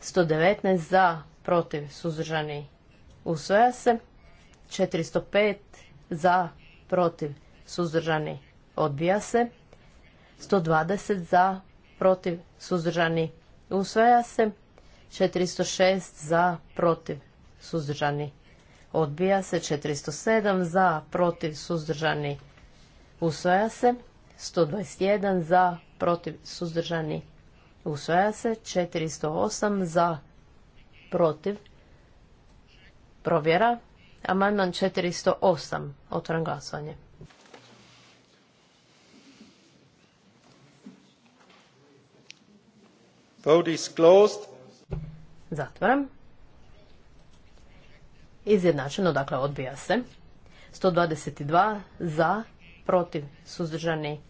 119 za, protiv, suzdržani, usvoja se. 405 za, protiv, suzdržani, odbija se. 120 za, protiv, suzdržani, usvoja se. 406 za, protiv, suzdržani, odbija se. 407 za, protiv, suzdržani, usvoja se. 121 za, protiv, suzdržani, odbija se usvaja se 408 za protiv provjera amandman 408 otvaram glasovanje Vote is Zatvaram. Izjednačeno, dakle odbija se. 122 za, protiv, suzdržani,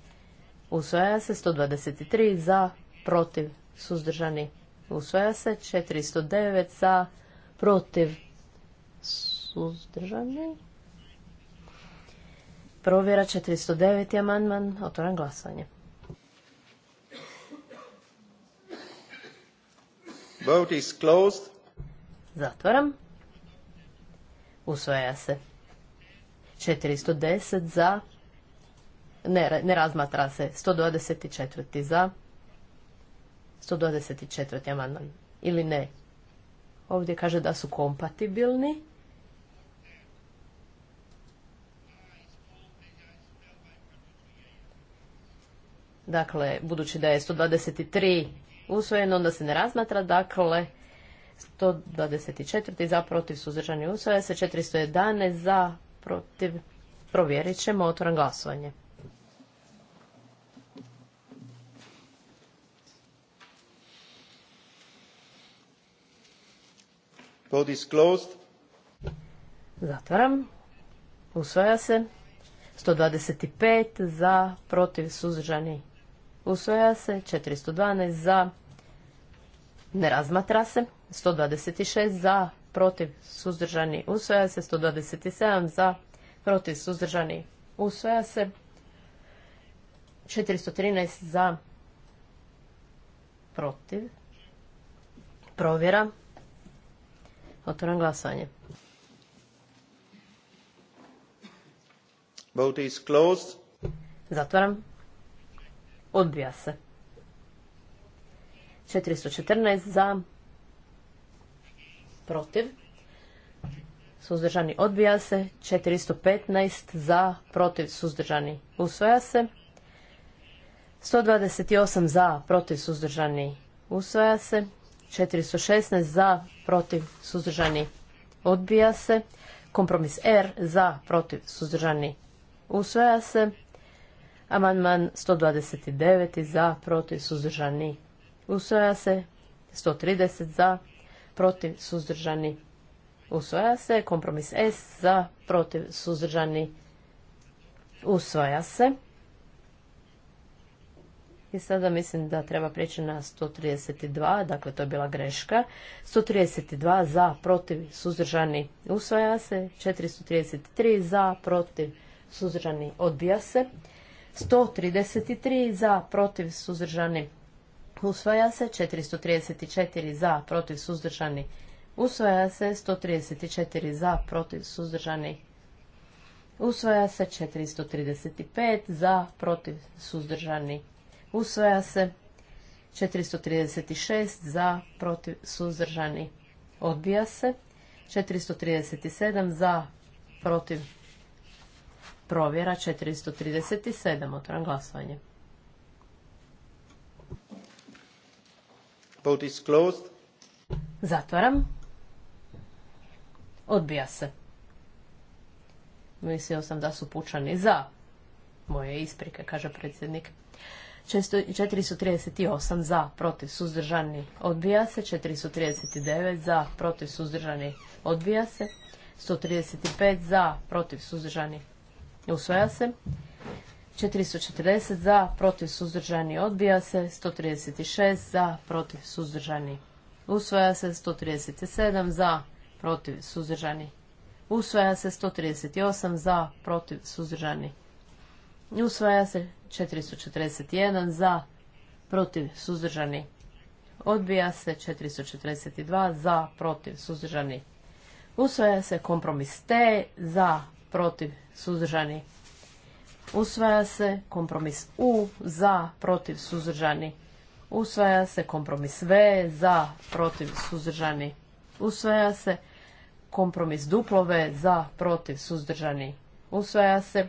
usvaja se. 123 za, protiv, suzdržani, usvaja se. 409 za, protiv, suzdržani. Provjera 409. amandman, otvoram glasovanje. Vote is closed. Zatvaram. Usvaja se. 410 za, ne, ne razmatra se, 124 za, 124. amandman ili ne. Ovdje kaže da su kompatibilni. Dakle, budući da je 123 usvojeno, onda se ne razmatra. Dakle, 124 za protiv suzdržani usvoja se, 411 za protiv. Provjerit ćemo, otvoran glasovanje. Vote is Zatvaram. Usvaja se. 125 za, protiv, suzdržani. Usvaja se. 412 za, ne razmatra se. 126 za, protiv, suzdržani. Usvaja se. 127 za, protiv, suzdržani. Usvaja se. 413 za, protiv. Provjera. Otvoram glasanje. Vote is closed. Zatvaram. Odbija se. 414 za. Protiv. Suzdržani odbija se. 415 za. Protiv. Suzdržani usvaja se. 128 za. Protiv. Suzdržani usvaja se. 416 za protiv, suzdržani, odbija se. Kompromis R za, protiv, suzdržani, usvaja se. Amandman 129 za, protiv, suzdržani, usvaja se. 130 za, protiv, suzdržani, usvaja se. Kompromis S za, protiv, suzdržani, usvaja se. I sada mislim da treba preći na 132, dakle to je bila greška. 132 za, protiv, suzdržani, usvaja se. 433 za, protiv, suzdržani, odbija se. 133 za, protiv, suzdržani, usvaja se. 434 za, protiv, suzdržani, usvaja se. 134 za, protiv, suzdržani, Usvaja se 435 za, protiv, suzdržani, usvaja se. 436 za, protiv, suzdržani, odbija se. 437 za, protiv, provjera. 437, otvoram glasovanje. Vote is closed. Zatvaram. Odbija se. Mislio sam da su pučani za. Moje isprike, kaže predsjednik. 438 za, protiv suzdržani odbija se, 439 za, protiv suzdržani odbija se, 135 za, protiv suzdržani usvaja se, 440 za, protiv suzdržani odbija se, 136 za, protiv suzdržani usvaja se, 137 za, protiv suzdržani usvaja se, 138 za, protiv suzdržani Usvaja se 441 za, protiv, suzdržani. Odbija se 442 za, protiv, suzdržani. Usvaja se kompromis T za, protiv, suzdržani. Usvaja se kompromis U za, protiv, suzdržani. Usvaja se kompromis V za, protiv, suzdržani. Usvaja se kompromis duplove za, protiv, suzdržani. Usvaja se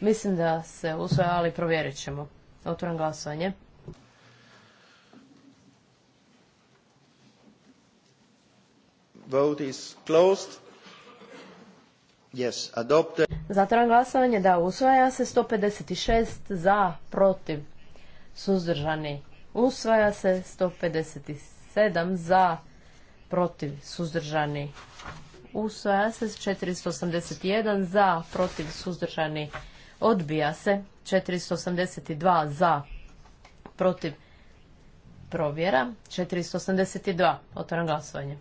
Mislim da se usvaja, ali provjerit ćemo. Otvoram glasovanje. Vote is closed. Zatvoram glasovanje, da, usvaja se 156 za, protiv, suzdržani. Usvaja se 157 za, protiv, suzdržani. Usvaja se 481 za, protiv, suzdržani. Odbija se 482 za protiv provjera 482. Otvaram glasovanje.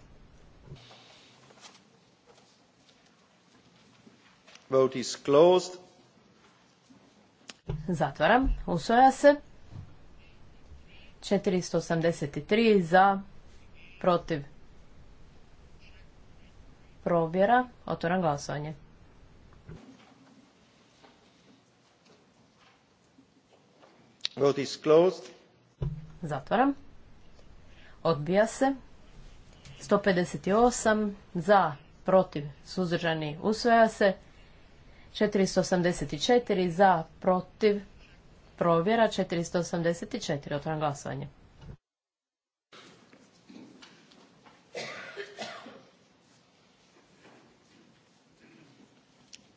Vote is closed. Zatvaram. Usvaja se. 483 za protiv provjera. Otvaram glasovanje. Vote is closed. Zatvaram. Odbija se. 158 za, protiv, suzdržani, usvaja se. 484 za, protiv, provjera. 484, otvoram glasovanje.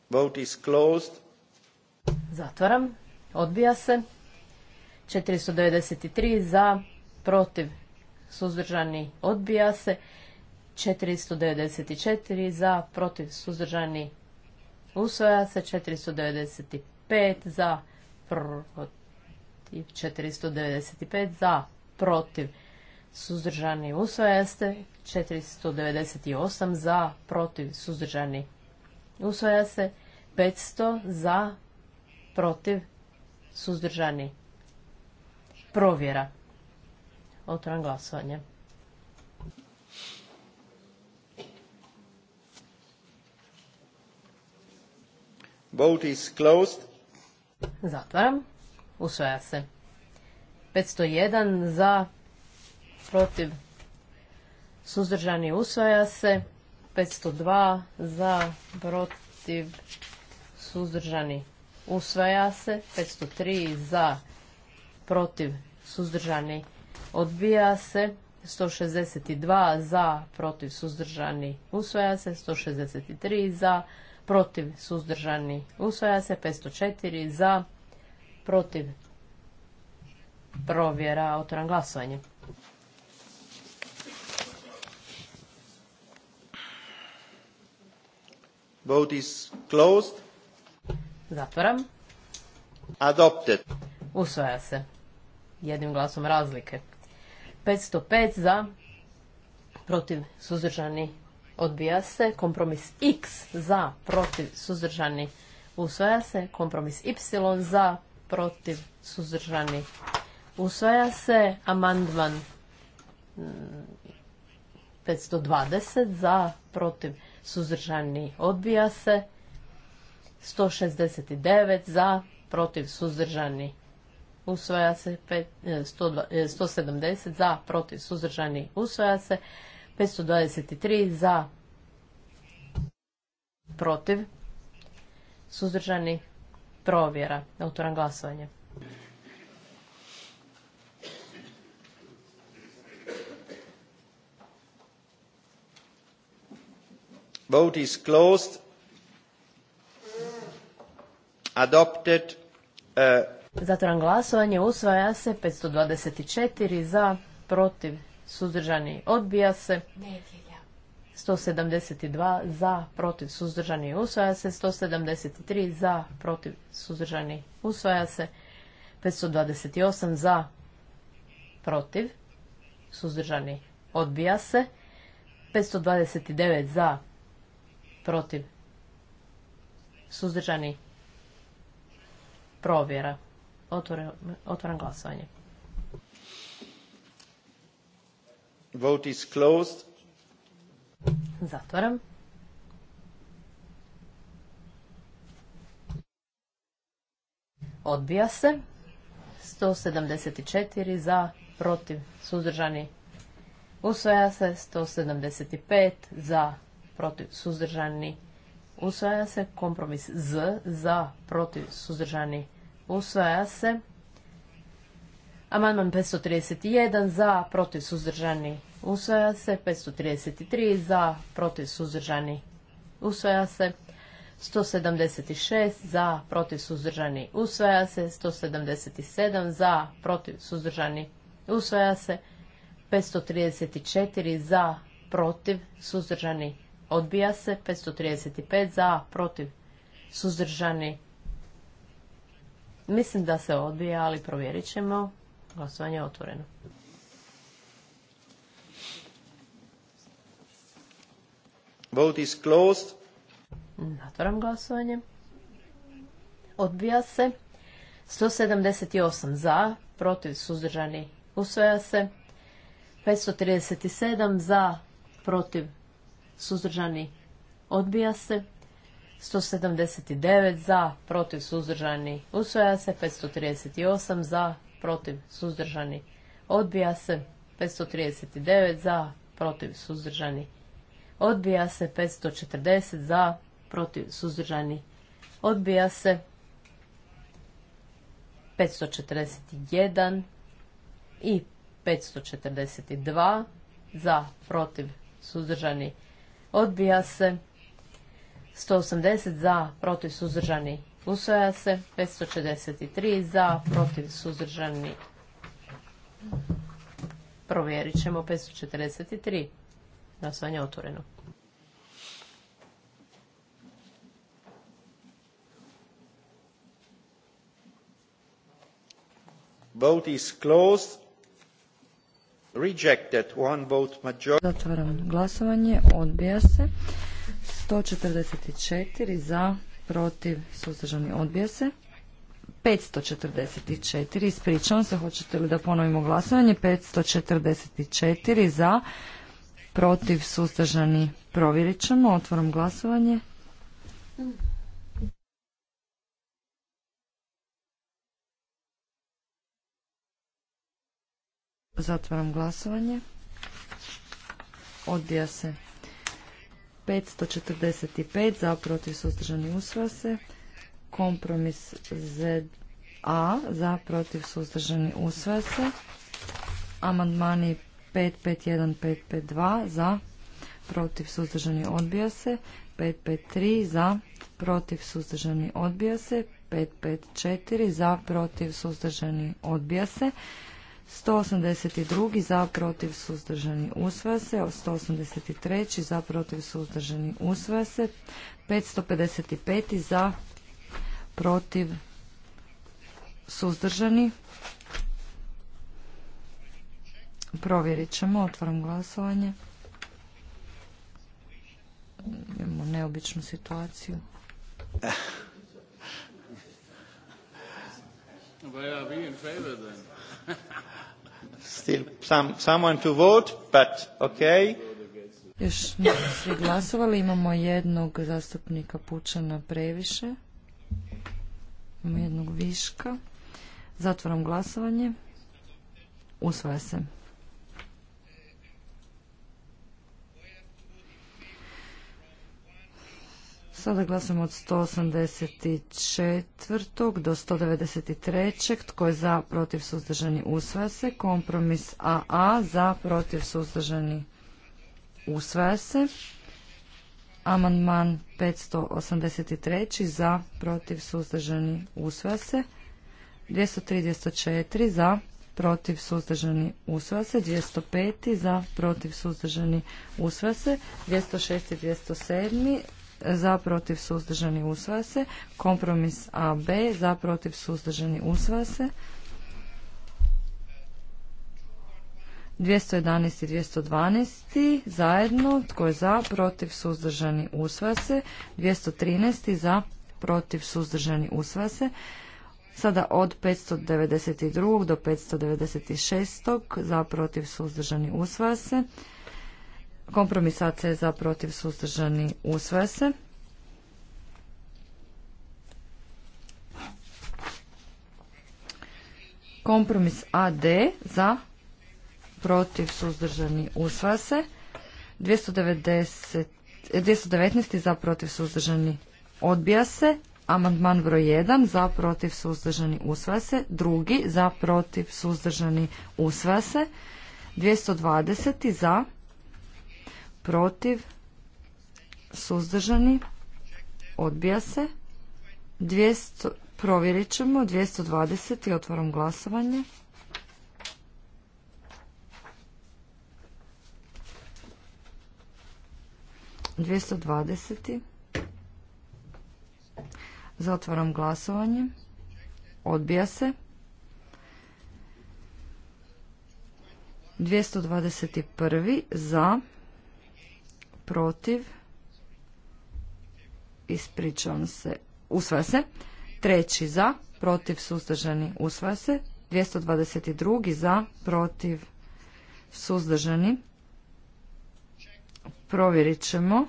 Vote is closed. Zatvaram. Odbija se. 493 za, protiv, suzdržani, odbija se. 494 za, protiv, suzdržani, usvoja se. 495 za, protiv, 495 za, protiv, suzdržani, usvoja se. 498 za, protiv, suzdržani, usvoja se. 500 za, protiv, suzdržani, provjera. Otvoram glasovanje. Vote is closed. Zatvaram. Usvaja se. 501 za, protiv, suzdržani usvaja se. 502 za, protiv, suzdržani usvaja se. 503 za, protiv, suzdržani, odbija se. 162 za, protiv, suzdržani, usvaja se. 163 za, protiv, suzdržani, usvaja se. 504 za, protiv, provjera, otvoran glasovanje. Vote is closed. Zatvoram. Adopted. Usvaja se jednim glasom razlike. 505 za, protiv suzdržani odbija se. Kompromis X za, protiv suzdržani usvaja se. Kompromis Y za, protiv suzdržani usvaja se. Amandman 520 mm, za, protiv suzdržani odbija se. 169 za, protiv suzdržani usvaja se 170 e, e, za, protiv suzdržani usvaja se 523 za, protiv suzdržani provjera. Autoran glasovanje. Vote is closed. Adopted. Uh, Zatvoran glasovanje usvaja se 524 za, protiv, suzdržani odbija se. 172 za, protiv, suzdržani usvaja se. 173 za, protiv, suzdržani usvaja se. 528 za, protiv, suzdržani odbija se. 529 za, protiv, suzdržani provjera. Otvaram glasovanje. Vote is closed. Zatvaram. Odbija se. 174 za, protiv, suzdržani. Usvaja se 175 za, protiv, suzdržani. Usvaja se kompromis Z za, protiv, suzdržani. Usvaja se. Amandman 531 za, protiv suzdržani. Usvaja se. 533 za, protiv suzdržani. Usvaja se. 176 za, protiv suzdržani. Usvaja se. 177 za, protiv suzdržani. Usvaja se. 534 za, protiv suzdržani. Odbija se. 535 za, protiv suzdržani. Mislim da se odbija, ali provjerit ćemo. Glasovanje je otvoreno. Vote is closed. glasovanje. Odbija se. 178 za, protiv suzdržani usvaja se. 537 za, protiv suzdržani odbija se. 179 za, protiv suzdržani usvaja se, 538 za, protiv suzdržani odbija se, 539 za, protiv suzdržani odbija se, 540 za, protiv suzdržani odbija se, 541 i 542 za, protiv suzdržani odbija se, 180 za, protiv suzdržani usvaja se, 563 za, protiv suzdržani provjerit ćemo 543. Glasovanje otvoreno. Vote is closed. Rejected. One vote majority. Zatvaram glasovanje. Odbija se. 144 za, protiv, suzdržani, odbija se. 544, ispričavam se, hoćete li da ponovimo glasovanje? 544 za, protiv, suzdržani, provjerit ćemo. Otvorom glasovanje. Zatvaram glasovanje. Odbija se. 545 za protiv suzdržani usvaja se. Kompromis ZA za protiv suzdržani usvaja se. Amandmani 551, 552 za protiv suzdržani odbija se. 553 za protiv suzdržani odbija se. 554 za protiv suzdržani odbija se. 182. za protiv suzdržani usvaja se. 183. za protiv suzdržani usvaja se. 555. za protiv suzdržani. Provjerit ćemo. Otvaram glasovanje. Imamo neobičnu situaciju. Eh. Well, are we in favor then? Still vote, but okay. Još nisu svi glasovali, imamo jednog zastupnika Pučana previše. Imamo jednog viška. Zatvaram glasovanje. Usvaja se. Sada glasamo od 184. do 193. Tko je za, protiv, suzdržani, usvaja se. Kompromis AA za, protiv, suzdržani, usvaja se. Amandman 583. za, protiv, suzdržani, usvaja se. 203, 204. za, protiv, suzdržani, usvaja se. 205. za, protiv, suzdržani, usvaja se. 206 i 207 za protiv suzdržani usvaja se. Kompromis AB za protiv suzdržani usvaja se. 211 i 212 zajedno, tko je za, protiv, suzdržani, usvaja se. 213 za, protiv, suzdržani, usvaja se. Sada od 592 do 596 za, protiv, suzdržani, usvaja se. Kompromis AC za protiv suzdržani usvaja se. Kompromis AD za protiv suzdržani usvaja se. 290, 219 eh, za protiv suzdržani odbija se. Amandman broj 1 za protiv suzdržani usvaja se. Drugi za protiv suzdržani usvaja se. 220 za protiv, suzdržani, odbija se. provjerit ćemo, 220 i otvaram glasovanje. Dvjesto dvadeset. Zatvaram glasovanje. Odbija se. 221. za protiv, ispričavam se, usvaja se, treći za, protiv, suzdržani, usvaja se, 222 za, protiv, suzdržani, provjerit ćemo,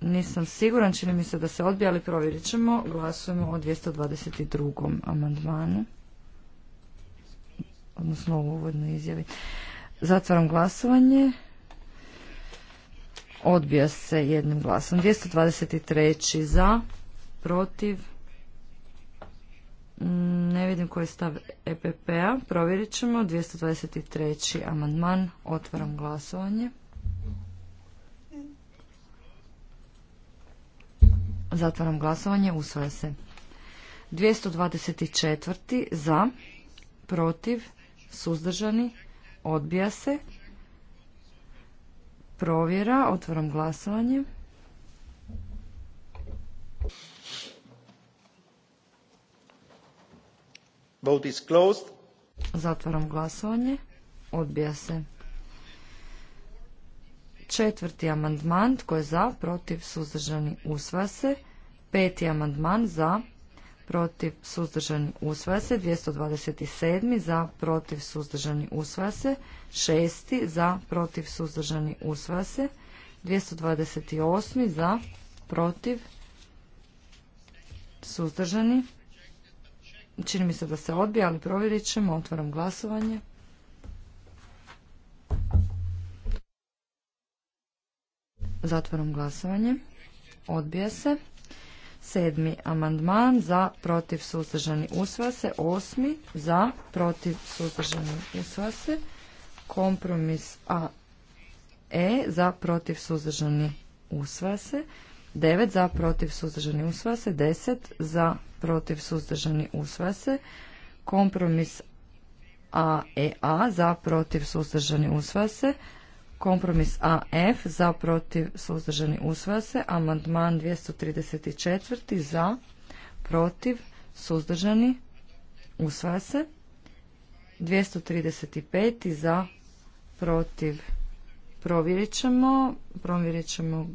nisam siguran, čini mi se da se odbija, ali provjerit ćemo, glasujemo o 222. amandmanu, odnosno u uvodnoj izjavi. Zatvaram glasovanje. Odbija se jednim glasom. 223. za, protiv. Ne vidim koji je stav EPP-a. Provjerit ćemo. 223. amandman. Otvaram glasovanje. Zatvaram glasovanje. Usvaja se. 224. za, protiv, suzdržani, odbija se provjera. Otvaram glasovanje. Vote is closed. Zatvaram glasovanje. Odbija se. Četvrti amandman, tko je za, protiv, suzdržani, usva se. Peti amandman, za, protiv suzdržani usvaja se, 227. za protiv suzdržani usvaja se, 6. za protiv suzdržani usvaja se, 228. za protiv suzdržani. Čini mi se da se odbija, ali provjerit ćemo. Otvaram glasovanje. Zatvaram glasovanje. Odbija se. Sedmi amandman za protiv suzdržani usvaja se. Osmi za protiv suzdržani usvase. se. Kompromis A E za protiv suzdržani usvaja se. 9 za protiv suzdržani usvaja se. 10 za protiv suzdržani usvaja se. Kompromis A E A za protiv suzdržani usvaja se. Kompromis AF za protiv suzdržani usvaja se. Amandman 234 za protiv suzdržani usvaja se. 235 za protiv provjerit ćemo. Provjerit ćemo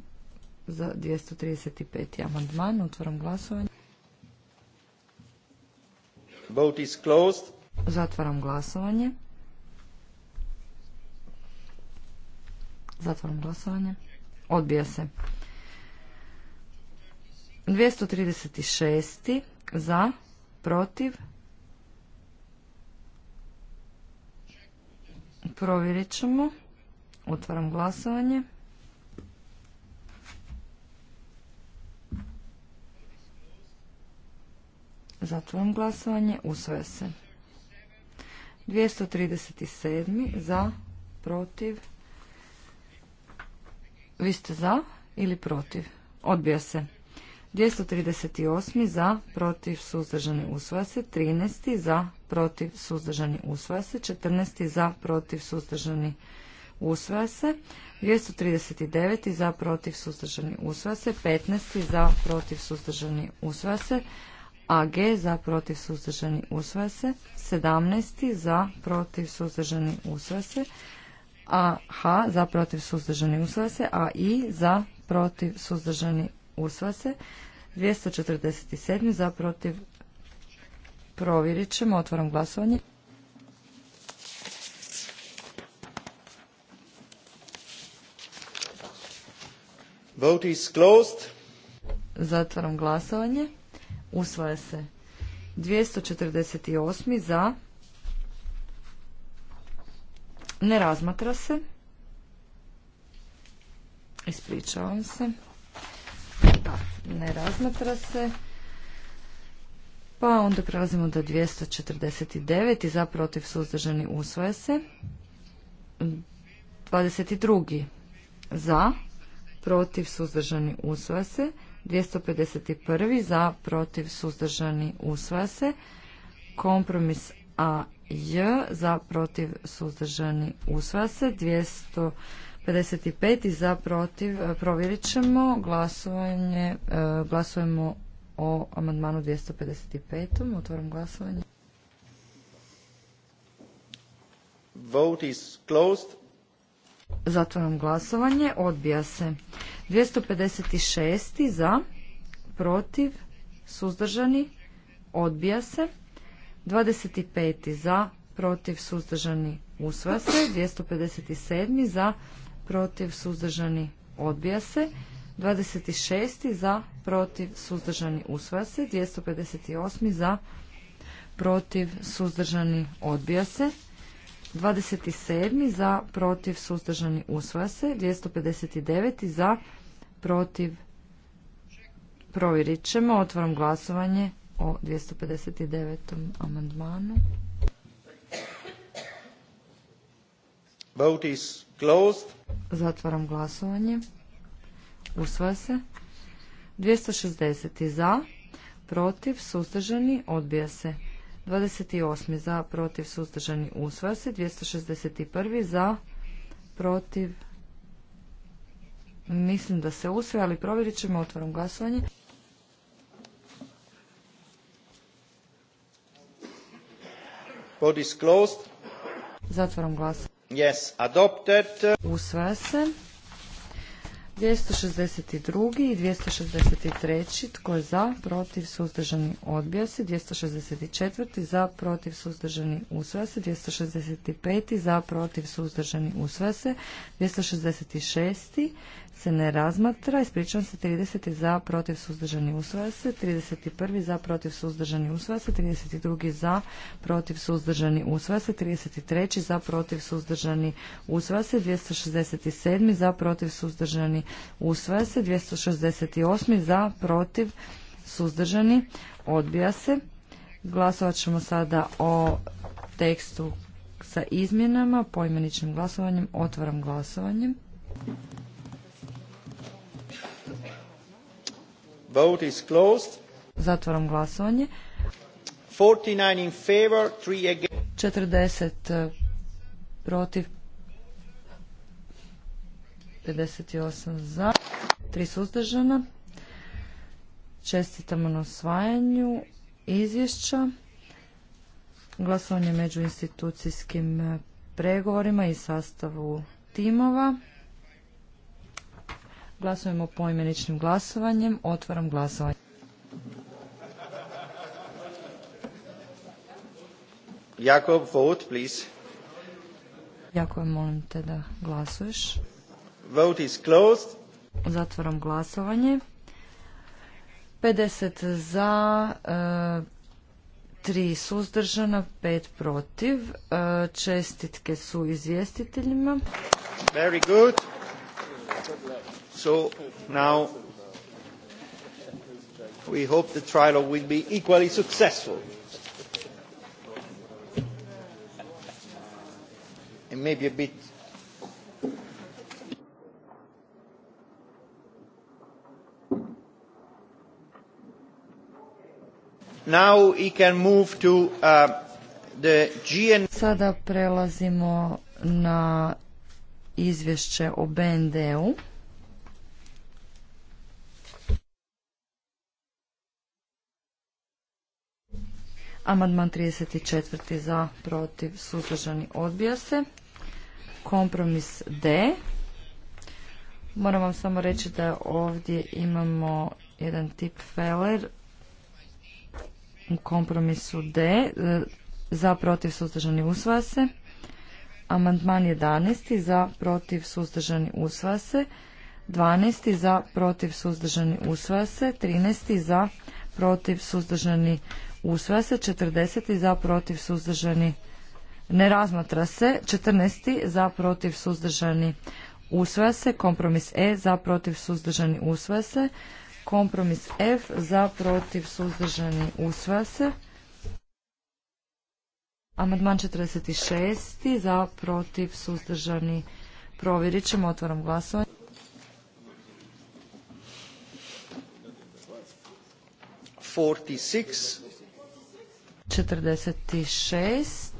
za 235. amandman. Otvaram glasovanje. Vote Zatvaram glasovanje. Zatvorim glasovanje. Odbija se. 236. Za. Protiv. Provjerit ćemo. Otvaram glasovanje. Zatvaram glasovanje. Usvaja se. 237. Za. Protiv. Vi ste za ili protiv? Odbija se. 238. za, protiv, suzdržani, usvaja se. 13. za, protiv, suzdržani, usvaja se. 14. za, protiv, suzdržani, usvaja se. 239. za, protiv, suzdržani, usvoja se. 15. za, protiv, suzdržani, usvaja se. AG za, protiv, suzdržani, usvaja se. 17. za, protiv, suzdržani, usvaja se a H za protiv suzdržani usvaja se, a I za protiv suzdržani usvaja se, 247 za protiv provjerit ćemo, otvaram glasovanje. Vote is closed. Zatvaram glasovanje. Usvaja se. 248 za, ne razmatra se. Ispričavam se. Da, ne razmatra se. Pa onda prelazimo do 249 i za protiv suzdržani usvoje se. 22. Za, protiv suzdržani usvoja se. 251. Za, protiv suzdržani usvoja se. Kompromis A J za protiv suzdržani usva se 255 i za protiv e, provjerit ćemo glasovanje e, glasujemo o amandmanu 255. Otvaram glasovanje. Vote is closed. Zatvaram glasovanje. Odbija se. 256. za, protiv, suzdržani. Odbija se. 25. za, protiv, suzdržani, usvaja se. 257. za, protiv, suzdržani, odbija se. 26. za, protiv, suzdržani, usvaja se. 258. za, protiv, suzdržani, odbija se. 27. za, protiv, suzdržani, usvaja se. 259. za, protiv, provjerit ćemo. otvorom glasovanje o 259. amandmanu. Vote is Zatvaram glasovanje. Usvaja se. 260. za, protiv, suzdržani, odbija se. 28. za, protiv, suzdržani, usvaja se. 261. za, protiv, mislim da se usvaja, ali provjerit ćemo, otvaram glasovanje. Vote is closed. Zatvaram glas. Yes, adopted. Usvaja se. 262. i 263. Tko je za, protiv, suzdržani, odbija se. 264. za, protiv, suzdržani, usvaja se. 265. za, protiv, suzdržani, usvaja se. 266 se ne razmatra. Ispričavam se 30. za, protiv, suzdržani, usvaja se. 31. za, protiv, suzdržani, usvaja se. 32. za, protiv, suzdržani, usvaja se. 33. za, protiv, suzdržani, usvaja se. 267. za, protiv, suzdržani, usvaja se. 268. za, protiv, suzdržani, odbija se. Glasovat ćemo sada o tekstu sa izmjenama, poimeničnim glasovanjem, otvaram glasovanjem. Vote is closed. glasovanje. 49 in favor, 3 against. 40 eh, protiv, 58 za, 3 suzdržana. Čestitamo na osvajanju izvješća. Glasovanje među institucijskim eh, pregovorima i sastavu timova. Glasujemo poimeničnim glasovanjem. Otvaram glasovanje. Jakob, vote, please. Jakob, molim te da glasuješ. Vote is closed. Zatvaram glasovanje. 50 za, 3 e, suzdržana, 5 protiv. E, čestitke su izvjestiteljima. Very good. So now we hope the trilogue will be equally successful. And maybe a bit Now he can move to uh, the GN... Sada prelazimo na izvješće o BND-u. Amandman 34. za, protiv, suzdržani, odbija se. Kompromis D. Moram vam samo reći da ovdje imamo jedan tip feller u kompromisu D. E, za, protiv, suzdržani, usvaja se. Amandman 11. za, protiv, suzdržani, usvaja se. 12. za, protiv, suzdržani, usvaja se. 13. za, protiv, suzdržani, usvaja se, 40. za protiv suzdržani ne razmatra se, 14. za protiv suzdržani usvaja se, kompromis E za protiv suzdržani usvaja se, kompromis F za protiv suzdržani usvaja se. Amandman 46. za protiv suzdržani provjerit ćemo, otvaram glasovanje. Forty six 46.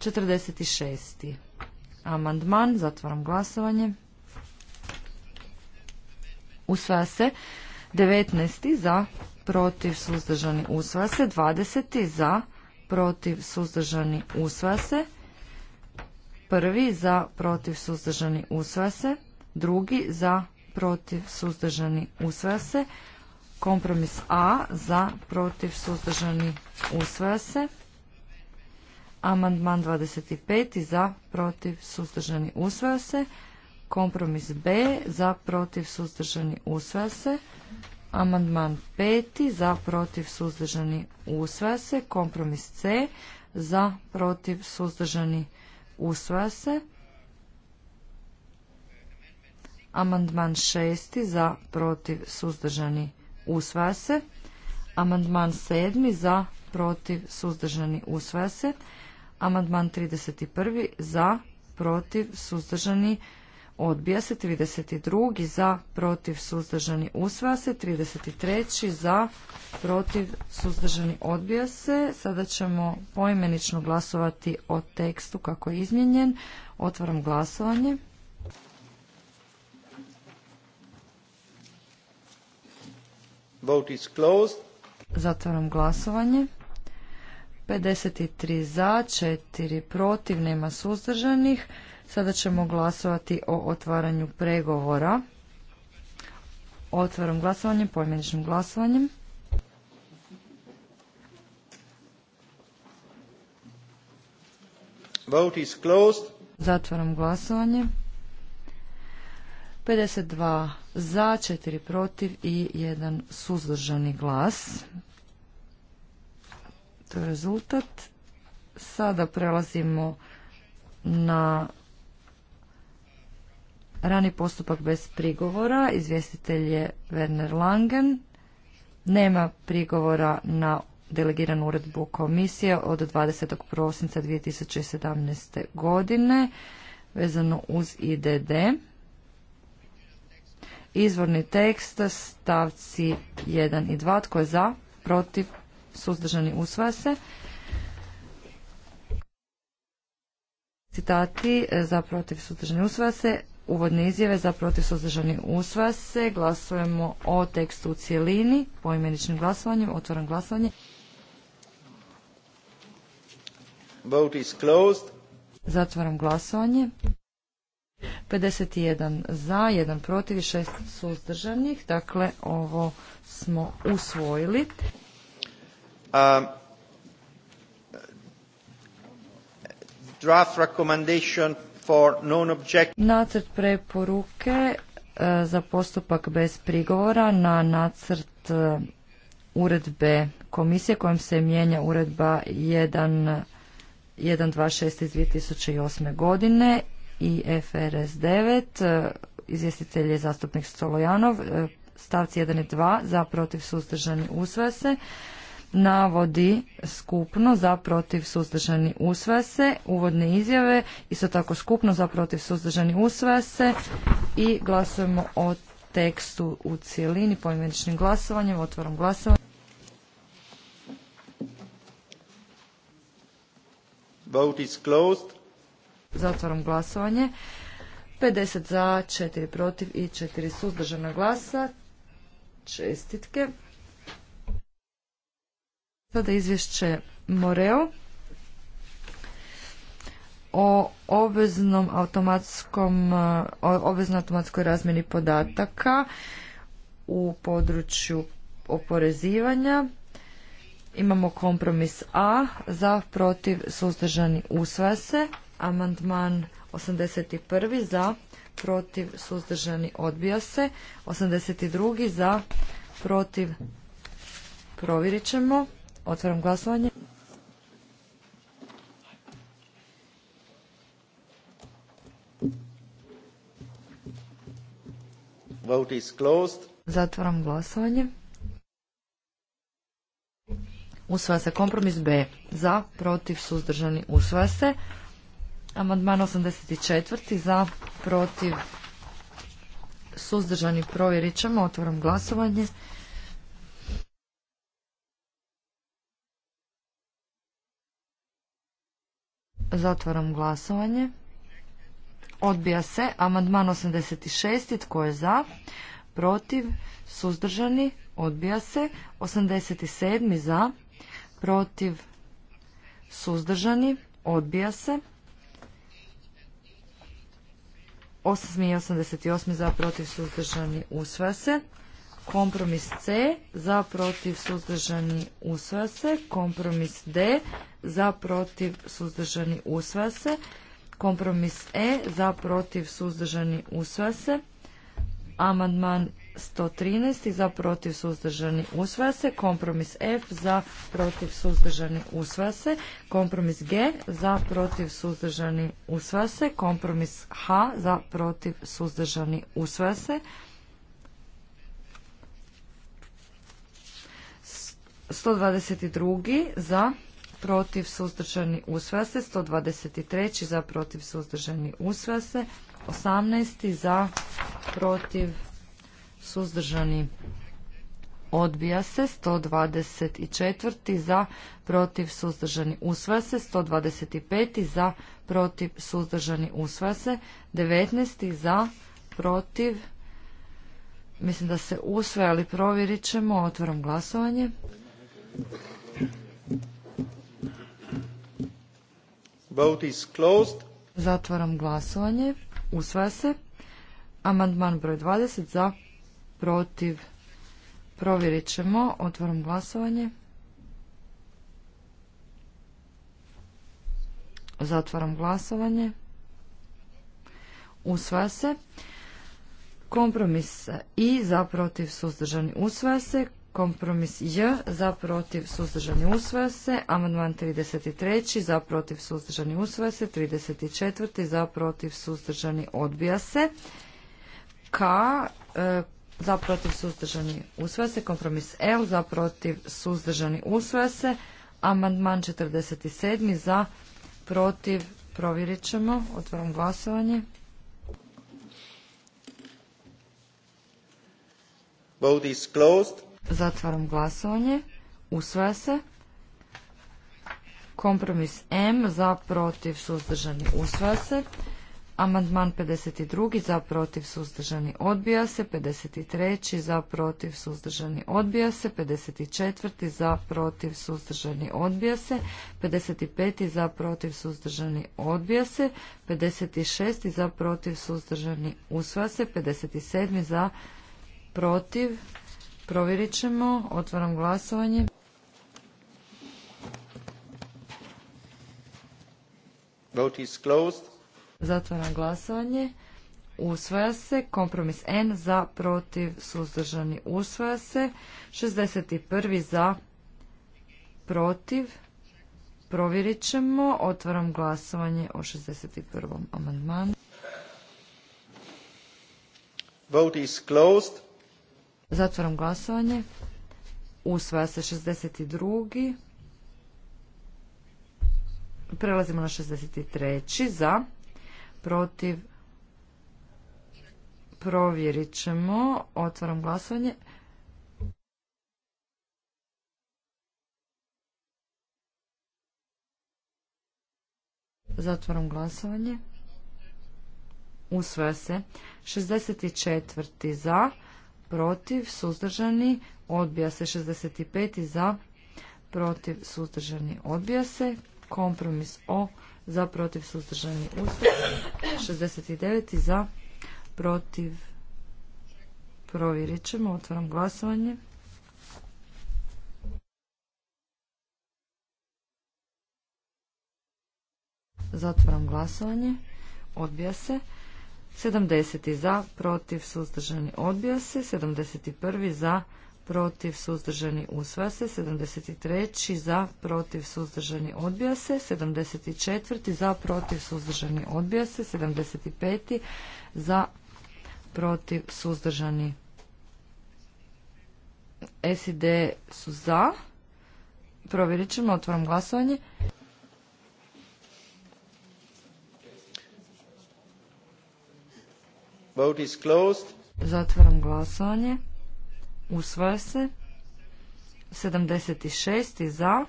46. Amandman, zatvaram glasovanje. Usvaja se 19. za, protiv, suzdržani, usvaja se 20. za, protiv, suzdržani, usvaja se. Prvi za, protiv, suzdržani, usvaja se. Drugi za, protiv, suzdržani, usvaja se. Kompromis A za, protiv, suzdržani, usvaja se. Amandman 25 za, protiv, suzdržani, usvaja se. Kompromis B za, protiv, suzdržani, usvaja se. Amandman 5 za, protiv, suzdržani, usvaja se. Kompromis C za, protiv, suzdržani, usvaja se. Amandman 6 za, protiv, suzdržani, usvaja se. Amandman sedmi za, protiv, suzdržani, usvaja se. Amandman 31. za, protiv, suzdržani, odbija se. 32. za, protiv, suzdržani, usvaja se. 33. za, protiv, suzdržani, odbija se. Sada ćemo poimenično glasovati o tekstu kako je izmijenjen. Otvaram glasovanje. Vote Zatvaram glasovanje. 53 za, 4 protiv, nema suzdržanih. Sada ćemo glasovati o otvaranju pregovora. Otvaram glasovanje pojmeničnim glasovanjem. Vote is Zatvaram glasovanje. 52 za četiri protiv i jedan suzdržani glas. To je rezultat. Sada prelazimo na rani postupak bez prigovora. Izvjestitelj je Werner Langen. Nema prigovora na delegiranu uredbu komisije od 20. prosinca 2017. godine vezano uz IDD. Izvorni tekst, stavci 1 i 2, tko je za, protiv, suzdržani, usvaja se. Citati e, za protiv, suzdržani, usvaja se. Uvodne izjave za protiv, suzdržani, usvaja se. Glasujemo o tekstu u cijelini, poimeničnim glasovanjem, otvoram glasovanje. Vote is closed. Zatvaram glasovanje. 51 za, 1 protiv i 6 suzdržanih. Dakle, ovo smo usvojili. Um, draft recommendation for non nacrt preporuke e, za postupak bez prigovora na nacrt e, uredbe komisije kojom se mijenja uredba 1 126 iz 2008. godine i FRS 9. E, izvjestitelj je zastupnik Stolojanov. E, stavci 1 i 2 za protiv suzdržani usvaja Navodi skupno za protiv suzdržani usvaja Uvodne izjave isto tako skupno za protiv suzdržani usvaja I glasujemo o tekstu u cijelini poimeničnim glasovanjem. otvorom glasovanje. Vote is closed. Zatvaram glasovanje. 50 za, 4 protiv i 4 suzdržana glasa. Čestitke. Sada izvješće Moreo o obveznom automatskom, obvezno automatskoj razmjeni podataka u području oporezivanja. Imamo kompromis A, za, protiv, suzdržani, usvaja se. Amandman 81. za, protiv, suzdržani, odbija se. 82. za, protiv, provjerit ćemo. Otvaram glasovanje. Vote is glasovanje. Usvaja se kompromis B. Za, protiv, suzdržani, usvaja se. Amandman 84. za, protiv, suzdržani provjerit ćemo. Otvoram glasovanje. Zatvaram glasovanje. Odbija se. Amandman 86. Tko je za? Protiv? Suzdržani? Odbija se. 87. Za? Protiv? Suzdržani? Odbija se. 888 za protiv suzdržani usvase, se. Kompromis C za protiv suzdržani usva se. Kompromis D za protiv suzdržani usvase, se. Kompromis E za protiv suzdržani usva se. Amandman 113 za protiv suzdržani usvaja se, kompromis F za protiv suzdržani usvaja se, kompromis G za protiv suzdržani usvaja se, kompromis H za protiv suzdržani usvaja se. 122 za protiv suzdržani usvaja se, 123 za protiv suzdržani usvaja se, 18 za protiv suzdržani odbija se 124 za protiv suzdržani usvaja se 125 za protiv suzdržani usvaja se 19 za protiv mislim da se usvaja ali provjerit ćemo otvaram glasovanje Vote is closed. Zatvaram glasovanje. Usvaja se. Amandman broj 20 za protiv, provjerit ćemo, otvorom glasovanje. Zatvaram glasovanje. Usvaja se. Kompromis I za protiv suzdržani usvaja se. Kompromis J za protiv suzdržani usvaja se. Amandman 33. za protiv suzdržani usvaja se. 34. za protiv suzdržani odbija se. K. E, za protiv suzdržani usvaja se, kompromis L za protiv suzdržani usvaja se, amandman 47 za protiv provjerit ćemo, otvaram glasovanje. Vote is closed. Zatvaram glasovanje, usvaja se. Kompromis M za protiv suzdržani usvaja se. Amandman 52. za protiv suzdržani odbija se. 53. za protiv suzdržani odbija se. 54. za protiv suzdržani odbija se. 55. za protiv suzdržani odbija se. 56. za protiv suzdržani usvaja se. 57. za protiv. Provjerit ćemo. Otvaram glasovanje. Vote is closed. Zatvaram glasovanje. Usvaja se. Kompromis N za protiv suzdržani usvaja se. 61. za protiv. Provjerit ćemo. Otvaram glasovanje o 61. amandmanu. Vote is closed. Zatvaram glasovanje. Usvaja se 62. Prelazimo na 63. Za protiv, provjerit ćemo, otvaram glasovanje. Zatvaram glasovanje. Usvaja se. 64. za, protiv, suzdržani, odbija se. 65. za, protiv, suzdržani, odbija se. Kompromis o za protiv suzdržani ustav 69. za protiv provjerit ćemo, otvaram glasovanje. Zatvaram glasovanje. Odbija se. 70. za, protiv, suzdržani. Odbija se. 71. za, protiv suzdržani usvaja se, 73. za protiv suzdržani odbija se, 74. za protiv suzdržani odbija se, 75. za protiv suzdržani D su za. Provjerit ćemo, otvaram glasovanje. Vote is Zatvaram glasovanje usvaja se. 76. za,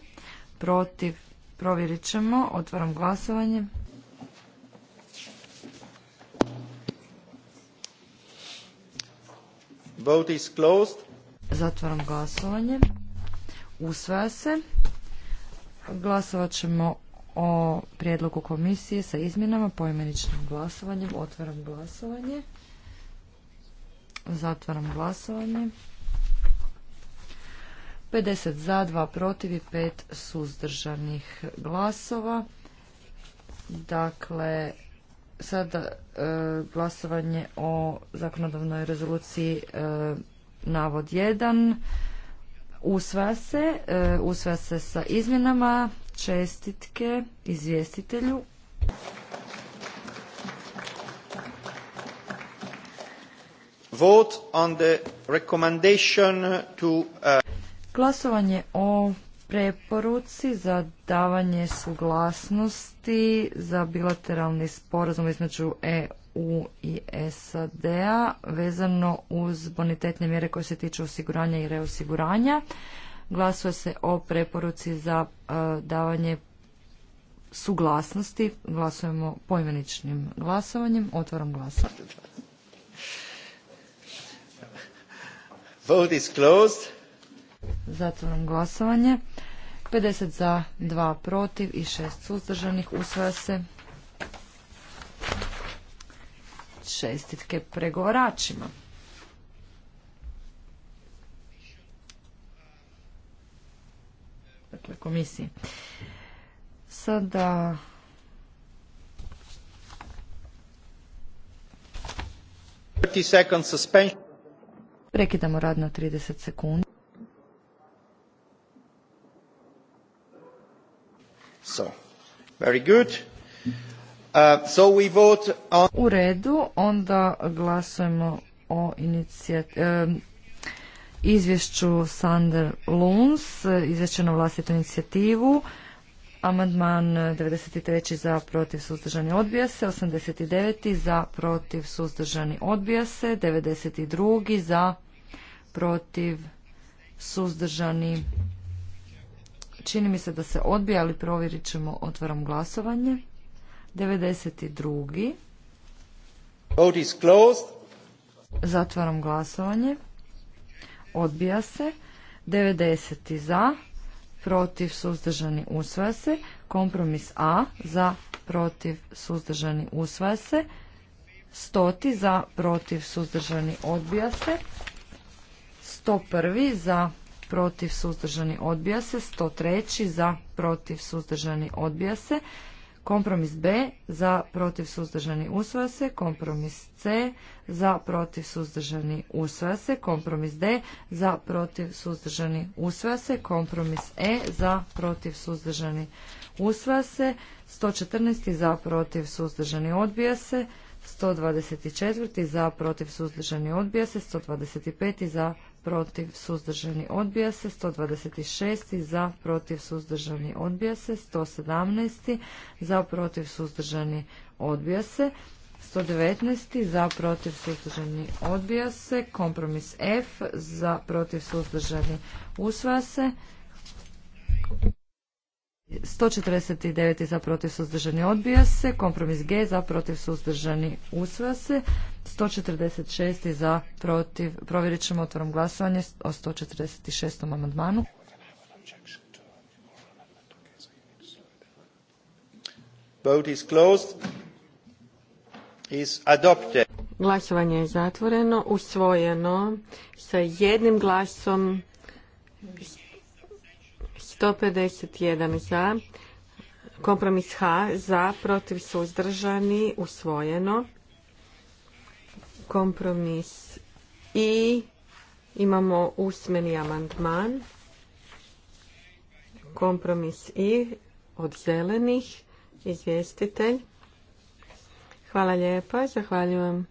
protiv, provjerit ćemo, otvaram glasovanje. Vote is closed. Zatvaram glasovanje. Usvaja se. Glasovat ćemo o prijedlogu komisije sa izmjenama poimeničnim glasovanjem. Otvaram glasovanje. Zatvaram glasovanje. 50 za, 2 protiv i 5 suzdržanih glasova. Dakle, sada e, glasovanje o zakonodavnoj rezoluciji e, navod 1. Usvaja se, e, usvaja se sa izmjenama čestitke izvjestitelju. Vote on the recommendation to uh... Glasovanje o preporuci za davanje suglasnosti za bilateralni sporazum između EU i SAD-a vezano uz bonitetne mjere koje se tiču osiguranja i reosiguranja. Glasuje se o preporuci za e, davanje suglasnosti. Glasujemo poimeničnim glasovanjem. Otvaram glasovanje. Vote is closed. Zatvorom glasovanje. 50 za, 2 protiv i 6 suzdržanih. Usvaja se šestitke pregovaračima. Dakle, komisiji. Sada... Prekidamo rad na 30 sekundi. Uh, U redu, onda glasujemo o e, izvješću Sander Luns, izvješće na vlastitu inicijativu, amandman 93. za protiv suzdržani odbija se, 89. za protiv suzdržani odbija se, 92. za protiv suzdržani odbija se Čini mi se da se odbija, ali provjerit ćemo. Otvaram glasovanje. 92. Vote Zatvaram glasovanje. Odbija se. 90. za, protiv, suzdržani, usvaja se. Kompromis A, za, protiv, suzdržani, usvaja se. 100. za, protiv, suzdržani, odbija se. 101. za, protiv, suzdržani, odbija se. 103. za, protiv, suzdržani, odbija se. Kompromis B za, protiv, suzdržani, usvaja se. Kompromis C za, protiv, suzdržani, usvaja se. Kompromis D za, protiv, suzdržani, usvaja se. Kompromis E za, protiv, suzdržani, usvaja se. 114. za, protiv, suzdržani, odbija se. 124. za, protiv, suzdržani, odbija se. 125. za, protiv suzdržani odbija se 126 za protiv suzdržani odbija se 117 za protiv suzdržani odbija se 119 za protiv suzdržani odbija se kompromis F za protiv suzdržani usvaja se 149 za protiv suzdržani odbija se. Kompromis G za protiv suzdržani usvaja se. 146 za protiv. Provjerit ćemo otvorom glasovanje o 146. amandmanu. Vote is closed. Glasovanje je zatvoreno, usvojeno sa jednim glasom 151 za, kompromis H za, protiv suzdržani, usvojeno. Kompromis I, imamo usmeni amandman. Kompromis I od zelenih, izvjestitelj. Hvala lijepa, zahvaljujem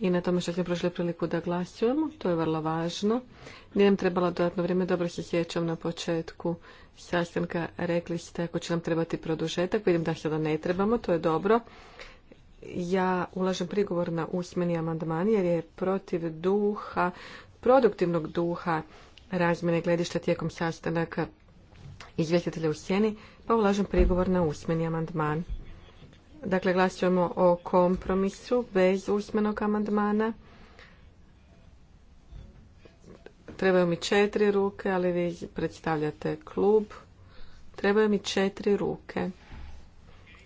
i na tome što smo prošli priliku da glasujemo. To je vrlo važno. Nije nam trebalo dodatno vrijeme. Dobro se sjećam na početku sastanka. Rekli ste ako će nam trebati produžetak. Vidim da sada ne trebamo. To je dobro. Ja ulažem prigovor na usmeni amandman jer je protiv duha, produktivnog duha razmjene gledišta tijekom sastanaka izvjestitelja u sjeni, pa ulažem prigovor na usmeni amandman. Dakle, glasujemo o kompromisu bez usmenog amandmana. Trebaju mi četiri ruke, ali vi predstavljate klub. Trebaju mi četiri ruke.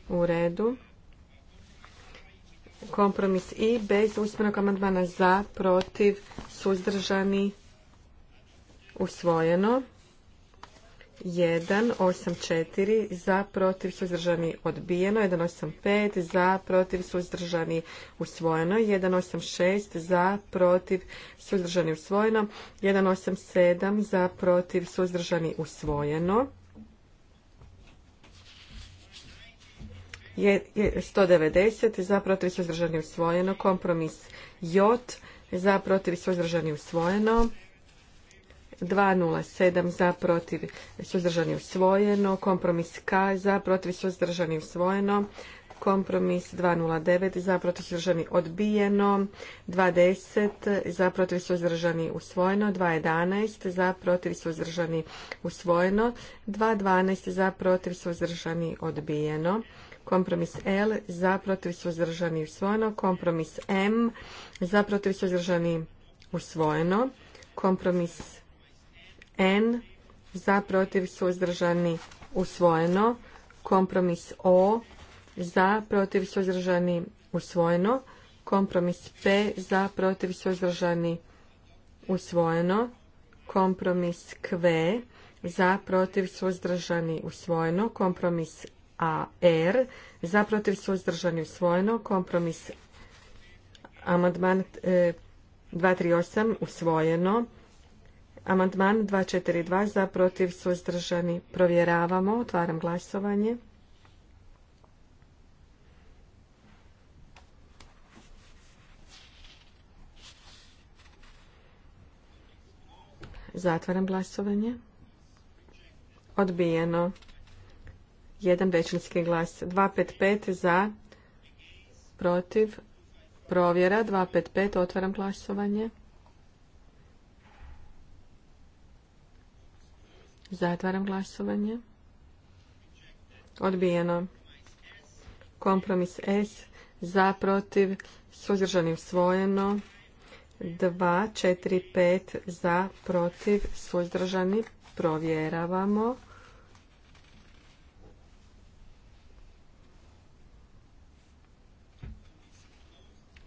U redu. Kompromis i bez usmenog amandmana za, protiv, suzdržani, usvojeno. 184 za protiv suzdržani odbijeno, 185 za protiv suzdržani usvojeno, 186 za protiv suzdržani usvojeno, 187 za protiv suzdržani usvojeno. 190 za protiv suzdržani usvojeno, kompromis J za protiv suzdržani usvojeno. 207 za protiv suzdržani usvojeno, kompromis K za protiv suzdržani usvojeno, kompromis 209 za protiv suzdržani odbijeno, 210 za protiv suzdržani usvojeno, 211 za protiv suzdržani usvojeno, 212 za protiv suzdržani odbijeno. Kompromis L za protiv suzdržani usvojeno, kompromis M za protiv suzdržani usvojeno, kompromis N za protiv suzdržani usvojeno. Kompromis O za protiv suzdržani usvojeno. Kompromis P za protiv suzdržani usvojeno. Kompromis Q za protiv suzdržani usvojeno. Kompromis A, R, za protiv suzdržani usvojeno. Kompromis amandman 238 eh, usvojeno. Amandman 242 za protiv suzdržani provjeravamo. Otvaram glasovanje. Zatvaram glasovanje. Odbijeno. Jedan većinski glas. 255 za, protiv, provjera. 255, otvaram glasovanje. Zatvaram glasovanje. Odbijeno. Kompromis S. Za, protiv, suzdržani usvojeno. 2, 4, 5. Za, protiv, suzdržani. Provjeravamo.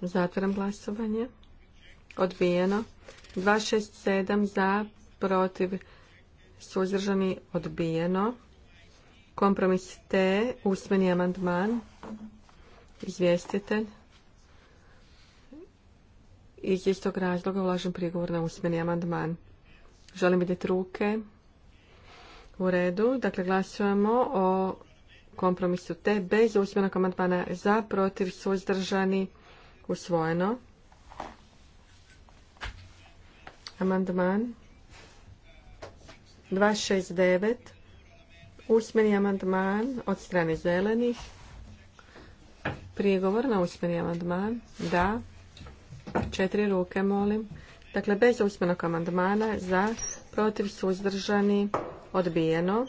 Zatvaram glasovanje. Odbijeno. 2, 6, 7, za, protiv, suzdržani, odbijeno. Kompromis T, usmeni amandman, izvjestitelj. Iz istog razloga ulažem prigovor na usmeni amandman. Želim vidjeti ruke. U redu, dakle glasujemo o kompromisu T bez usmenog amandmana za, protiv, suzdržani, usvojeno. Amandman 269. Usmeni amandman od strane zelenih. Prigovor na usmeni amandman. Da. Četiri ruke, molim. Dakle, bez usmenog amandmana za protiv suzdržani odbijeno.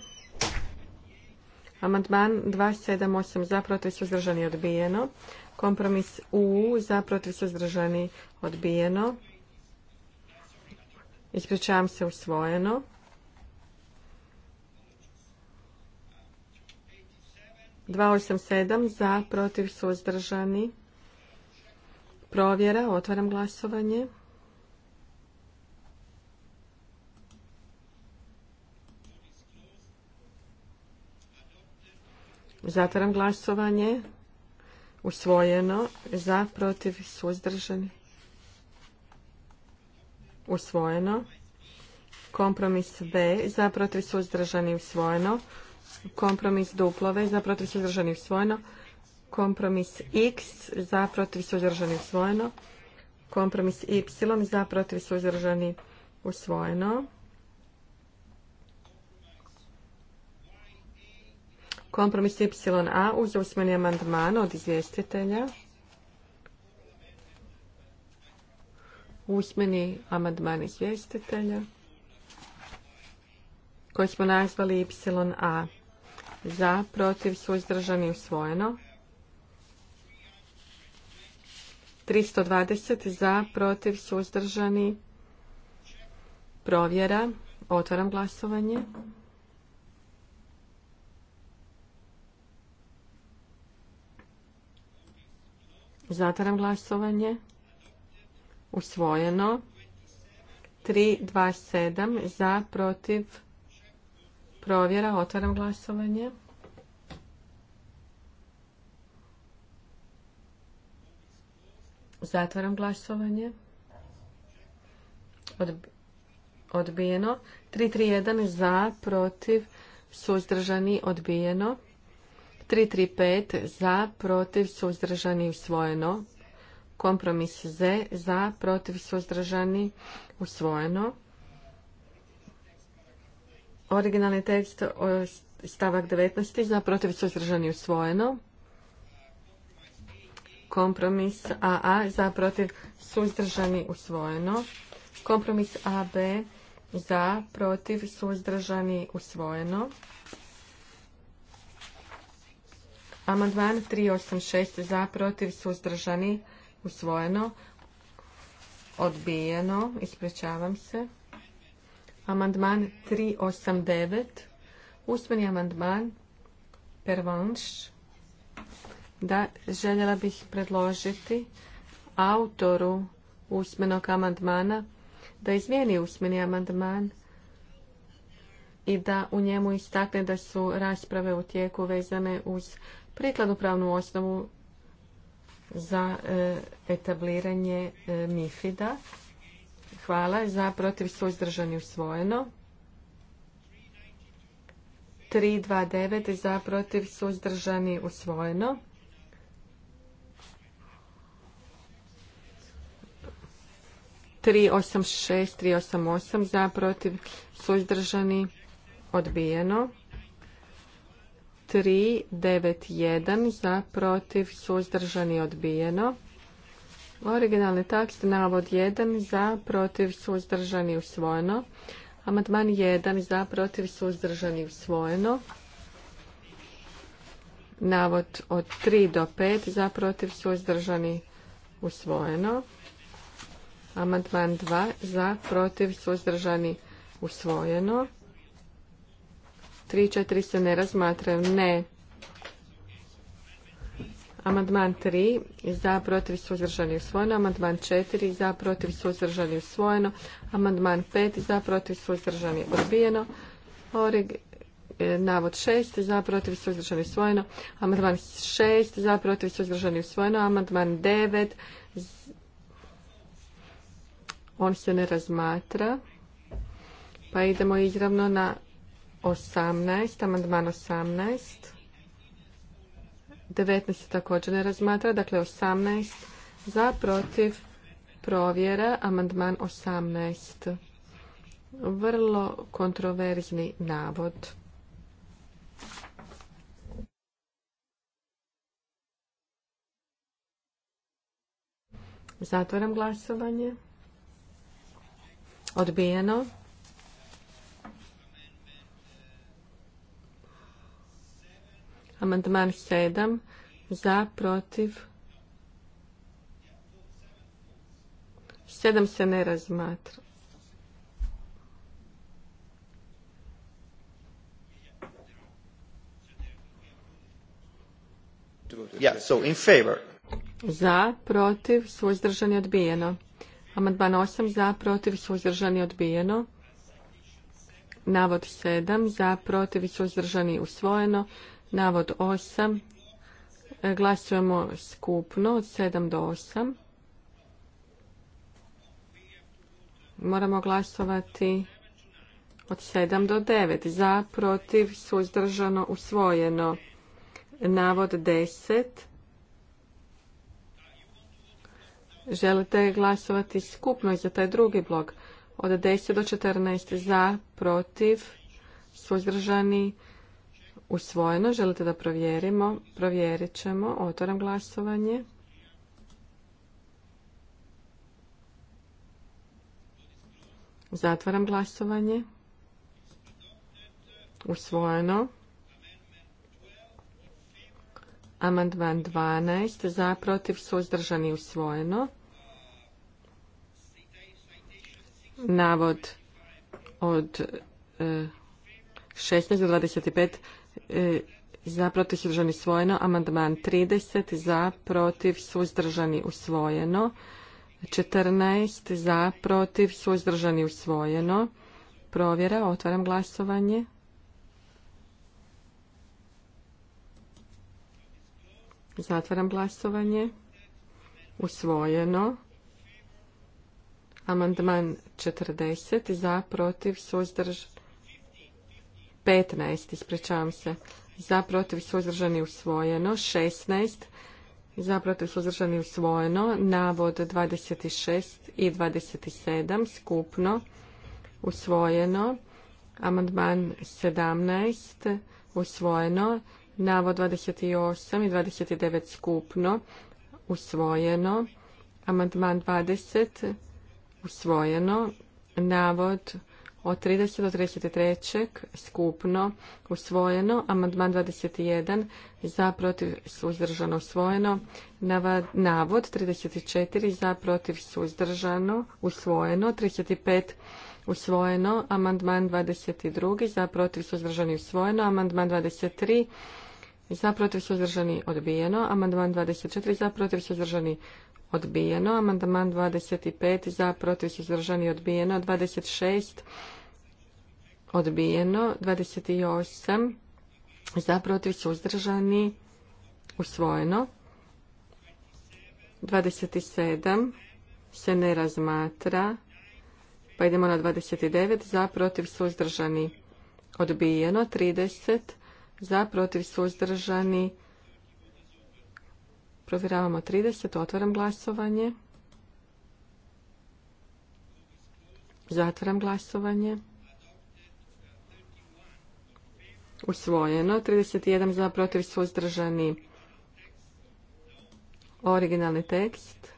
Amandman 278 za protiv suzdržani odbijeno. Kompromis U za protiv suzdržani odbijeno. Ispričavam se usvojeno. 287 za, protiv, suzdržani. Provjera, otvaram glasovanje. Zatvaram glasovanje. Usvojeno. Za, protiv, suzdržani. Usvojeno. Kompromis B. Za, protiv, suzdržani. Usvojeno. Kompromis duplove, za protiv suzdržanih usvojeno. Kompromis X za protiv suzdržanih usvojeno. Kompromis Y za protiv suzdržani usvojeno. Kompromis A uz usmeni amandman od izvjestitelja. Usmeni amandman izvjestitelja koji smo nazvali A za, protiv, suzdržani, usvojeno. 320 za, protiv, suzdržani, provjera. Otvaram glasovanje. Zatvaram glasovanje. Usvojeno. 327 za, protiv, Provjera, otvaram glasovanje. Zatvaram glasovanje. Odbijeno. 331 za, protiv, suzdržani, odbijeno. 335 za, protiv, suzdržani, usvojeno. Kompromis Z za, protiv, suzdržani, usvojeno. Originalni tekst stavak 19. Za protiv suzdržani usvojeno. Kompromis AA za protiv suzdržani usvojeno. Kompromis AB za protiv suzdržani usvojeno. Amandman 386 za protiv suzdržani usvojeno. Odbijeno. Ispričavam se. Amandman 389. Usmeni amandman Pervanš. Da, željela bih predložiti autoru usmenog amandmana da izmijeni usmeni amandman i da u njemu istakne da su rasprave u tijeku vezane uz prikladnu pravnu osnovu za e, etabliranje e, MIFID-a. Hvala. Za, protiv, suzdržani, usvojeno. 329 za, protiv, suzdržani, usvojeno. Tri osam šest, tri osam za, protiv, suzdržani, odbijeno. 391 za, protiv, suzdržani, odbijeno. Originalni tekst navod 1 za protiv suzdržani usvojeno. Amandman 1 za protiv suzdržani usvojeno. Navod od 3 do 5 za protiv suzdržani usvojeno. Amandman 2 za protiv suzdržani usvojeno. 3 4 se ne razmatraju. Ne. Amandman 3 za protiv suzdržani usvojeno. Amandman 4 za protiv suzdržani usvojeno. Amandman 5 za protiv suzdržani odbijeno. Orig, e, navod 6 za protiv suzdržani usvojeno. Amandman 6 za protiv suzdržani usvojeno. Amandman 9 on se ne razmatra. Pa idemo izravno na 18, amandman 18. 19 se također ne razmatra, dakle 18 za, protiv, provjera, amandman 18. Vrlo kontroverzni navod. Zatvaram glasovanje. Odbijeno. Amandman 7 za, protiv. 7 se ne razmatra. Yeah, so in favor. Za, protiv, suzdržani, odbijeno. Amandman 8 za, protiv, suzdržani, odbijeno. Navod 7 za, protiv, suzdržani, usvojeno. Navod 8. Glasujemo skupno od 7 do 8. Moramo glasovati od 7 do 9. Za, protiv, suzdržano, usvojeno. Navod 10. Želite glasovati skupno za taj drugi blok od 10 do 14 za, protiv, suzdržani, usvojeno usvojeno. Želite da provjerimo? Provjerit ćemo. Otvaram glasovanje. Zatvaram glasovanje. Usvojeno. Amandman 12. Za, protiv, suzdržani, usvojeno. Navod od 16 eh, do 25 za protiv suzdržani usvojeno. Amandman 30 za protiv suzdržani usvojeno. 14 za protiv suzdržani usvojeno. Provjera, otvaram glasovanje. Zatvaram glasovanje. Usvojeno. Amandman 40 za protiv suzdržani 15, ispričavam se, za protiv suzdržani usvojeno, 16, za protiv suzdržani usvojeno, navod 26 i 27 skupno usvojeno, amandman 17 usvojeno, navod 28 i 29 skupno usvojeno, amandman 20 usvojeno, navod od 30 do 33 skupno usvojeno, amandman 21 za protiv suzdržano usvojeno, navod 34 za protiv suzdržano usvojeno, 35 usvojeno, amandman 22 za protiv suzdržani usvojeno, amandman 23 za protiv suzdržani odbijeno, amandman 24 za protiv suzdržani odbijeno. Amandman 25 za, protiv, suzdržani, odbijeno. 26 odbijeno. 28 za, protiv, suzdržani, usvojeno. 27 se ne razmatra. Pa idemo na 29 za, protiv, suzdržani, odbijeno. 30 za, protiv, suzdržani, Provjeravamo 30. Otvaram glasovanje. Zatvaram glasovanje. Usvojeno. 31 za protiv suzdržani. Originalni tekst.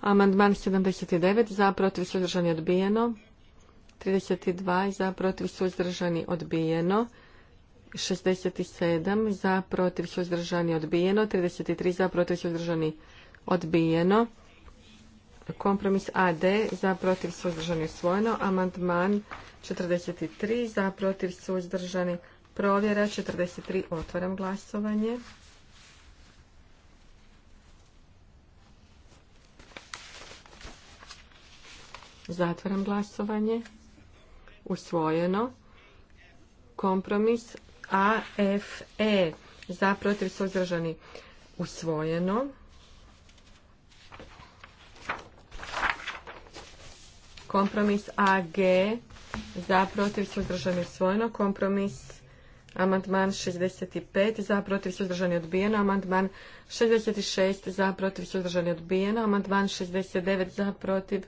Amandman 79 za protiv suzdržani odbijeno. 32 za protiv suzdržani odbijeno. 67 za, protiv, suzdržani, odbijeno. 33 za, protiv, suzdržani, odbijeno. Kompromis AD za, protiv, suzdržani, usvojeno. Amandman 43 za, protiv, suzdržani, provjera. 43 otvaram glasovanje. Zatvaram glasovanje. Usvojeno. Kompromis AFE za protiv suzdržani usvojeno. Kompromis AG za protiv suzdržani usvojeno. Kompromis Amandman 65 za protiv suzdržani odbijeno. Amandman 66 za protiv suzdržani odbijeno. Amandman 69 za protiv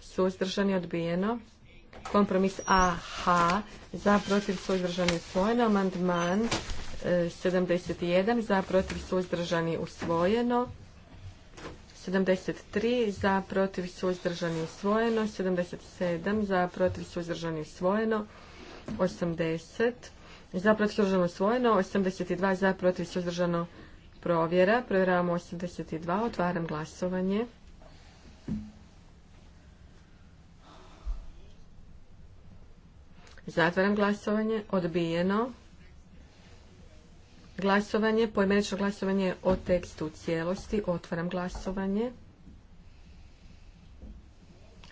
suzdržani odbijeno. Kompromis AH za protiv suzdržani usvojeno. Amandman 71 e, za protiv suzdržani usvojeno. 73 za protiv suzdržani usvojeno. 77 za protiv suzdržani usvojeno. 80 za protiv suzdržano usvojeno. 82 za protiv suzdržano provjera. Provjeravamo 82. Otvaram glasovanje. Zatvaram glasovanje. Odbijeno. Glasovanje, poimenično glasovanje o tekstu u cijelosti. Otvaram glasovanje.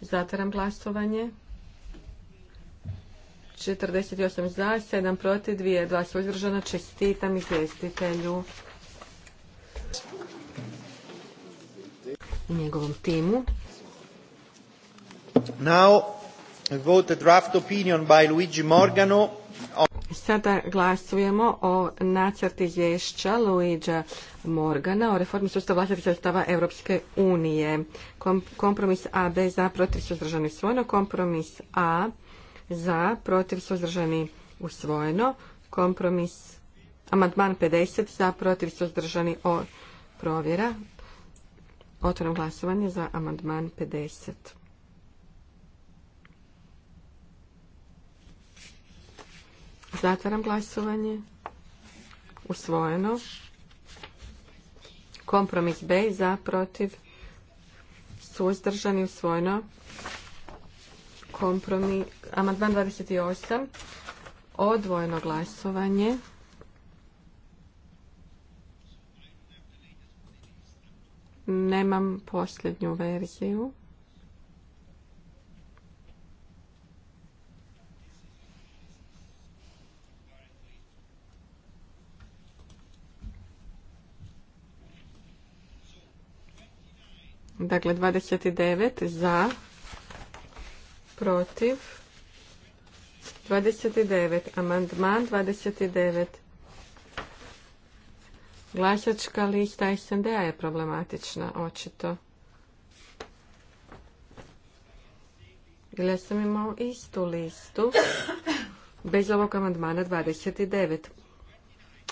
Zatvaram glasovanje. 48 za, 7 protiv, 2 2 suzdržana. Čestitam izvjestitelju i njegovom timu. Now Sada glasujemo o nacrti izvješća Luigi Morgana o reformi sustava vlastitih sredstava Europske unije. Kompromis A, B za, protiv suzdržani usvojeno. Kompromis A za, protiv suzdržani usvojeno. Kompromis amandman 50 za, protiv suzdržani o provjera. Otvorom glasovanje za amandman 50. Zatvaram glasovanje. Usvojeno. Kompromis B za protiv suzdržani usvojeno. Kompromis amandman 28 odvojeno glasovanje. Nemam posljednju verziju. Dakle, 29 za, protiv, 29, amandman 29. Glasačka lista snd je problematična, očito. Ili ja sam imao istu listu, bez ovog amandmana 29.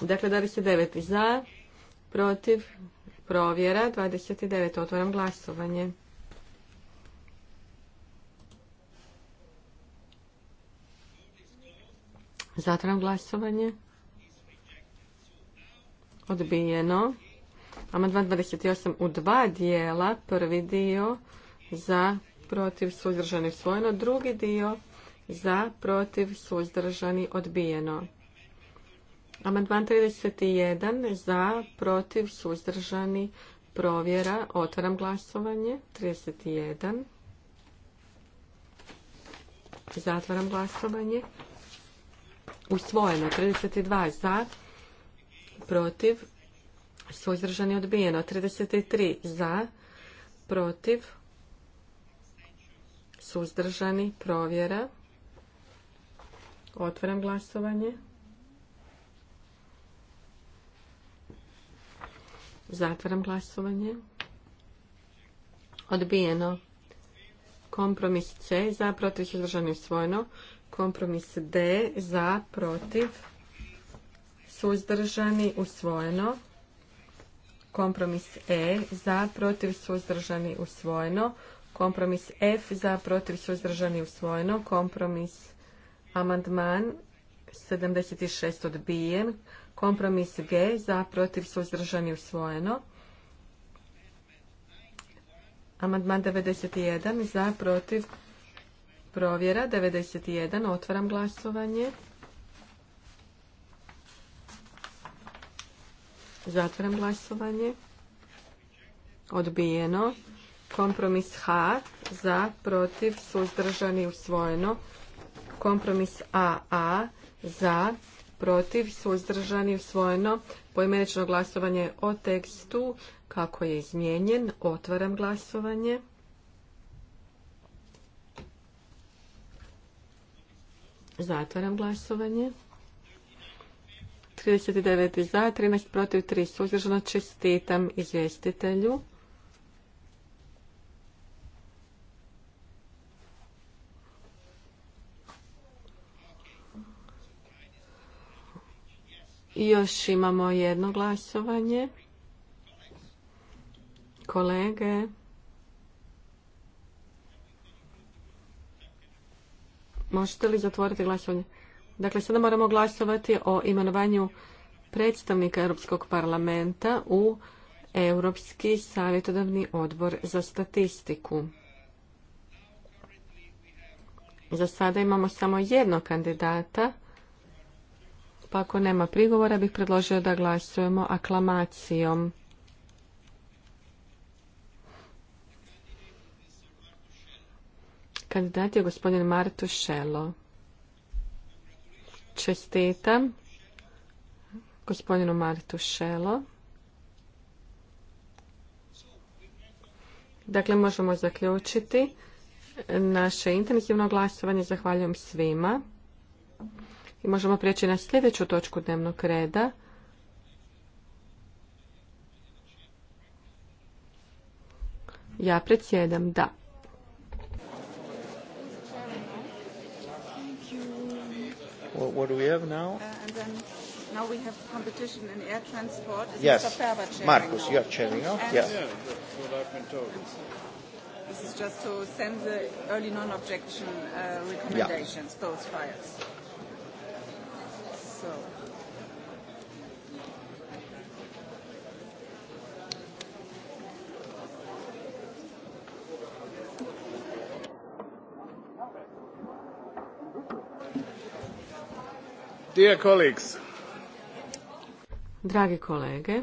Dakle, 29 za, protiv, Provjera 29. Otvaram glasovanje. Zatvaram glasovanje. Odbijeno. Amandman 28 u dva dijela. Prvi dio za protiv suzdržani usvojeno. Drugi dio za protiv suzdržani odbijeno. Amandman 31 za, protiv, suzdržani, provjera. Otvaram glasovanje. 31. Zatvaram glasovanje. Usvojeno. 32 za, protiv, suzdržani, odbijeno. 33 za, protiv, suzdržani, provjera. Otvaram glasovanje. Zatvaram glasovanje. Odbijeno. Kompromis C za protiv suzdržani usvojeno. Kompromis D za protiv suzdržani usvojeno. Kompromis E za protiv suzdržani usvojeno. Kompromis F za protiv suzdržani usvojeno. Kompromis amandman 76 odbijen. Kompromis G za protiv suzdržani usvojeno. Amandman 91 za protiv provjera 91. Otvaram glasovanje. Zatvaram glasovanje. Odbijeno. Kompromis H za protiv suzdržani usvojeno. Kompromis AA za protiv, suzdržani, usvojeno, poimenično glasovanje o tekstu kako je izmijenjen. Otvaram glasovanje. Zatvaram glasovanje. 39 za, 13 protiv, 3 suzdržano. Čestitam izvjestitelju. Još imamo jedno glasovanje. Kolege. Možete li zatvoriti glasovanje? Dakle, sada moramo glasovati o imenovanju predstavnika Europskog parlamenta u Europski savjetodavni odbor za statistiku. Za sada imamo samo jednog kandidata, pa ako nema prigovora bih predložio da glasujemo aklamacijom. Kandidat je gospodin Martu Šelo. Čestitam gospodinu Martu Šelo. Dakle, možemo zaključiti naše intenzivno glasovanje. Zahvaljujem svima. I možemo prijeći na sljedeću točku dnevnog reda. Ja predsjedam, da. What do we have now? Uh, and then now we have competition in air transport. Is yes. Marcus, you are chairing now? Yes. Yeah, that's what I've been told. This is just to send the early non-objection uh, recommendations, yeah. those files. Drage Dragi kolege,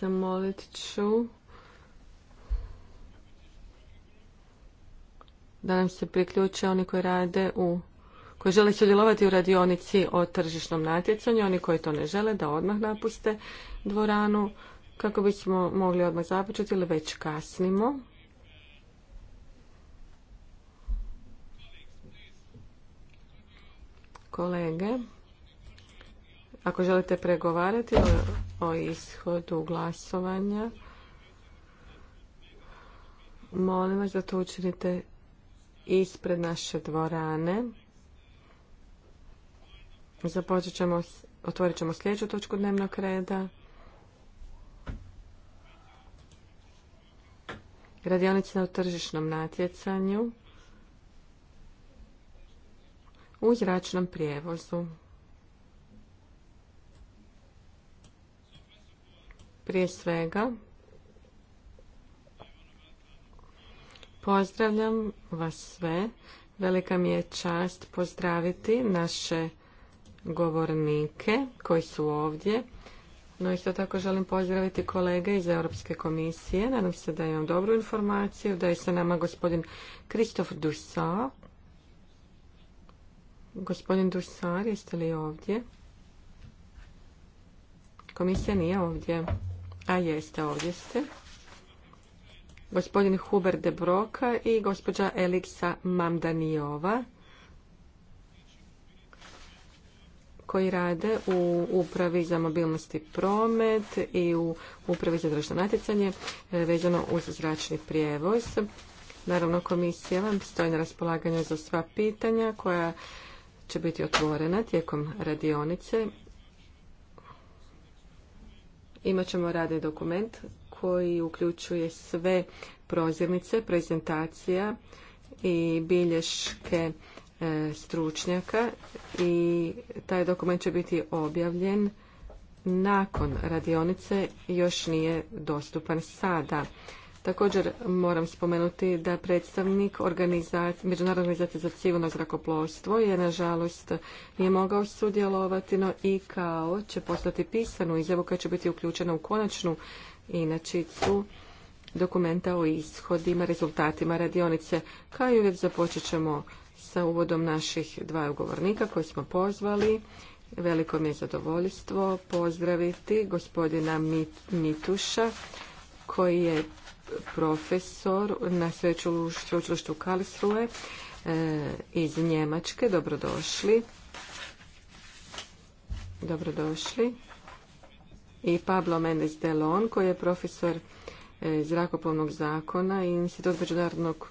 zamolit ću da nam se priključe oni koji rade u koji žele sudjelovati u radionici o tržišnom natjecanju, oni koji to ne žele da odmah napuste dvoranu kako bismo mogli odmah započeti ili već kasnimo. Kolege, ako želite pregovarati o, ishodu glasovanja, molim vas da to učinite ispred naše dvorane. Započet ćemo, otvorit ćemo sljedeću točku dnevnog reda. Radionica na tržišnom natjecanju u zračnom prijevozu. Prije svega, pozdravljam vas sve. Velika mi je čast pozdraviti naše govornike koji su ovdje. No isto tako želim pozdraviti kolege iz Europske komisije. Nadam se da imam dobru informaciju, da je sa nama gospodin Kristof Dusar. Gospodin Dusar, jeste li ovdje? Komisija nije ovdje. A jeste, ovdje ste. Gospodin Huber de Broca i gospođa Eliksa Mamdanijova. koji rade u upravi za mobilnost i promet i u upravi za društveno natjecanje e, vezano uz zračni prijevoz. Naravno, komisija vam stoji na raspolaganju za sva pitanja koja će biti otvorena tijekom radionice. Imaćemo radni dokument koji uključuje sve prozirnice, prezentacija i bilješke E, stručnjaka i taj dokument će biti objavljen nakon radionice još nije dostupan sada. Također moram spomenuti da predstavnik Međunarodne organizacije za civilno zrakoplovstvo je nažalost nije mogao sudjelovati, no i kao će postati pisanu izjavu koja će biti uključena u konačnu inačicu dokumenta o ishodima, rezultatima radionice. Kao i uvijek započet ćemo sa uvodom naših dva ugovornika koji smo pozvali. Veliko mi je zadovoljstvo pozdraviti gospodina Mituša koji je profesor na sveučilištu Karlsruhe e, iz Njemačke. Dobrodošli. Dobrodošli. I Pablo Mendes Delon koji je profesor e, zrakoplovnog zakona i Institut međunarodnog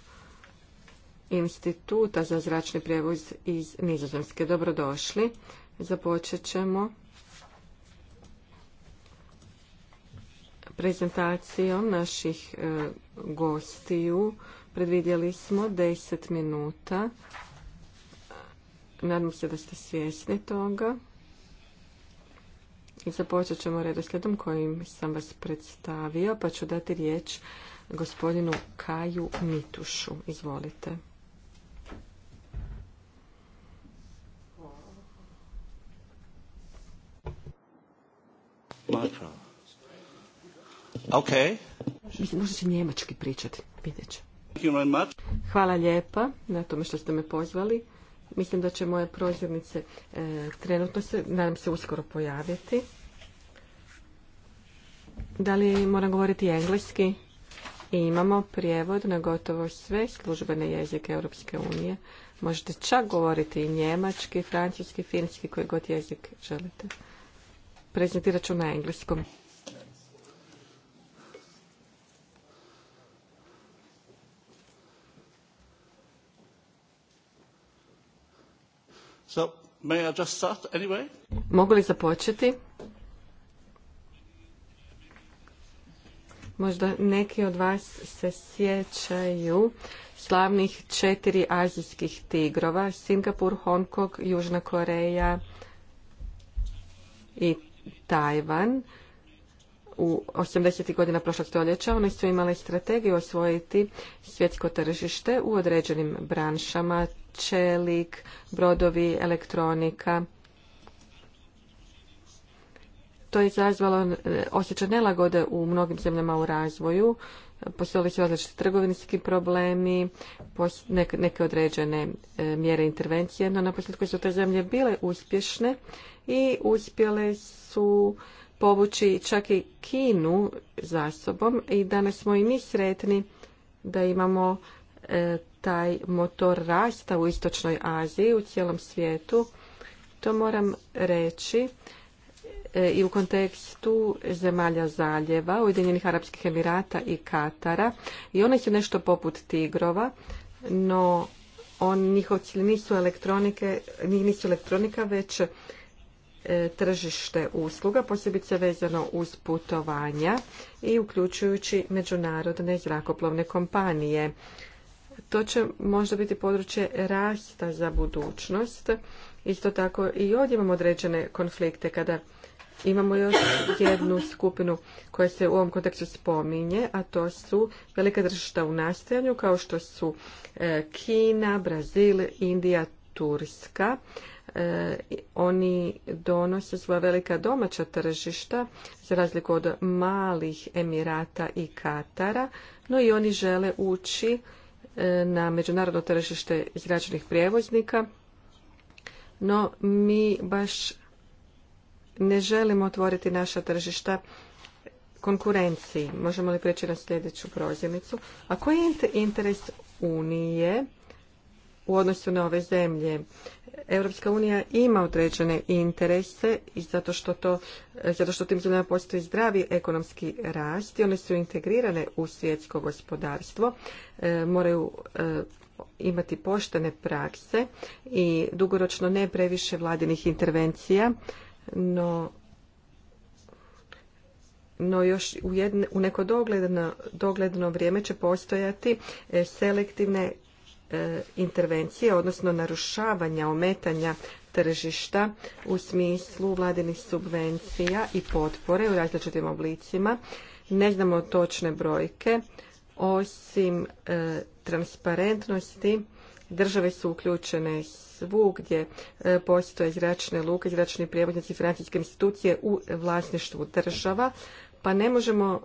instituta za zračni prijevoz iz Nizozemske. Dobrodošli. Započet ćemo prezentacijom naših e, gostiju. Predvidjeli smo 10 minuta. Nadam se da ste svjesni toga. I započet ćemo redoslijedom kojim sam vas predstavio, pa ću dati riječ gospodinu Kaju Mitušu. Izvolite. Možda njemački pričati, vidjet će. Hvala lijepa na tome što ste me pozvali. Mislim da će moje prozirnice e, trenutno se, nadam se, uskoro pojaviti. Da li moram govoriti engleski? I imamo prijevod na gotovo sve službene jezike Europske unije. Možete čak govoriti i njemački, francuski, finski, koji god jezik želite prezentirat ću na engleskom. Mogu li započeti? Možda neki od vas se sjećaju slavnih četiri azijskih tigrova, Singapur, Hong Kong, Južna Koreja i Tajvan u 80. godina prošlog stoljeća. Oni su imali strategiju osvojiti svjetsko tržište u određenim branšama, čelik, brodovi, elektronika. To je izazvalo e, osjećaj nelagode u mnogim zemljama u razvoju postoje su različiti trgovinski problemi, neke određene e, mjere intervencije, no na su te zemlje bile uspješne i uspjele su povući čak i Kinu za sobom i danas smo i mi sretni da imamo e, taj motor rasta u istočnoj Aziji, u cijelom svijetu. To moram reći E, i u kontekstu zemalja zaljeva, Ujedinjenih Arapskih Emirata i Katara i one su nešto poput tigrova, no on, njihov cilj nisu elektronike, nisu elektronika, već e, tržište usluga, posebice vezano uz putovanja i uključujući međunarodne zrakoplovne kompanije. To će možda biti područje rasta za budućnost. Isto tako i ovdje imamo određene konflikte kada Imamo još jednu skupinu koja se u ovom kontekstu spominje, a to su velika tržišta u nastajanju kao što su e, Kina, Brazil, Indija, Turska. E, oni donose svoja velika domaća tržišta za razliku od malih Emirata i Katara, no i oni žele ući e, na međunarodno tržište izgrađenih prijevoznika, no mi baš ne želimo otvoriti naša tržišta konkurenciji. Možemo li preći na sljedeću prozimicu? A koji je interes Unije u odnosu na ove zemlje? Europska unija ima određene interese i zato što, to, zato što tim zemljama postoji zdravi ekonomski rast i one su integrirane u svjetsko gospodarstvo, e, moraju e, imati poštene prakse i dugoročno ne previše vladinih intervencija no no još u, u neko dogledno, vrijeme će postojati e, selektivne e, intervencije, odnosno narušavanja, ometanja tržišta u smislu vladinih subvencija i potpore u različitim oblicima. Ne znamo točne brojke, osim e, transparentnosti Države su uključene svugdje e, postoje zračne luke, zračni prijevoznici, francuske institucije u vlasništvu država, pa ne možemo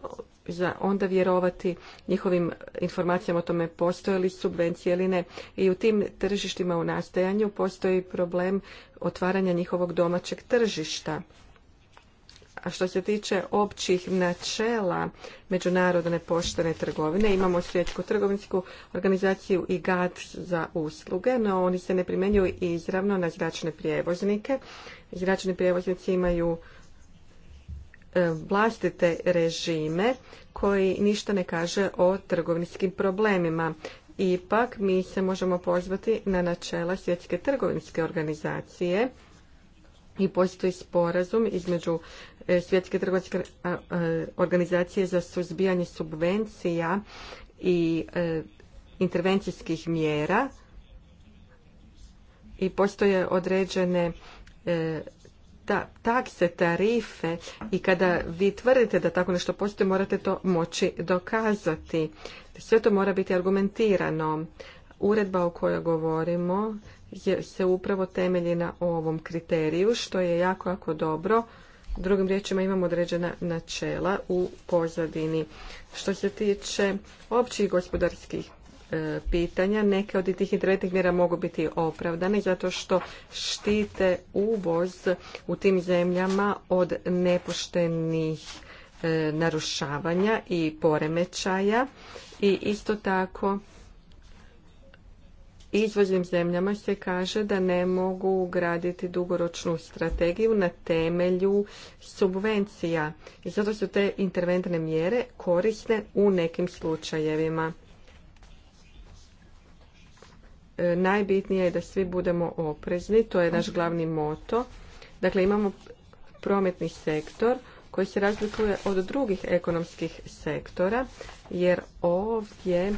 onda vjerovati njihovim informacijama o tome postoje li subvencije ili ne. I u tim tržištima u nastajanju postoji problem otvaranja njihovog domaćeg tržišta. A što se tiče općih načela međunarodne poštene trgovine, imamo svjetsku trgovinsku organizaciju i GAT za usluge, no oni se ne primjenjuju izravno na zračne prijevoznike. Zračni prijevoznici imaju e, vlastite režime koji ništa ne kaže o trgovinskim problemima. Ipak mi se možemo pozvati na načela svjetske trgovinske organizacije i postoji sporazum između E, Svjetske trgovačke organizacije za suzbijanje subvencija i e, intervencijskih mjera i postoje određene e, takse, tarife i kada vi tvrdite da tako nešto postoji morate to moći dokazati. Sve to mora biti argumentirano. Uredba o kojoj govorimo se upravo temelji na ovom kriteriju što je jako jako dobro Drugim riječima imamo određena načela u pozadini. Što se tiče općih gospodarskih e, pitanja. Neke od tih interventnih mjera mogu biti opravdane zato što štite uvoz u tim zemljama od nepoštenih e, narušavanja i poremećaja i isto tako izvoznim zemljama se kaže da ne mogu graditi dugoročnu strategiju na temelju subvencija i zato su te interventne mjere korisne u nekim slučajevima. E, najbitnije je da svi budemo oprezni, to je naš glavni moto. Dakle, imamo prometni sektor koji se razlikuje od drugih ekonomskih sektora, jer ovdje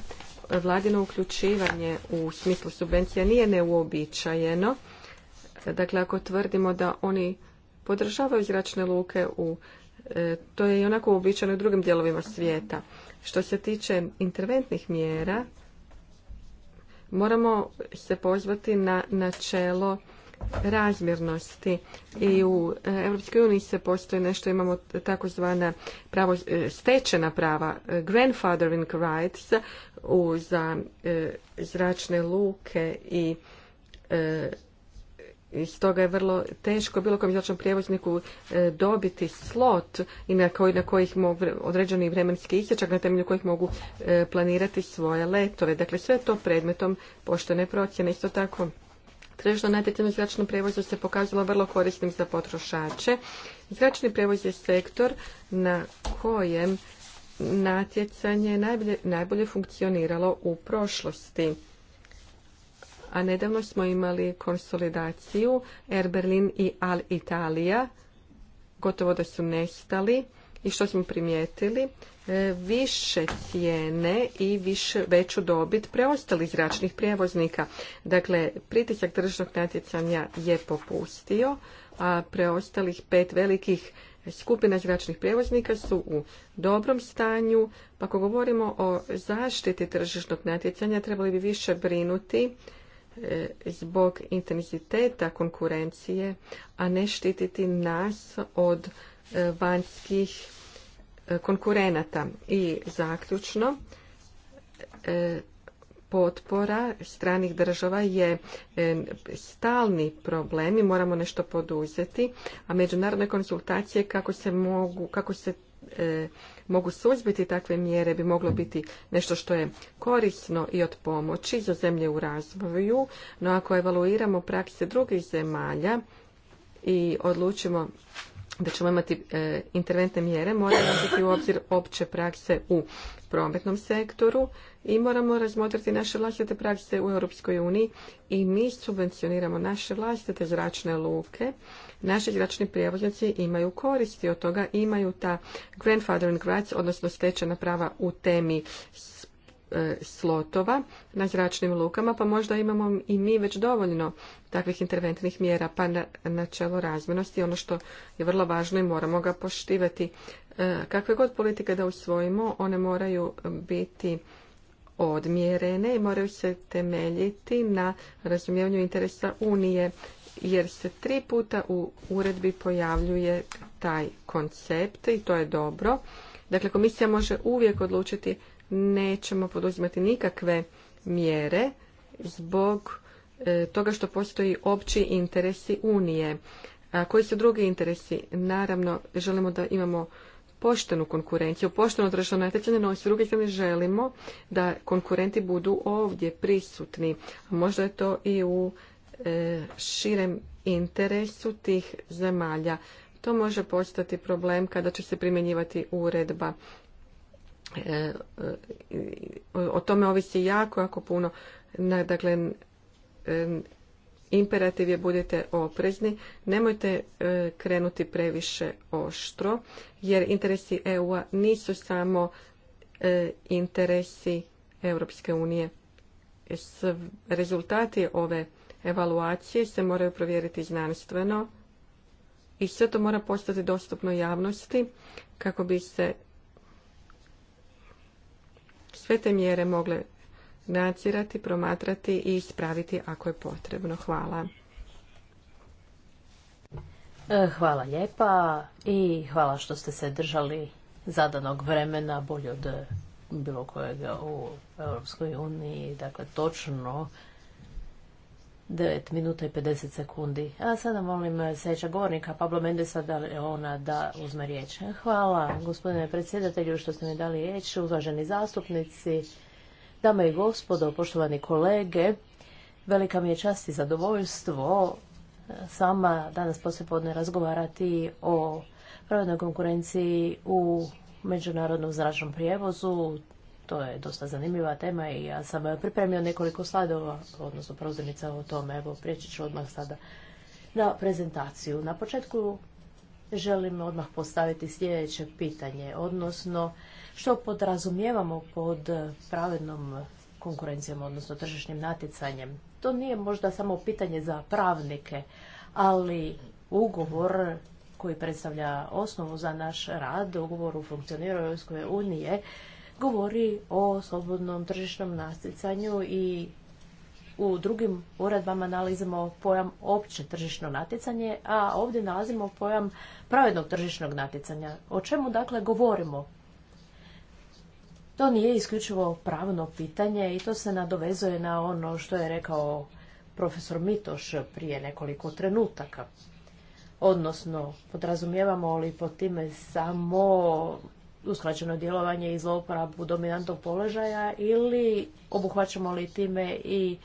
vladino uključivanje u smislu subvencija nije neuobičajeno. Dakle, ako tvrdimo da oni podržavaju zračne luke, u, e, to je i onako uobičajeno u drugim dijelovima svijeta. Što se tiče interventnih mjera, moramo se pozvati na načelo razmjernosti i u e, Europskoj uniji se postoji nešto, imamo takozvana pravo, e, stečena prava, e, grandfathering rights u, za zračne luke i iz stoga je vrlo teško bilo kojem zračnom prijevozniku dobiti slot i na koji na kojih mogu određeni vremenski isječak na temelju kojih mogu planirati svoje letove. Dakle, sve to predmetom poštene procjene. Isto tako, Trežno natjecanje u zračnom se pokazalo vrlo korisnim za potrošače. Zračni prevoz je sektor na kojem natjecanje najbolje, najbolje funkcioniralo u prošlosti. A nedavno smo imali konsolidaciju Air Berlin i Al Italia. Gotovo da su nestali i što smo primijetili, e, više cijene i više veću dobit preostalih zračnih prijevoznika. Dakle, pritisak tržišnog natjecanja je popustio, a preostalih pet velikih skupina zračnih prijevoznika su u dobrom stanju. Pa ako govorimo o zaštiti tržišnog natjecanja, trebali bi više brinuti e, zbog intenziteta konkurencije, a ne štititi nas od E, vanjskih e, konkurenata. I zaključno, e, potpora stranih država je stalni problem i moramo nešto poduzeti, a međunarodne konsultacije kako se mogu, kako se mogu suzbiti takve mjere bi moglo biti nešto što je korisno i od pomoći za zemlje u razvoju, no ako evaluiramo prakse drugih zemalja i odlučimo da ćemo imati e, interventne mjere, moramo uzeti u obzir opće prakse u prometnom sektoru i moramo razmotriti naše vlastite prakse u Europskoj uniji i mi subvencioniramo naše vlastite zračne luke. Naši zračni prijevoznici imaju koristi od toga, imaju ta grandfathering rights, odnosno stečena prava u temi E, slotova na zračnim lukama, pa možda imamo i mi već dovoljno takvih interventnih mjera, pa na načelo razmjernosti, ono što je vrlo važno i moramo ga poštivati. E, kakve god politike da usvojimo, one moraju biti odmjerene i moraju se temeljiti na razumijevanju interesa Unije, jer se tri puta u uredbi pojavljuje taj koncept i to je dobro. Dakle, komisija može uvijek odlučiti nećemo poduzimati nikakve mjere zbog e, toga što postoji opći interesi Unije. A koji su drugi interesi? Naravno, želimo da imamo poštenu konkurenciju, pošteno tržišno natjecanje, no s druge strane želimo da konkurenti budu ovdje prisutni. Možda je to i u e, širem interesu tih zemalja. To može postati problem kada će se primjenjivati uredba E, e, o tome ovisi jako, jako puno. Dakle, e, imperativ je budite oprezni, nemojte krenuti previše oštro, jer interesi EU-a nisu samo interesi Europske unije. Rezultati ove evaluacije se moraju provjeriti znanstveno i sve to mora postati dostupno javnosti kako bi se sve te mjere mogle nadzirati, promatrati i ispraviti ako je potrebno. Hvala. E, hvala lijepa i hvala što ste se držali zadanog vremena bolje od bilo kojega u Europskoj uniji. Dakle, točno 9 minuta i 50 sekundi. A sada molim eh, sljedeća govornika Pablo Mendesa da li ona da uzme riječ. Hvala gospodine predsjedatelju što ste mi dali riječ, uvaženi zastupnici, dame i gospodo, poštovani kolege. Velika mi je čast i zadovoljstvo eh, sama danas poslijepodne razgovarati o pravednoj konkurenciji u međunarodnom zračnom prijevozu. To je dosta zanimljiva tema i ja sam eh, pripremio nekoliko sladova odnosno prozirnica o tome. Evo, prijeći ću odmah sada na prezentaciju. Na početku želim odmah postaviti sljedeće pitanje, odnosno što podrazumijevamo pod pravednom konkurencijom, odnosno tržišnim natjecanjem. To nije možda samo pitanje za pravnike, ali ugovor koji predstavlja osnovu za naš rad, ugovor u funkcioniranju Europske unije, govori o slobodnom tržišnom natjecanju i u drugim uredbama nalazimo pojam opće tržišno natjecanje, a ovdje nalazimo pojam pravednog tržišnog natjecanja. O čemu dakle govorimo? To nije isključivo pravno pitanje i to se nadovezuje na ono što je rekao profesor Mitoš prije nekoliko trenutaka. Odnosno, podrazumijevamo li po time samo uskraćeno djelovanje i zlouporabu dominantnog položaja ili obuhvaćamo li time i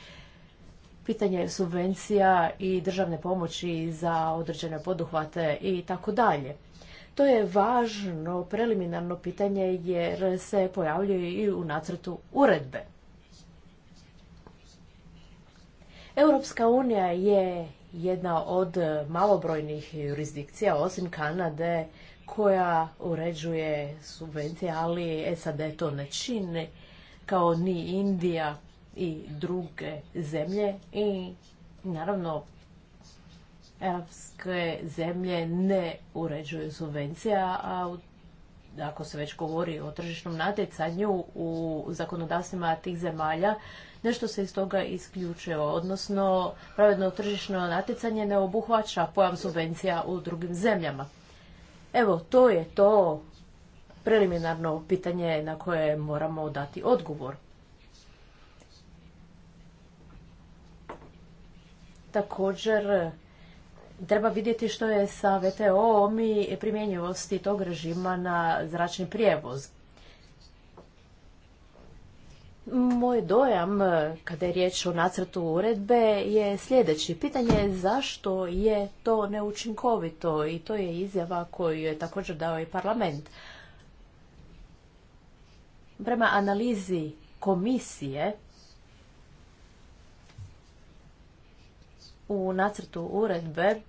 pitanje subvencija i državne pomoći za određene poduhvate i tako dalje. To je važno preliminarno pitanje jer se pojavljuje i u nacrtu uredbe. Europska unija je jedna od malobrojnih jurisdikcija osim Kanade koja uređuje subvencije, ali SAD to ne čini kao ni Indija i druge zemlje i naravno evropske zemlje ne uređuju subvencija, a ako se već govori o tržišnom natjecanju u zakonodavstvima tih zemalja, nešto se iz toga isključuje, odnosno pravedno tržišno natjecanje ne obuhvaća pojam subvencija u drugim zemljama. Evo, to je to preliminarno pitanje na koje moramo dati odgovor. Također, treba vidjeti što je sa VTO-om i primjenjivosti tog režima na zračni prijevoz. Moj dojam e, kada je riječ o nacrtu uredbe je sljedeći. Pitanje je zašto je to neučinkovito i to je izjava koju je također dao i parlament. Prema analizi komisije u nacrtu uredbe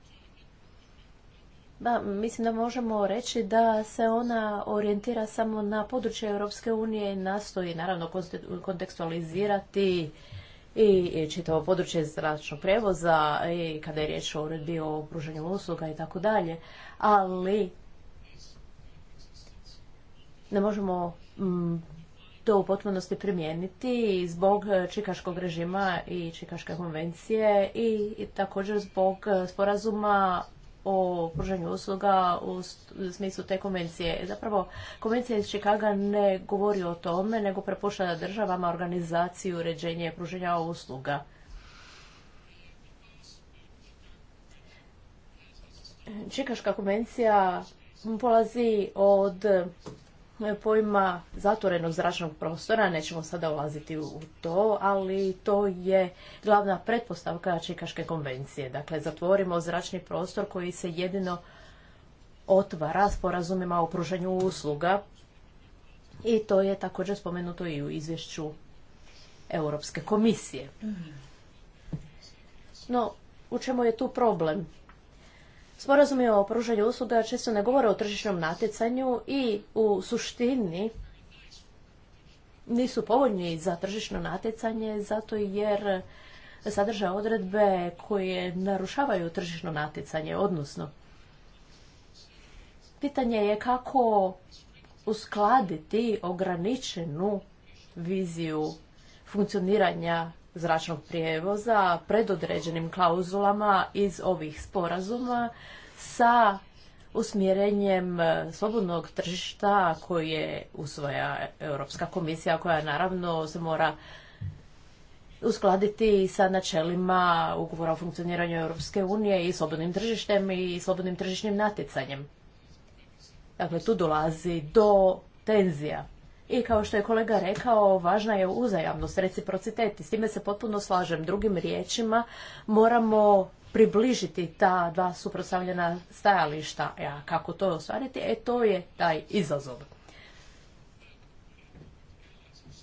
pa mislim da možemo reći da se ona orijentira samo na područje Europske unije i nastoji naravno kontekstualizirati i čitavo područje zračnog prevoza i kada je riječ o uredbi o pružanju usluga i tako dalje, ali ne možemo mm, to u potpunosti primijeniti zbog čikaškog režima i čikaške konvencije i također zbog sporazuma o pružanju usluga u smislu te konvencije. Zapravo, konvencija iz Čikaga ne govori o tome, nego prepušta državama organizaciju uređenje pruženja usluga. Čikaška konvencija polazi od pojma zatvorenog zračnog prostora, nećemo sada ulaziti u to, ali to je glavna pretpostavka Čikaške konvencije. Dakle, zatvorimo zračni prostor koji se jedino otvara sporazumima o pružanju usluga i to je također spomenuto i u izvješću Europske komisije. Mhm. No, u čemu je tu problem? Sporazumi o pružanju usluga često ne govore o tržišnom natjecanju i u suštini nisu povoljni za tržišno natjecanje zato jer sadrže odredbe koje narušavaju tržišno natjecanje, odnosno pitanje je kako uskladiti ograničenu viziju funkcioniranja zračnog prijevoza predodređenim klauzulama iz ovih sporazuma sa usmjerenjem slobodnog tržišta koje usvoja Europska komisija koja naravno se mora uskladiti sa načelima ugovora o funkcioniranju Europske unije i slobodnim tržištem i slobodnim tržišnim natjecanjem. Dakle, tu dolazi do tenzija i kao što je kolega rekao, važna je uzajamnost, reciprocitet i s time se potpuno slažem. Drugim riječima moramo približiti ta dva suprotstavljena stajališta. E, a kako to ostvariti? E to je taj izazov.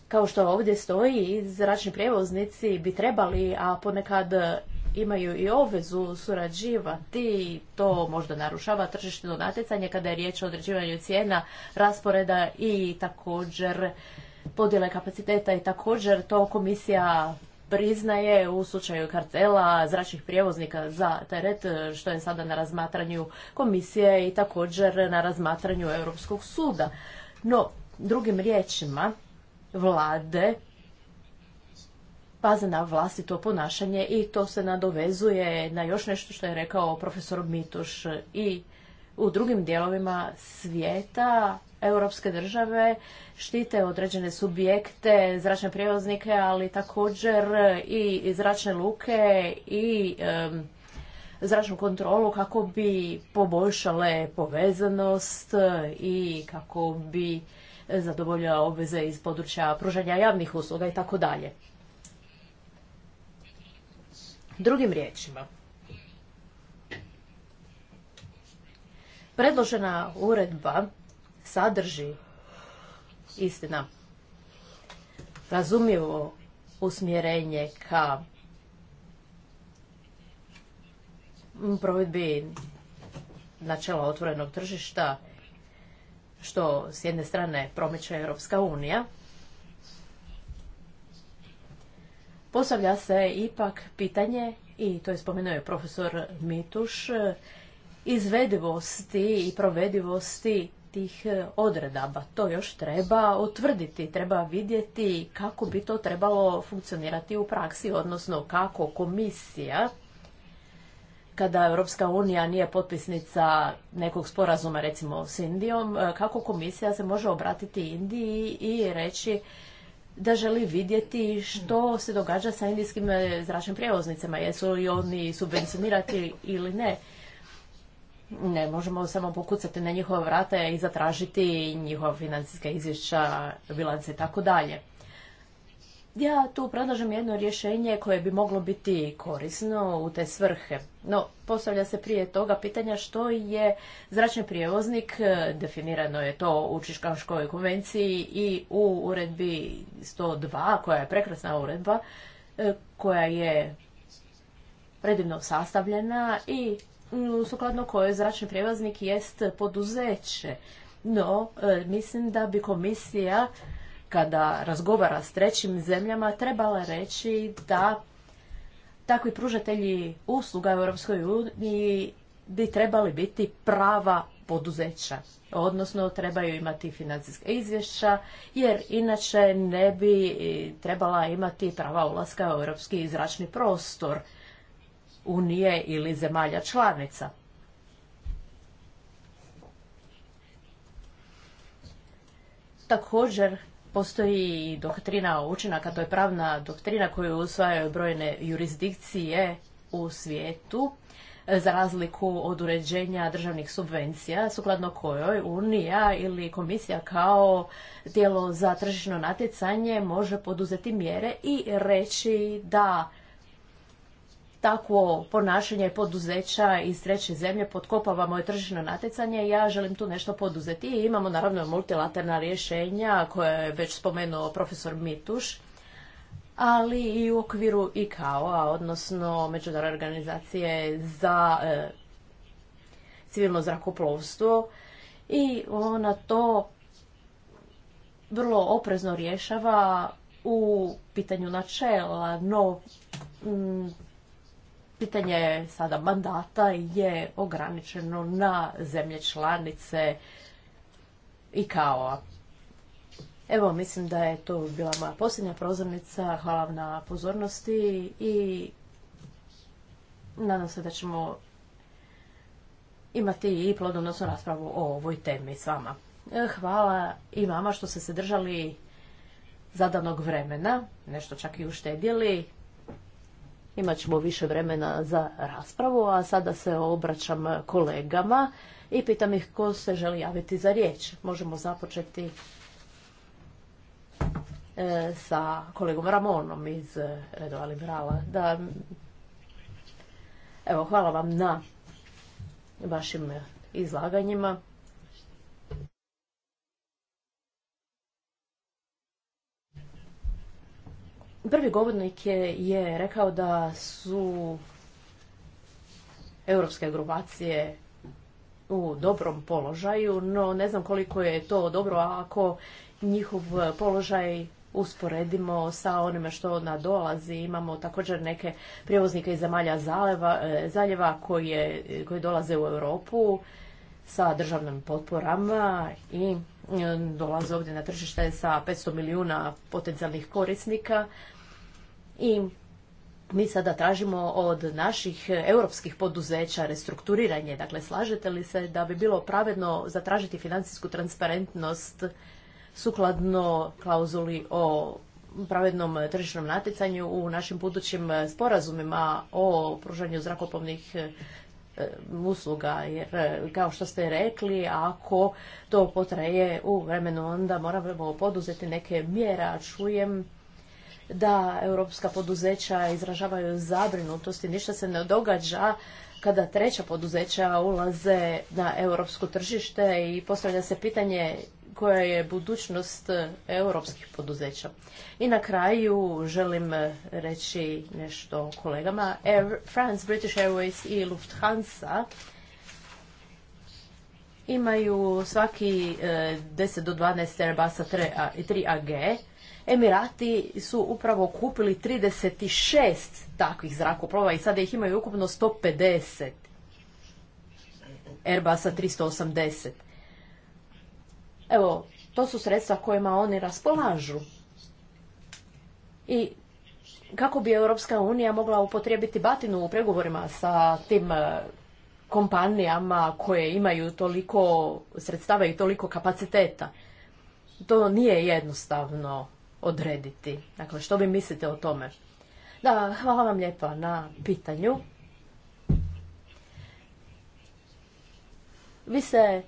Kao što ovdje stoji, zračni prijevoznici bi trebali, a ponekad imaju i obvezu surađivati, to možda narušava tržišno natjecanje kada je riječ o određivanju cijena, rasporeda i također podjele kapaciteta i također to komisija priznaje u slučaju kartela zračnih prijevoznika za teret, što je sada na razmatranju komisije i također na razmatranju Europskog suda. No, drugim riječima, vlade paze na vlastito ponašanje i to se nadovezuje na još nešto što je rekao profesor Mitoš i u drugim dijelovima svijeta europske države štite određene subjekte, zračne prijevoznike, ali također i zračne luke i zračnu kontrolu kako bi poboljšale povezanost i kako bi zadovoljila obveze iz područja pružanja javnih usluga i tako dalje. Drugim riječima, predložena uredba sadrži istina razumljivo usmjerenje ka provedbi načela otvorenog tržišta, što s jedne strane promiče Europska unija, Postavlja se ipak pitanje, i to je spomenuo je profesor Mituš, izvedivosti i provedivosti tih e, odredaba. To još treba utvrditi, treba vidjeti kako bi to trebalo funkcionirati u praksi, odnosno kako komisija kada Europska unija nije potpisnica nekog sporazuma, recimo s Indijom, e, kako komisija se može obratiti Indiji i reći da želi vidjeti što se događa sa indijskim e, zračnim prijevoznicama, jesu li oni subvencionirati ili ne. Ne, možemo samo pokucati na njihova vrata i zatražiti njihova financijska izvješća, bilance i tako dalje. Ja tu predlažem jedno rješenje koje bi moglo biti korisno u te svrhe. No, postavlja se prije toga pitanja što je zračni prijevoznik, e, definirano je to u Čiškaškoj konvenciji i u uredbi 102, koja je prekrasna uredba, e, koja je predivno sastavljena i mm, sukladno kojoj zračni prijevoznik jest poduzeće. No, e, mislim da bi komisija kada razgovara s trećim zemljama trebala reći da takvi pružatelji usluga u Europskoj uniji bi trebali biti prava poduzeća, odnosno trebaju imati financijska izvješća, jer inače ne bi trebala imati prava ulaska u europski zračni prostor Unije ili zemalja članica. Također postoji doktrina učinaka, to je pravna doktrina koju usvajaju brojne jurisdikcije u svijetu, e, za razliku od uređenja državnih subvencija, sukladno kojoj Unija ili komisija kao tijelo za tržišno natjecanje može poduzeti mjere i reći da takvo ponašanje poduzeća iz treće zemlje potkopava moje tržišno natjecanje, i ja želim tu nešto poduzeti. I imamo naravno multilaterna rješenja koje je već spomenuo profesor Mituš, ali i u okviru ICAO-a, odnosno Međunarodne organizacije za e, civilno zrakoplovstvo i ona to vrlo oprezno rješava u pitanju načela, no pitanje sada mandata je ograničeno na zemlje članice i kao Evo, mislim da je to bila moja posljednja prozornica. Hvala vam na pozornosti i nadam se da ćemo imati i plodonosnu raspravu o ovoj temi s vama. E, hvala i vama što ste se držali zadanog vremena, nešto čak i uštedjeli imat ćemo više vremena za raspravu, a sada se obraćam kolegama i pitam ih ko se želi javiti za riječ. Možemo započeti e, sa kolegom Ramonom iz Redova Librala. Da, evo, hvala vam na vašim izlaganjima. Prvi govornik je, rekao da su europske grupacije u dobrom položaju, no ne znam koliko je to dobro ako njihov položaj usporedimo sa onime što dolazi. Imamo također neke prijevoznike iz zemalja zaljeva, e, zaljeva koje, dolaze u Europu sa državnim potporama i e, dolaze ovdje na tržište sa 500 milijuna potencijalnih korisnika, i mi sada tražimo od naših europskih poduzeća restrukturiranje. Dakle, slažete li se da bi bilo pravedno zatražiti financijsku transparentnost sukladno klauzuli o pravednom tržišnom natjecanju u našim budućim sporazumima o pružanju zrakoplovnih e, usluga, jer e, kao što ste rekli, ako to potraje u vremenu, onda moramo poduzeti neke mjera. Čujem da europska poduzeća izražavaju zabrinutost i ništa se ne događa kada treća poduzeća ulaze na europsko tržište i postavlja se pitanje koja je budućnost europskih poduzeća. I na kraju želim reći nešto kolegama. Air France, British Airways i Lufthansa imaju svaki 10 eh, do 12 Airbusa 3AG Emirati su upravo kupili 36 takvih zrakoplova i sada ih imaju ukupno 150. Airbusa 380. Evo, to su sredstva kojima oni raspolažu. I kako bi Europska unija mogla upotrijebiti batinu u pregovorima sa tim e, kompanijama koje imaju toliko sredstava i toliko kapaciteta? To nije jednostavno odrediti. Dakle, što vi mislite o tome? Da, hvala vam lijepa na pitanju. Vi se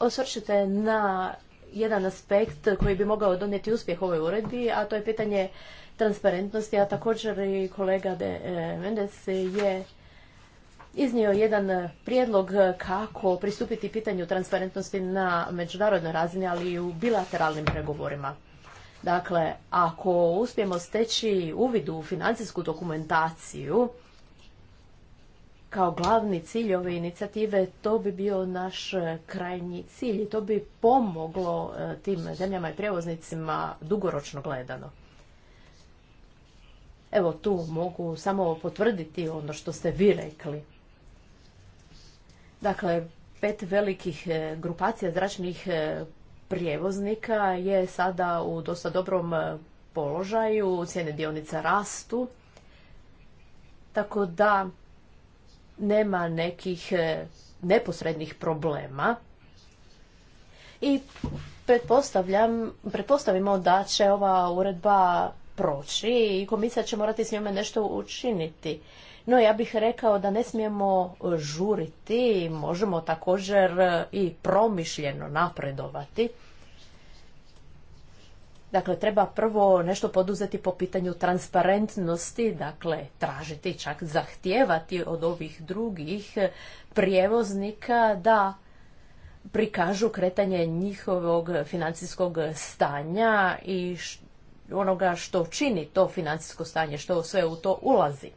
osvršite na jedan aspekt koji bi mogao donijeti uspjeh ovoj uredbi, a to je pitanje transparentnosti, a također i kolega De eh, Mendes je iznio jedan prijedlog kako pristupiti pitanju transparentnosti na međunarodnoj razini, ali i u bilateralnim pregovorima. Dakle, ako uspijemo steći uvid u financijsku dokumentaciju, kao glavni cilj ove inicijative, to bi bio naš krajnji cilj i to bi pomoglo e, tim zemljama i prijevoznicima dugoročno gledano. Evo tu mogu samo potvrditi ono što ste vi rekli. Dakle, pet velikih e, grupacija zračnih e, prijevoznika je sada u dosta dobrom e, položaju, cijene dionica rastu, tako da nema nekih e, neposrednih problema. I pretpostavljam, pretpostavimo da će ova uredba proći i komisija će morati s njome nešto učiniti. No ja bih rekao da ne smijemo žuriti, možemo također i promišljeno napredovati. Dakle, treba prvo nešto poduzeti po pitanju transparentnosti, dakle, tražiti, čak zahtijevati od ovih drugih prijevoznika da prikažu kretanje njihovog financijskog stanja i onoga što čini to financijsko stanje, što sve u to ulazi.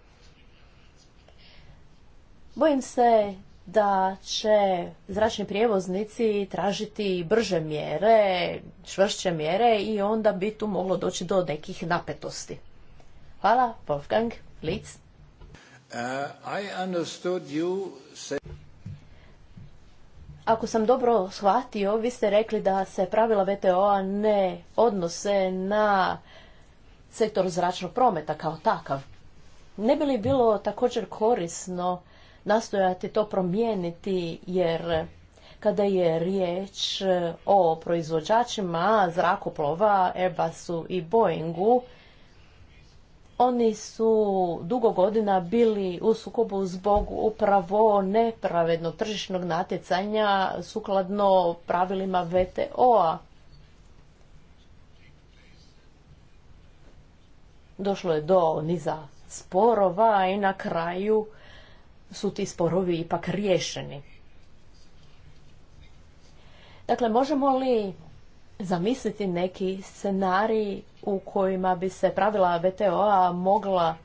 Bojim se da će zračni prijevoznici tražiti brže mjere, čvršće mjere i onda bi tu moglo doći do nekih napetosti. Hvala, Wolfgang, Litz. Uh, Ako sam dobro shvatio, vi ste rekli da se pravila VTO-a ne odnose na sektor zračnog prometa kao takav. Ne bi li bilo također korisno nastojati to promijeniti jer kada je riječ e, o proizvođačima zrakoplova Airbusu i Boeingu, oni su dugo godina bili u sukobu zbog upravo nepravedno tržišnog natjecanja sukladno pravilima VTO-a. Došlo je do niza sporova i na kraju su ti sporovi ipak riješeni. Dakle, možemo li zamisliti neki scenarij u kojima bi se pravila VTO-a mogla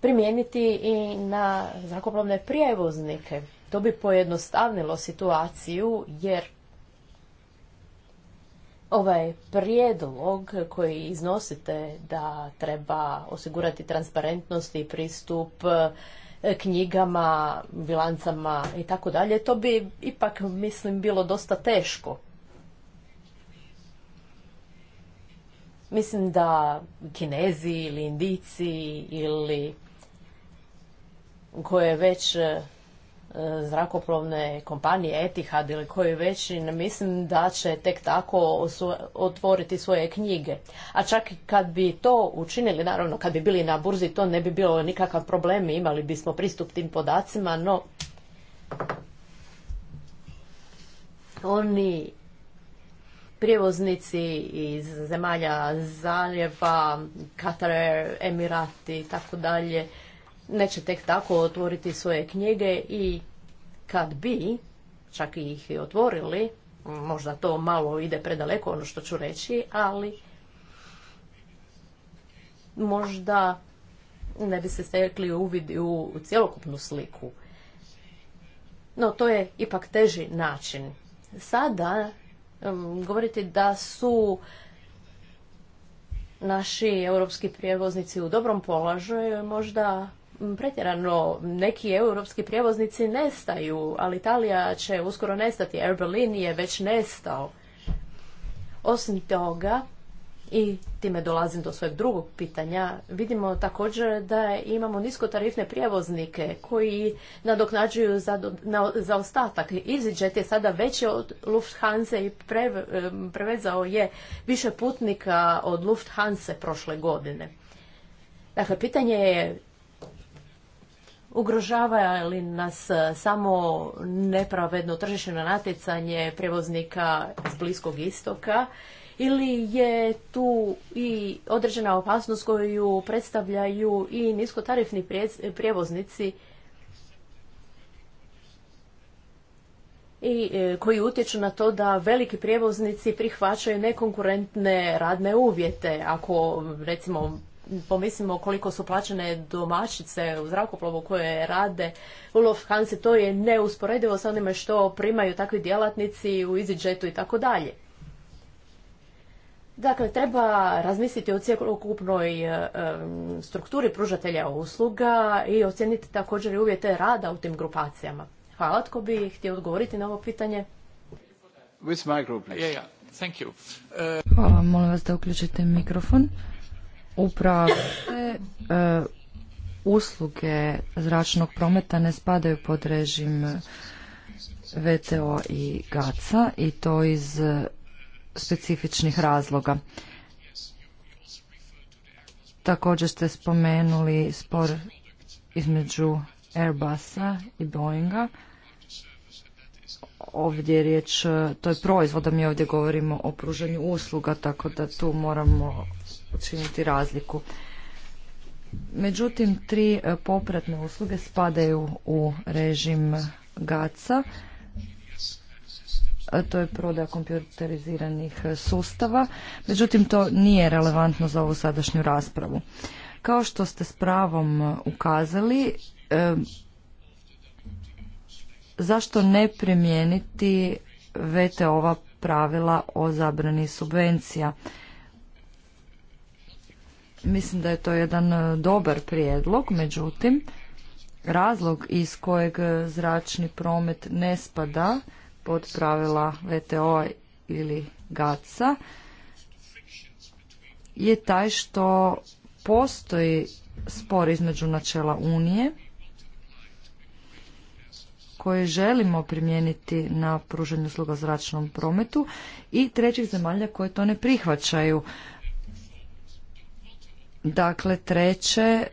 primijeniti i na zrakoplovne prijevoznike? To bi pojednostavnilo situaciju jer ovaj prijedlog koji iznosite da treba osigurati transparentnost i pristup knjigama, bilancama i tako dalje, to bi ipak, mislim, bilo dosta teško. Mislim da Kinezi ili Indici ili koje već zrakoplovne kompanije Etihad ili koji već mislim da će tek tako otvoriti svoje knjige. A čak kad bi to učinili, naravno kad bi bili na burzi to ne bi bilo nikakav problem, imali bismo pristup tim podacima, no oni prijevoznici iz zemalja Zaljeva, Katar, Emirati i tako dalje, neće tek tako otvoriti svoje knjige i kad bi, čak i ih i otvorili, možda to malo ide predaleko ono što ću reći, ali možda ne bi se stekli uvid u cjelokupnu sliku. No, to je ipak teži način. Sada govoriti da su naši europski prijevoznici u dobrom položaju je možda pretjerano. Neki europski prijevoznici nestaju, ali Italija će uskoro nestati. Air Berlin je već nestao. Osim toga, i time dolazim do svojeg drugog pitanja, vidimo također da imamo niskotarifne prijevoznike koji nadoknađuju za, na, ostatak. EasyJet je sada veći od Lufthansa i prevezao je više putnika od Lufthansa prošle godine. Dakle, pitanje je Ugrožava li nas e, samo nepravedno tržišno natjecanje prijevoznika s Bliskog istoka ili je tu i određena opasnost koju predstavljaju i niskotarifni prijevoznici i e, koji utječu na to da veliki prijevoznici prihvaćaju nekonkurentne radne uvjete. Ako recimo pomislimo koliko su plaćene domaćice u zrakoplovu koje rade u Lufthansa, to je neusporedivo sa onime što primaju takvi djelatnici u EasyJetu i tako dalje. Dakle, treba razmisliti o cjelokupnoj e, e, strukturi pružatelja usluga i ocijeniti također i uvjete rada u tim grupacijama. Hvala, tko bi htio odgovoriti na ovo pitanje? Hvala, molim vas da uključite mikrofon upravo e, usluge zračnog prometa ne spadaju pod režim VTO i GACA i to iz specifičnih razloga. Također ste spomenuli spor između Airbusa i Boeinga. Ovdje je riječ, to je proizvod, a mi ovdje govorimo o pružanju usluga, tako da tu moramo učiniti razliku. Međutim, tri e, popratne usluge spadaju u režim gaca a e, To je prodaja kompjuteriziranih e, sustava. Međutim, to nije relevantno za ovu sadašnju raspravu. Kao što ste s pravom ukazali, zašto ne primijeniti VTO-ova pravila o zabrani subvencija? Mislim da je to jedan e, dobar prijedlog, međutim, razlog iz kojeg e, zračni promet ne spada pod pravila VTO ili GATS-a je taj što postoji spor između načela Unije koje želimo primijeniti na pruženju usluga zračnom prometu i trećih zemalja koje to ne prihvaćaju. Dakle, treće e,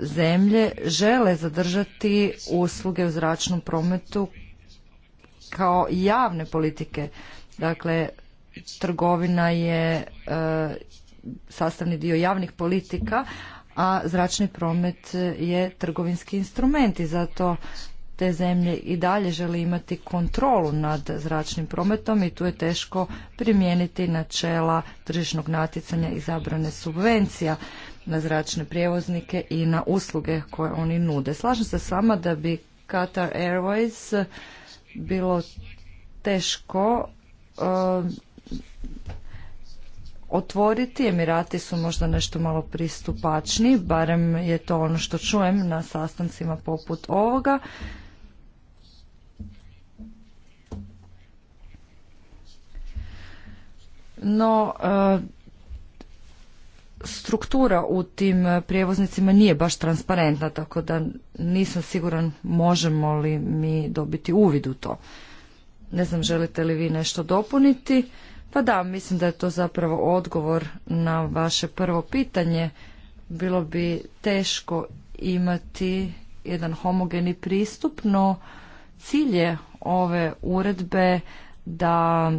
zemlje žele zadržati usluge u zračnom prometu kao javne politike. Dakle, trgovina je e, sastavni dio javnih politika, a zračni promet je trgovinski instrument i zato te zemlje i dalje žele imati kontrolu nad zračnim prometom i tu je teško primijeniti načela tržišnog natjecanja i zabrane subvencija na zračne prijevoznike i na usluge koje oni nude. Slažem se s vama da bi Qatar Airways bilo teško um, otvoriti. Emirati su možda nešto malo pristupačni, barem je to ono što čujem na sastancima poput ovoga. No, e, struktura u tim prijevoznicima nije baš transparentna, tako da nisam siguran možemo li mi dobiti uvid u to. Ne znam, želite li vi nešto dopuniti? Pa da, mislim da je to zapravo odgovor na vaše prvo pitanje. Bilo bi teško imati jedan homogeni pristup, no cilje ove uredbe da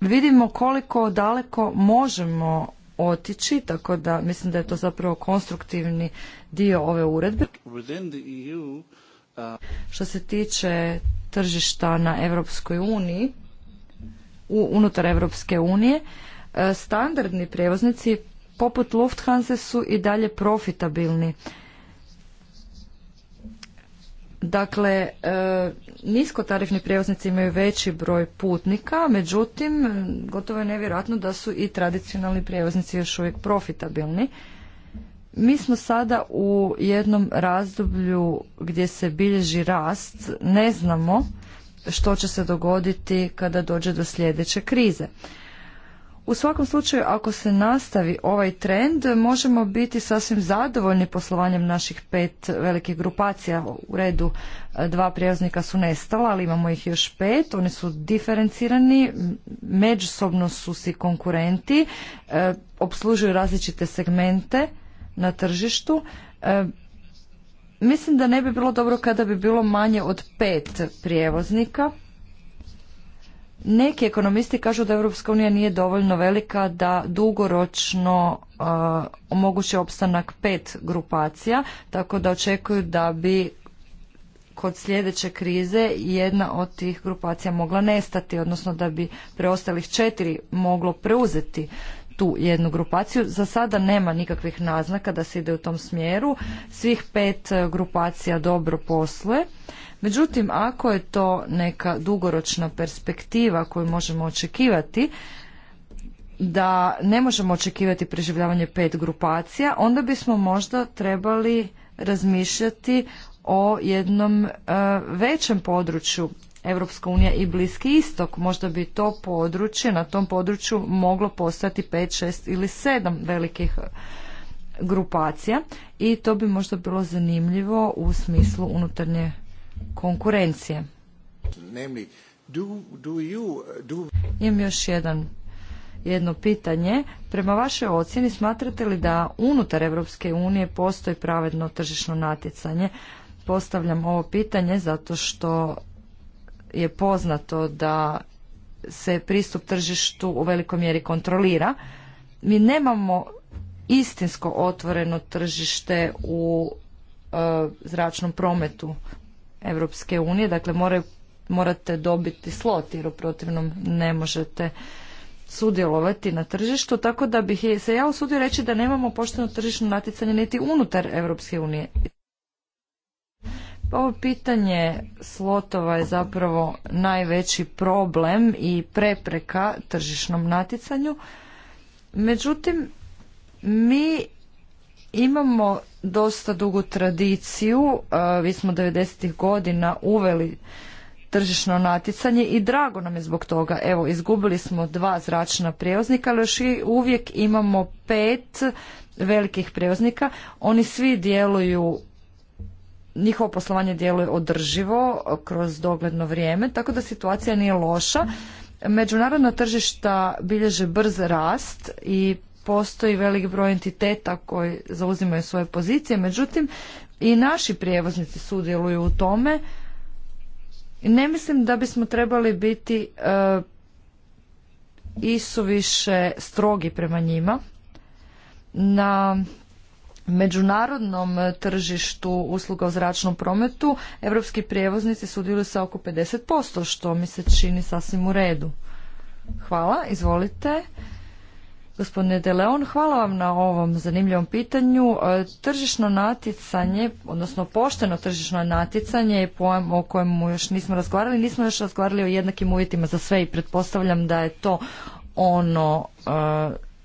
vidimo koliko daleko možemo otići, tako da mislim da je to zapravo konstruktivni dio ove uredbe. Uh, Što se tiče tržišta na Europskoj uniji, unutar Europske unije, uh, standardni prijevoznici poput Lufthansa su i dalje profitabilni Dakle, e, niskotarifni prijevoznici imaju veći broj putnika, međutim, gotovo je nevjerojatno da su i tradicionalni prijevoznici još uvijek profitabilni. Mi smo sada u jednom razdoblju gdje se bilježi rast, ne znamo što će se dogoditi kada dođe do sljedeće krize. U svakom slučaju, ako se nastavi ovaj trend, možemo biti sasvim zadovoljni poslovanjem naših pet velikih grupacija. U redu e, dva prijevoznika su nestala, ali imamo ih još pet. Oni su diferencirani, međusobno su si konkurenti, opslužuju e, obslužuju različite segmente na tržištu. E, mislim da ne bi bilo dobro kada bi bilo manje od pet prijevoznika neki ekonomisti kažu da Europska unija nije dovoljno velika da dugoročno uh, omogući opstanak pet grupacija, tako da očekuju da bi kod sljedeće krize jedna od tih grupacija mogla nestati, odnosno da bi preostalih četiri moglo preuzeti tu jednu grupaciju. Za sada nema nikakvih naznaka da se ide u tom smjeru. Svih pet e, grupacija dobro posluje. Međutim, ako je to neka dugoročna perspektiva koju možemo očekivati, da ne možemo očekivati preživljavanje pet grupacija, onda bismo možda trebali razmišljati o jednom e, većem području Europska unija i Bliski istok. Možda bi to područje, na tom području moglo postati 5, 6 ili 7 velikih e, grupacija i to bi možda bilo zanimljivo u smislu unutarnje konkurencije. Imam još jedan jedno pitanje. Prema vašoj ocjeni smatrate li da unutar Europske unije postoji pravedno tržišno natjecanje? Postavljam ovo pitanje zato što je poznato da se pristup tržištu u velikoj mjeri kontrolira. Mi nemamo istinsko otvoreno tržište u e, zračnom prometu Europske unije, dakle morate dobiti slot jer u protivnom ne možete sudjelovati na tržištu, tako da bih se ja usudio reći da nemamo pošteno tržišno natjecanje niti unutar Europske unije. Ovo pitanje slotova je zapravo najveći problem i prepreka tržišnom natjecanju. Međutim, mi imamo dosta dugu tradiciju, e, vi smo 90. godina uveli tržišno natjecanje i drago nam je zbog toga. Evo, izgubili smo dva zračna prijevoznika, ali još uvijek imamo pet velikih prijevoznika. Oni svi djeluju njihovo poslovanje djeluje održivo e, kroz dogledno vrijeme, tako da situacija nije loša. Međunarodna tržišta bilježe brz rast i postoji velik broj entiteta koji zauzimaju svoje pozicije, međutim i naši prijevoznici sudjeluju u tome. Ne mislim da bismo trebali biti e, isuviše strogi prema njima. Na međunarodnom e, tržištu usluga u zračnom prometu europski prijevoznici sudjeluju sa oko 50%, što mi se čini sasvim u redu. Hvala, izvolite. Gospodine Deleon, hvala vam na ovom zanimljivom pitanju. E, tržišno natjecanje, odnosno pošteno tržišno natjecanje je pojam o kojemu još nismo razgovarali. Nismo još razgovarali o jednakim uvjetima za sve i pretpostavljam da je to ono e,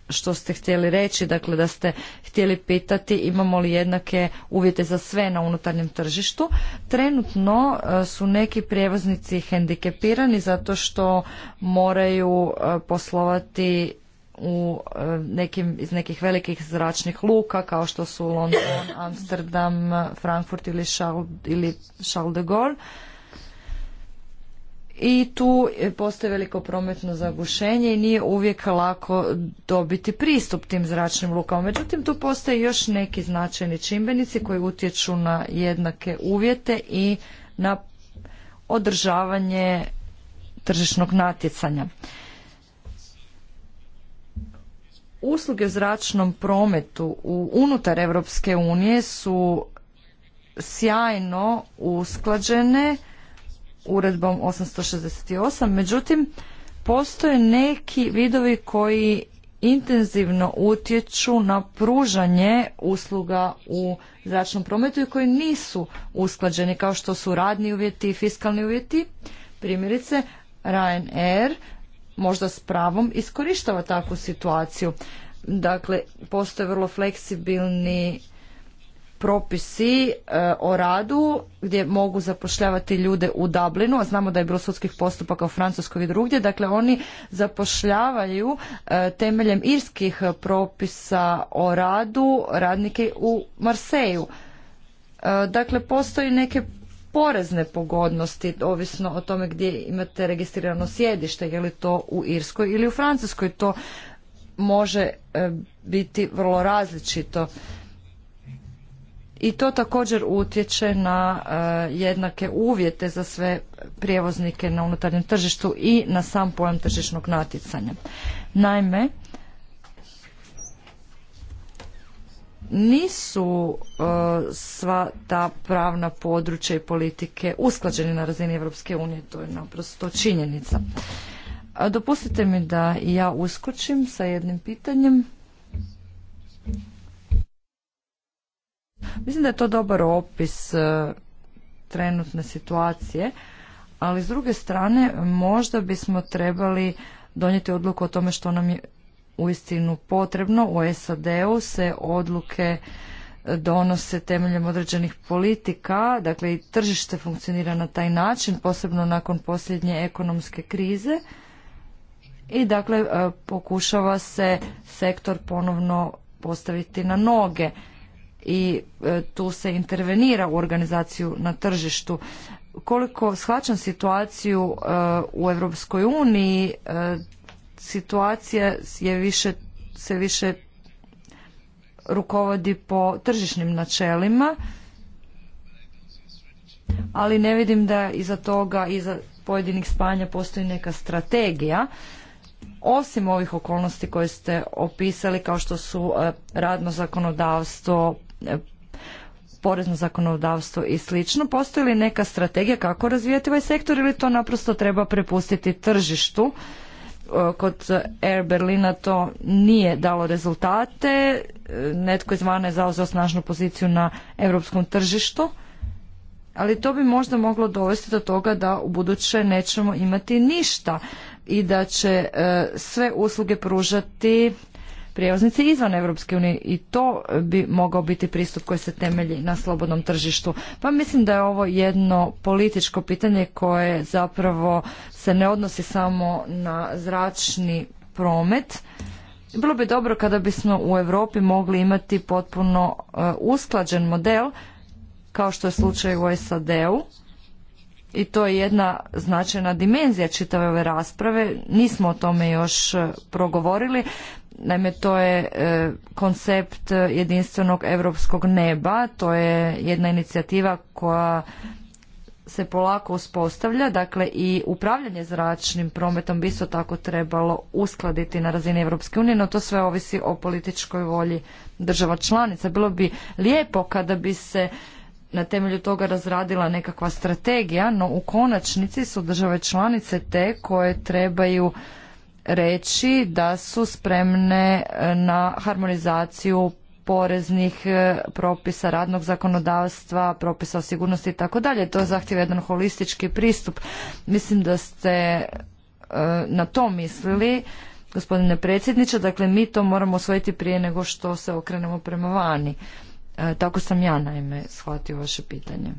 što ste htjeli reći, dakle da ste htjeli pitati imamo li jednake uvjete za sve na unutarnjem tržištu. Trenutno e, su neki prijevoznici hendikepirani zato što moraju e, poslovati u e, nekim, iz nekih velikih zračnih luka kao što su London, Amsterdam, Frankfurt ili Charles, de Gaulle i tu postoji veliko prometno zagušenje i nije uvijek lako dobiti pristup tim zračnim lukama. Međutim, tu postoje još neki značajni čimbenici koji utječu na jednake uvjete i na održavanje tržišnog natjecanja. Usluge u zračnom prometu u unutar Europske unije su sjajno usklađene uredbom 868, međutim postoje neki vidovi koji intenzivno utječu na pružanje usluga u zračnom prometu i koji nisu usklađeni kao što su radni uvjeti i fiskalni uvjeti. Primjerice, Ryanair možda s pravom iskorištava takvu situaciju. Dakle, postoje vrlo fleksibilni propisi e, o radu gdje mogu zapošljavati ljude u Dublinu, a znamo da je bilo sudskih postupaka u Francuskoj i drugdje, dakle oni zapošljavaju e, temeljem irskih propisa o radu radnike u Marseju. E, dakle, postoji neke porezne pogodnosti, ovisno o tome gdje imate registrirano sjedište, je li to u Irskoj ili u Francuskoj, to može biti vrlo različito i to također utječe na e, jednake uvjete za sve prijevoznike na unutarnjem tržištu i na sam pojam tržišnog natjecanja. Naime, nisu e, sva ta pravna područja i politike usklađene na razini Europske unije, to je naprosto činjenica. Dopustite mi da ja uskočim sa jednim pitanjem. Mislim da je to dobar opis e, trenutne situacije, ali s druge strane možda bismo trebali donijeti odluku o tome što nam je uistinu potrebno. U SAD-u se odluke donose temeljem određenih politika, dakle i tržište funkcionira na taj način, posebno nakon posljednje ekonomske krize i dakle e, pokušava se sektor ponovno postaviti na noge i e, tu se intervenira u organizaciju na tržištu. Koliko shvaćam situaciju e, u Europskoj uniji, e, situacija je više, se više rukovodi po tržišnim načelima, ali ne vidim da iza toga, iza pojedinih spanja postoji neka strategija osim ovih okolnosti koje ste opisali kao što su radno zakonodavstvo, porezno zakonodavstvo i slično. Postoji li neka strategija kako razvijati ovaj sektor ili to naprosto treba prepustiti tržištu? E, kod Air Berlina to nije dalo rezultate. E, netko izvana je zauzeo snažnu poziciju na europskom tržištu. Ali to bi možda moglo dovesti do toga da u buduće nećemo imati ništa i da će e, sve usluge pružati prijevoznici izvan Europske unije i to bi mogao biti pristup koji se temelji na slobodnom tržištu. Pa mislim da je ovo jedno političko pitanje koje zapravo se ne odnosi samo na zračni promet. Bilo bi dobro kada bismo u Europi mogli imati potpuno uh, usklađen model kao što je slučaj u SAD-u i to je jedna značajna dimenzija čitave ove rasprave. Nismo o tome još uh, progovorili. Naime, to je e, koncept e, jedinstvenog europskog neba, to je jedna inicijativa koja se polako uspostavlja, dakle i upravljanje zračnim prometom bi isto tako trebalo uskladiti na razini Evropske unije, no to sve ovisi o političkoj volji država članica. Bilo bi lijepo kada bi se na temelju toga razradila nekakva strategija, no u konačnici su države članice te koje trebaju reći da su spremne e, na harmonizaciju poreznih e, propisa, radnog zakonodavstva, propisa o sigurnosti i tako dalje. To zahtjeva jedan holistički pristup. Mislim da ste e, na to mislili, gospodine predsjedniče, dakle mi to moramo osvojiti prije nego što se okrenemo prema vani. Tako sam ja naime shvatio vaše pitanje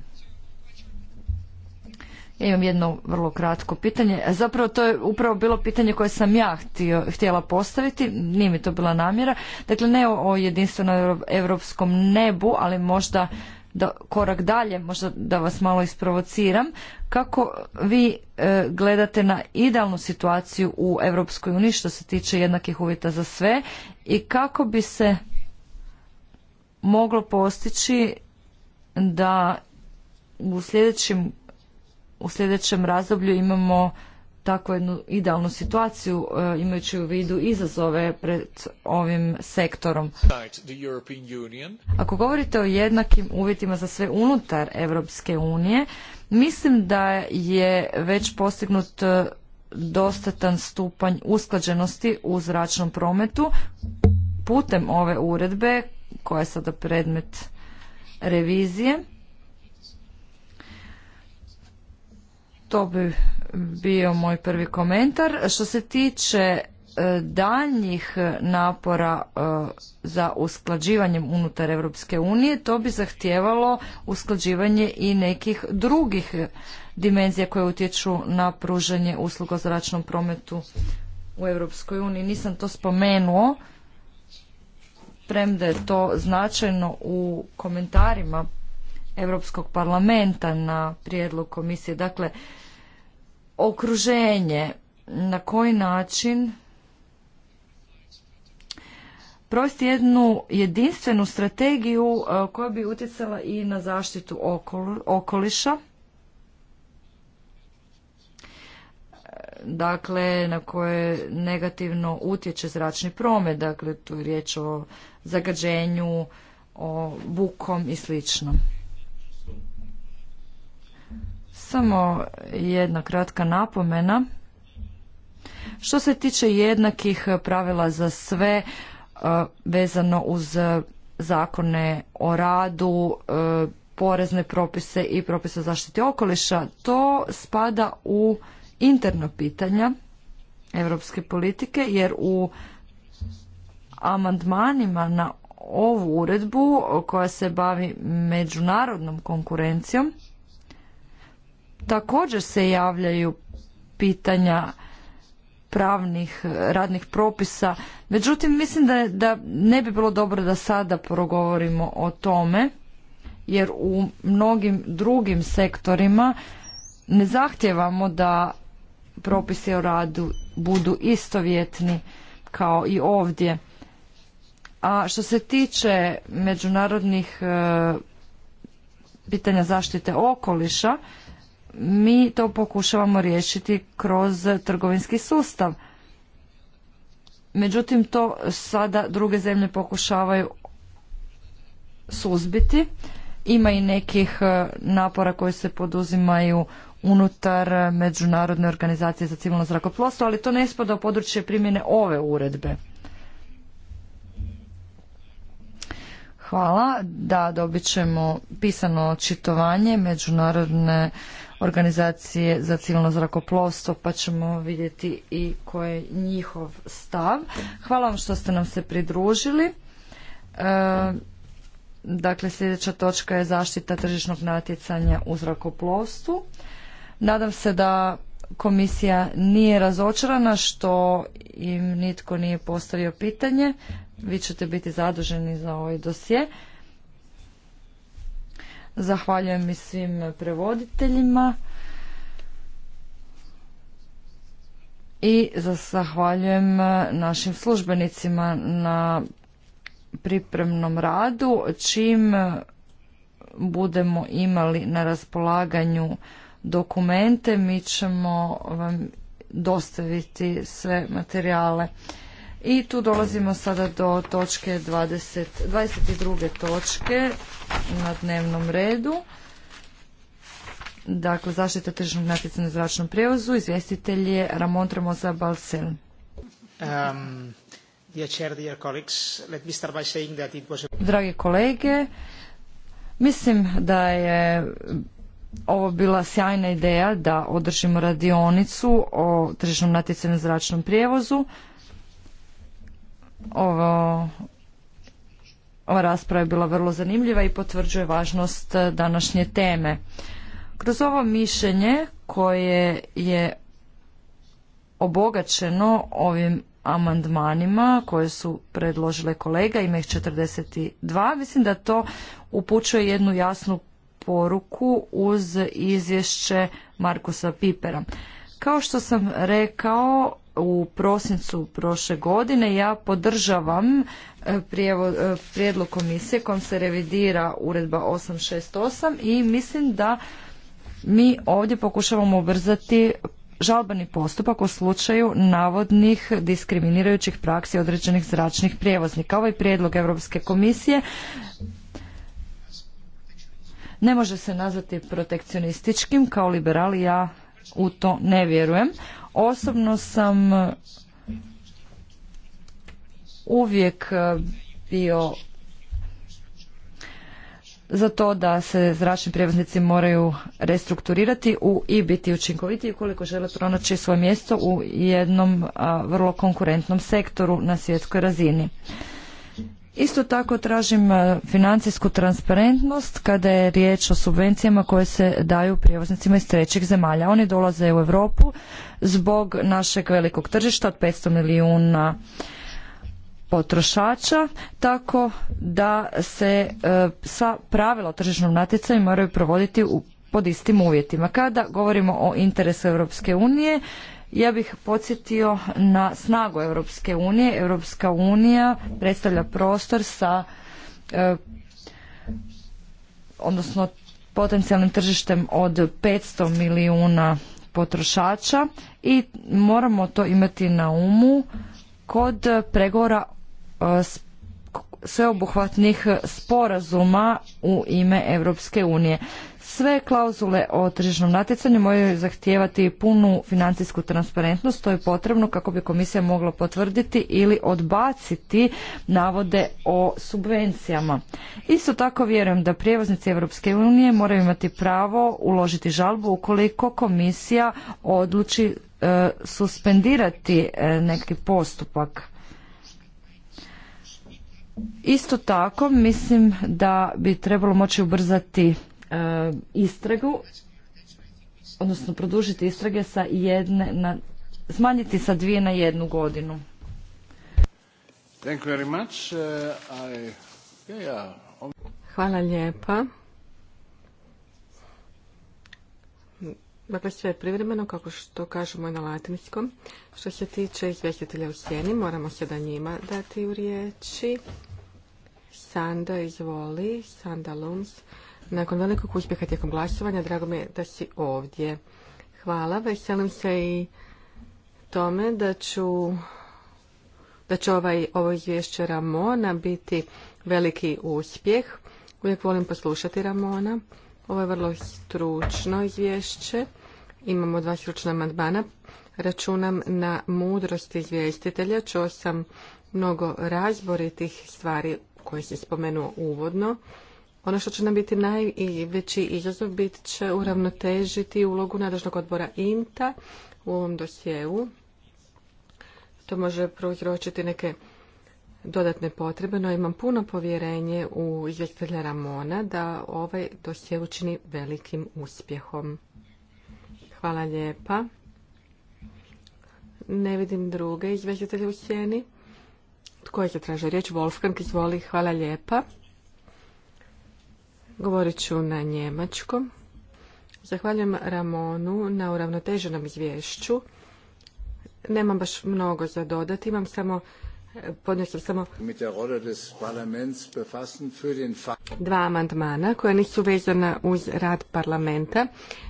imam jedno vrlo kratko pitanje. Zapravo to je upravo bilo pitanje koje sam ja htio, htjela postaviti, nije mi to bila namjera. Dakle, ne o, o jedinstvenom europskom nebu, ali možda da, korak dalje, možda da vas malo isprovociram. Kako vi e, gledate na idealnu situaciju u Europskoj uniji što se tiče jednakih uvjeta za sve i kako bi se moglo postići da u sljedećim u sljedećem razdoblju imamo tako jednu idealnu situaciju e, imajući u vidu izazove pred ovim sektorom. Ako govorite o jednakim uvjetima za sve unutar Europske unije, mislim da je već postignut e, dostatan stupanj usklađenosti u zračnom prometu putem ove uredbe koja je sada predmet revizije To bi bio moj prvi komentar. Što se tiče e, daljnjih e, napora e, za usklađivanjem unutar Europske unije, to bi zahtijevalo usklađivanje i nekih drugih dimenzija koje utječu na pružanje usluga zračnom prometu u Europskoj uniji. Nisam to spomenuo, premda je to značajno u komentarima Europskog parlamenta na prijedlog komisije. Dakle, okruženje, na koji način provesti jednu jedinstvenu strategiju e, koja bi utjecala i na zaštitu okoliša. dakle na koje negativno utječe zračni promet, dakle tu je riječ o zagađenju, o bukom i slično. Samo jedna kratka napomena. Što se tiče jednakih pravila za sve e, vezano uz zakone o radu, e, porezne propise i propise zaštiti okoliša, to spada u interno pitanja europske politike, jer u amandmanima na ovu uredbu koja se bavi međunarodnom konkurencijom, također se javljaju pitanja pravnih radnih propisa. Međutim, mislim da, da ne bi bilo dobro da sada progovorimo o tome, jer u mnogim drugim sektorima ne zahtjevamo da propisi o radu budu istovjetni kao i ovdje. A što se tiče međunarodnih e, pitanja zaštite okoliša, mi to pokušavamo riješiti kroz trgovinski sustav. Međutim, to sada druge zemlje pokušavaju suzbiti. Ima i nekih e, napora koji se poduzimaju unutar e, Međunarodne organizacije za civilno zrakoplovstvo, ali to ne spada u područje primjene ove uredbe. Hvala. Da, dobit ćemo pisano očitovanje Međunarodne organizacije za civilno zrakoplovstvo pa ćemo vidjeti i koji je njihov stav. Hvala vam što ste nam se pridružili. E, dakle, sljedeća točka je zaštita tržišnog natjecanja u zrakoplovstvu. Nadam se da komisija nije razočarana što im nitko nije postavio pitanje. Vi ćete biti zaduženi za ovaj dosje. Zahvaljujem i svim prevoditeljima. I zahvaljujem eh, našim službenicima na pripremnom radu. Čim eh, budemo imali na raspolaganju dokumente, mi ćemo vam dostaviti sve materijale. I tu dolazimo sada do točke 20, 22. točke na dnevnom redu. Dakle, zaštita tržišnog natjecanja na zračnom prijevozu. Izvjestitelj je Ramon Tremosa Balsel. Um, Dragi kolege, mislim da je ovo bila sjajna ideja da održimo radionicu o tržišnom natjecanju na zračnom prijevozu. Ovo, ova rasprava je bila vrlo zanimljiva i potvrđuje važnost eh, današnje teme. Kroz ovo mišljenje koje je obogaćeno ovim amandmanima koje su predložile kolega, ima ih 42. Mislim da to upućuje jednu jasnu poruku uz izvješće Markusa Pipera. Kao što sam rekao, u prosincu prošle godine. Ja podržavam e, e, prijedlog komisije kojom se revidira uredba 868 i mislim da mi ovdje pokušavamo ubrzati žalbeni postupak u slučaju navodnih diskriminirajućih praksi određenih zračnih prijevoznika. Ovaj prijedlog Europske komisije ne može se nazvati protekcionističkim, kao liberali ja u to ne vjerujem. Osobno sam e, uvijek e, bio za to da se zračni prijevoznici moraju restrukturirati u i biti učinkoviti ukoliko žele pronaći svoje mjesto u jednom vrlo konkurentnom sektoru na svjetskoj razini. Isto tako tražim e, financijsku transparentnost kada je riječ o subvencijama koje se daju prijevoznicima iz trećih zemalja. Oni dolaze u Europu zbog našeg velikog tržišta od 500 milijuna potrošača, tako da se e, sva pravila o tržišnom natjecanju moraju provoditi pod istim uvjetima. Kada govorimo o interesu Europske unije, ja bih podsjetio na snagu Europske unije. Europska unija predstavlja prostor sa e, odnosno potencijalnim tržištem od 500 milijuna potrošača i moramo to imati na umu kod pregovora e, sveobuhvatnih sporazuma u ime Europske unije. Sve klauzule o tržišnom natjecanju moraju zahtijevati punu financijsku transparentnost, to je potrebno kako bi komisija mogla potvrditi ili odbaciti navode o subvencijama. Isto tako vjerujem da prijevoznici Europske unije moraju imati pravo uložiti žalbu ukoliko komisija odluči e, suspendirati e, neki postupak. Isto tako mislim da bi trebalo moći ubrzati E, istragu, odnosno produžiti istrage sa jedne smanjiti sa dvije na jednu godinu. Thank you uh, Hvala lijepa. Dakle, sve je privremeno, kako što kažemo i na latinskom. Što se tiče izvjestitelja u sjeni, moramo se da njima dati u riječi. Sanda, izvoli. Sanda Lums. Nakon velikog uspjeha tijekom glasovanja, drago mi je da si ovdje. Hvala, veselim se i tome da ću da će ovaj, ovo izvješće Ramona biti veliki uspjeh. Uvijek volim poslušati Ramona. Ovo je vrlo stručno izvješće. Imamo dva stručna amandmana. Računam na mudrost izvjestitelja. Čuo sam mnogo razboritih stvari koje se spomenuo uvodno ono što će nam biti najveći izazov bit će uravnotežiti ulogu nadležnog odbora INTA u ovom dosjeu. To može prouzročiti neke dodatne potrebe, no imam puno povjerenje u izvjestitelja Ramona da ovaj dosje učini velikim uspjehom. Hvala lijepa. Ne vidim druge izvjestitelje u sjeni. Tko je zatražio riječ? Wolfgang, izvoli. Hvala lijepa. Govorit ću na njemačkom. Zahvaljujem Ramonu na uravnoteženom izvješću. Nemam baš mnogo za dodati, imam samo podnio samo dva amandmana koja nisu vezana uz rad parlamenta.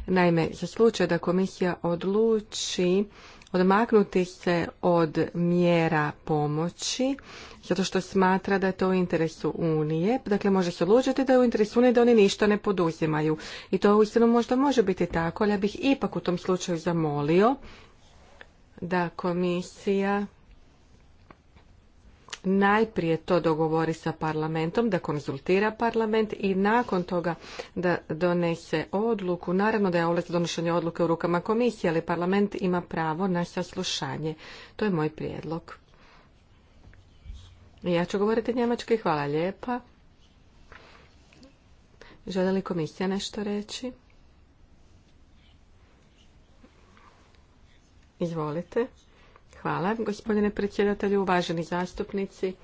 Naime, za slučaj da komisija odluči odmaknuti se od mjera pomoći, zato što smatra da je to u interesu Unije. Dakle, može se odlučiti da je u interesu Unije da oni ništa ne poduzimaju. I to uistinu možda može biti tako, ali ja bih ipak u tom slučaju zamolio da komisija najprije to dogovori sa parlamentom, da konzultira parlament i nakon toga da donese odluku. Naravno da je ovlast donošenje odluke u rukama komisije, ali parlament ima pravo na saslušanje. To je moj prijedlog. Ja ću govoriti njemački, hvala lijepa. Žele li komisija nešto reći? Izvolite. Hvala, gospodine predsjedatelju, uvaženi zastupnici,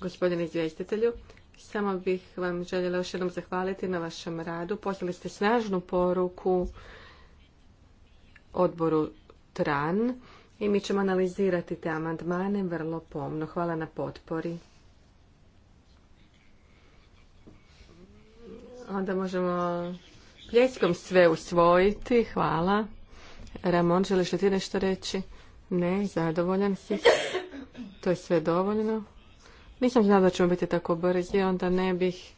gospodine izvjestitelju. Samo bih vam željela još jednom zahvaliti na vašem radu. Poslali ste snažnu poruku odboru TRAN i mi ćemo analizirati te amandmane vrlo pomno. Hvala na potpori. Onda možemo pljeskom sve usvojiti. Hvala. Ramon, želiš li ti nešto reći? Ne, zadovoljan si. To je sve dovoljno. Nisam znala da ćemo biti tako brzi, onda ne bih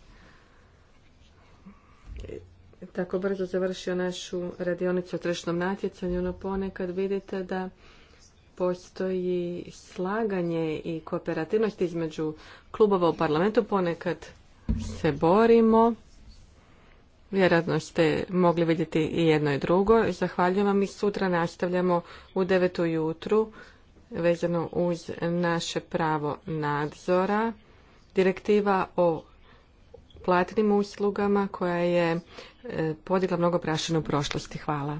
tako brzo završio našu radionicu o trešnom natjecanju, no ponekad vidite da postoji slaganje i kooperativnost između klubova u parlamentu. Ponekad se borimo, Vjerojatno ste mogli vidjeti i jedno i drugo. Zahvaljujem vam i sutra nastavljamo u 9. jutru vezano uz naše pravo nadzora. Direktiva o platnim uslugama koja je e, podigla mnogo prašine u prošlosti. Hvala.